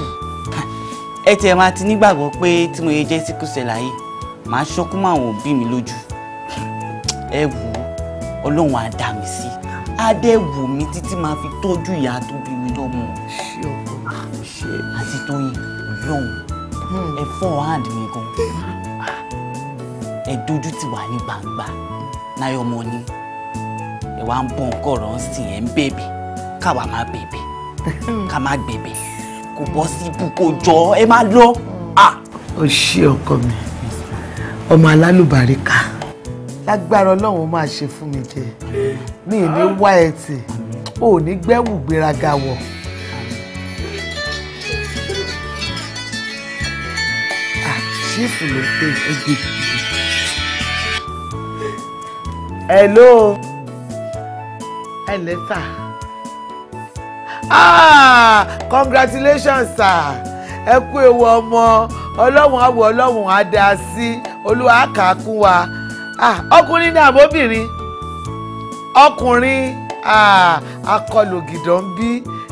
G: ẹ tiẹ̀ máa ti nígbàgbọ́ pé tí mo yẹ jẹ́ síkúsẹ̀ láyé màá ṣọkún mọ́ àwọn òbí mi lójú ẹ wò ó ọlọ́run á dá mi sí á dẹ́
E: wò mí títí máa fi tọ́jú ìyá tó bí mi lọ́mọ ṣé
G: ọkọ ṣe àti tóyìn ọlọ́run hmm. ẹ fọ́ hand mi gan ẹ dojú ti wà ní gbangba náyọ̀ ọmọ ni ẹ wá ń bọ̀ nǹkan ọ̀rọ̀ sí ẹ̀ ń bèbè káwa máa bèbè ká máa gbèbè kò bọ́ sí ibùkún jọ ẹ máa lọ. Hmm.
B: Ah! o ṣé ọkọ mi
G: ọmọ alálùbáríkà lágbára ọlọ́run máa ṣe fún mi jẹ ní wá ẹtì ò ní gbẹ́wù gbéraga wọ̀. hello Hi, lẹ́tà ah congratulations sir ẹ kú ewu ọmọ ọlọ́run àwọ̀ ọlọ́run á dá sí olúwa kà á kún wa ah, ọkùnrin ní àbóbìnrin ọkùnrin ah, akọlù gìdọ̀ ń bí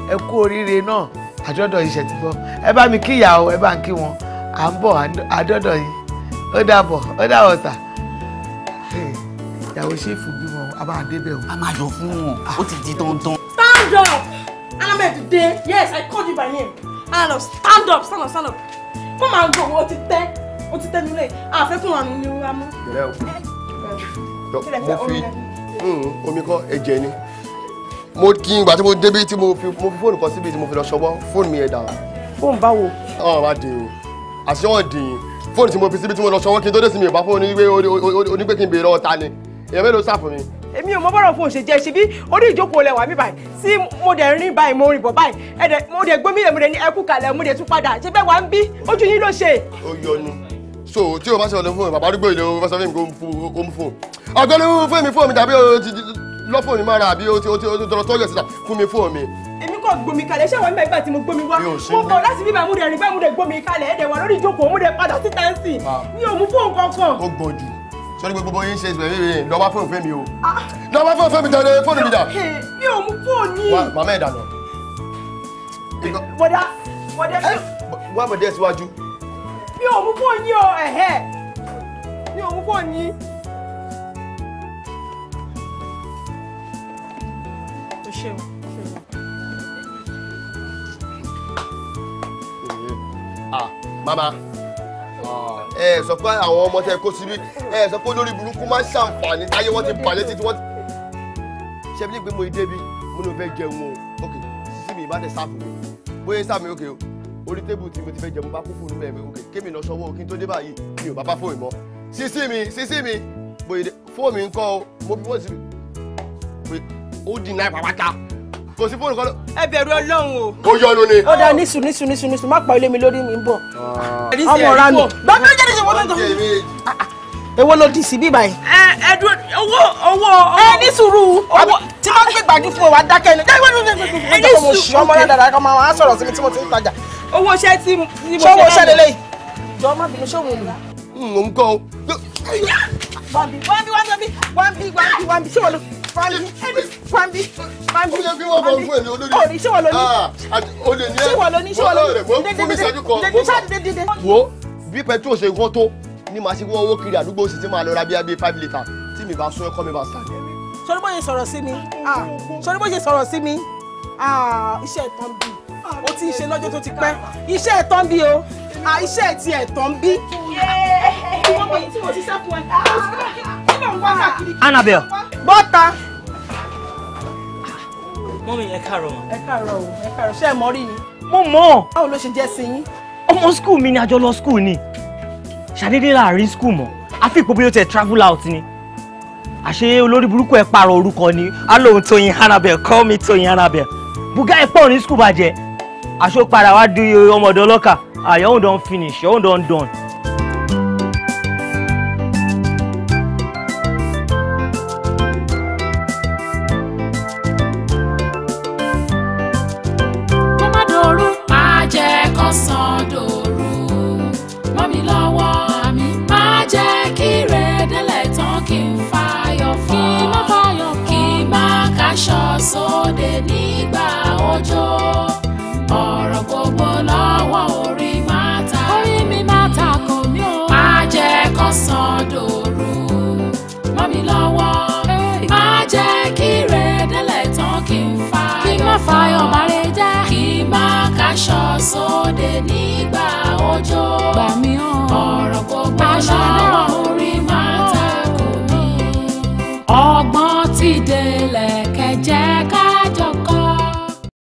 G: ẹ kú oríire náà
E: àjọ̀dọ̀ yìí ṣètìgbọ́ ẹ bá mi kí ìyàwó ẹ bá ń kí wọn à ń bọ̀ àjọ̀dọ̀ yìí ó dàbọ̀ ó dàbọ̀ tà ìyàwó ṣèfù bímọ a máa débẹ̀ o. a máa yọ fún wọn ó ti di dandan.
G: stand up anamẹ today yes i called you by name anamẹ stand up stand up stand up fún màá gbọ̀ wọ́n ti tẹ́ o ti tẹnu lẹ àfẹ fún àrùn ni wa mọ. ìrẹ o mo fi
E: omi hmm, kọ ẹ̀jẹ̀ ni mo kí ìgbà tí mo débi tí mo fi fóònù kan síbi tí mo fi lọ ṣọwọ́ fóònù mi ẹ̀ dà. fóònù báwo. ọ̀rọ̀ máa dì í àṣẹ ọ̀dì fóònù tí mo fi síbi tí mo lọ ṣọwọ́ kí n tó dé sí mi ìbá fóònù wípé onígbé kí n béèrè ọ̀tá ni èèyàn mélòó sá fún mi. èmi
G: ò mọ bọ́rọ̀ fún òṣèjẹ́
E: ṣe bí orí ìjókòó lẹ̀ wà mí báyìí tí mo dẹ̀ rìn báyìí mo rìn bọ̀ báyìí mo dẹ̀ gbómìnà mo dẹ̀ ní ẹkú kalẹ̀ mo dẹ̀ tún padà ṣe bẹ́ẹ̀ wá ń bí ojú yín ló ṣe. ó yọ ni so tí o bá ṣe ọ̀nà fún mi bàbá arúgbó ilé o bá sọ fún mi kó mú fún mi ọ̀gbọ́n ló fún mi fún mi tàbí o ti lọ fún mi mára àbí o ti o ti tọrọ tọ́jú ẹ̀sìn fún mi fún mi. èmi kò gbomi kalẹ̀ ṣé àwọn ẹ̀mí ìgbà tí mo gbomi wá mo bọ̀ láti bíbá múdẹ rìn bá múdẹ gbomi kalẹ̀ ẹ̀dẹ̀ wà lórí ìjókòó múdẹ padà síta ń sìn ah. mi ò mú fóun kankan. ó gbọ́n jù sọ́ni gbogbo yín ṣe ìṣẹ̀lẹ̀ rere lọ́ba fóònù fẹ́mi o ah. lọ́ba fóònù fẹ́mi tẹ̀lé fóònù mi dà. mi ò mú fóònù yìí. wà màmá ẹ̀ dànù. bọ̀dá bọ̀dá. wà á bọ̀dá ẹ̀ síwájú mi ò mú fóònù yín o ẹ̀hẹ́ mi ò mú ah mama ẹ ẹ sọ pé àwọn ọmọ tẹ kó síbí ẹ ẹ sọ pé olórí burúkú máa ń ṣàǹfààní táyé wọn ti bàjẹ́ títí wọn. ṣé bí gbé mo dé bi mo ní o fẹ́ jẹun o ok sísí mi orí tébù tí mo ti fẹ́ jẹ mo bá kó fóònù bẹ́ẹ̀ mi òkè kémi lọ sọ́wọ́ kí n tó dé báyìí mi ò bá bá fóònù mọ́ sísí mi sísí mi bòyìdè fóònù ń kọ́ o mo fi fóònù pé ó dì náà pàpàtà kò sí fóònù kan lọ. ẹ bẹ̀rù ọlọ́run o. ó yọnu ni. ó dáa
G: nísù nísù nísù nísù má pa ilé mi lórí mi ń bọ̀. ọmọ ọ̀ra mi
E: bàbá mi jáde ìṣòwò tó
G: èwo ló di sí bí báyìí. ẹ ẹ owó owó. ẹ ní sùúrù owó tí wọn gbé gbàgì fún wa dákẹ́ ni. ẹ ní sùúrù ọmọ náà dára kọ́ máa sọ̀rọ̀ sí mi tí mo ti ń tajà owó iṣẹ́ tí mo ṣe lẹ́yìn. ṣọwọ́ ṣẹlẹ̀ lẹ́yìn. jọ má bínú ṣọwọ́
D: olùwà.
E: mò ń kọ́ o. wàmbi wàmbi wàmbi wàmbi wàmbi wàmbi ṣé wọ́n lọ wàmbi wàmbi wàmbi. ó yẹ kí wọ́n bọ̀ fún èmi olórí. òní ṣé wọ́n lọ ní. olè ah, ní ẹ ṣé wọ́n lọ ní ṣé wọ́n lọ ní. fún mi ṣẹ́jú kan. wo bí petrol ṣe gbọ́n tó ni màá ṣe wọ́n owó kiri àdúgbò sì ti máa lọ ra bíi abíi five litre tí mi bá sún ẹkọ mi bá sàn.
G: sori bó ṣe sọ̀rọ̀ sí mi sori ah, bó ṣe sọ̀rọ̀ sí mi ah, iṣẹ́ ìtàn bí ó ti ń ṣe lọ́jọ́ tó ti pẹ́ iṣẹ́ ẹ̀ tán bí o iṣẹ́ ẹ̀ ti ẹ̀ tán bí. Annabel. bọ́ta. mọ́mí ẹ káàárọ̀ o. ẹ káàárọ̀ o ẹ káàárọ̀ ṣé ẹ mọ̀ rí ni. mo mọ̀. báwo ló ṣe jẹ́ sí yín. ọmọ skul mi ni a jọ lọ skul ni ṣàdédé láàrin skul mọ́ àfi ìpò bí ó tẹ travel out ni àṣé olórí burúkú ẹ pààrọ̀ orúkọ ni alóhùn Tóyìn Annabel call me Tóyìn Annabel Buga ẹ pọ̀ ní skul bàjẹ́ àṣọpara wa di ọmọdé ọlọ́kà ah your own don finish your own don done
A: ọ̀bàrẹ̀ jẹ́ kí má kaṣọ sóde nígbà òjò gbà mí ọ̀rọ̀ gbogbo lọ́wọ́ orí má.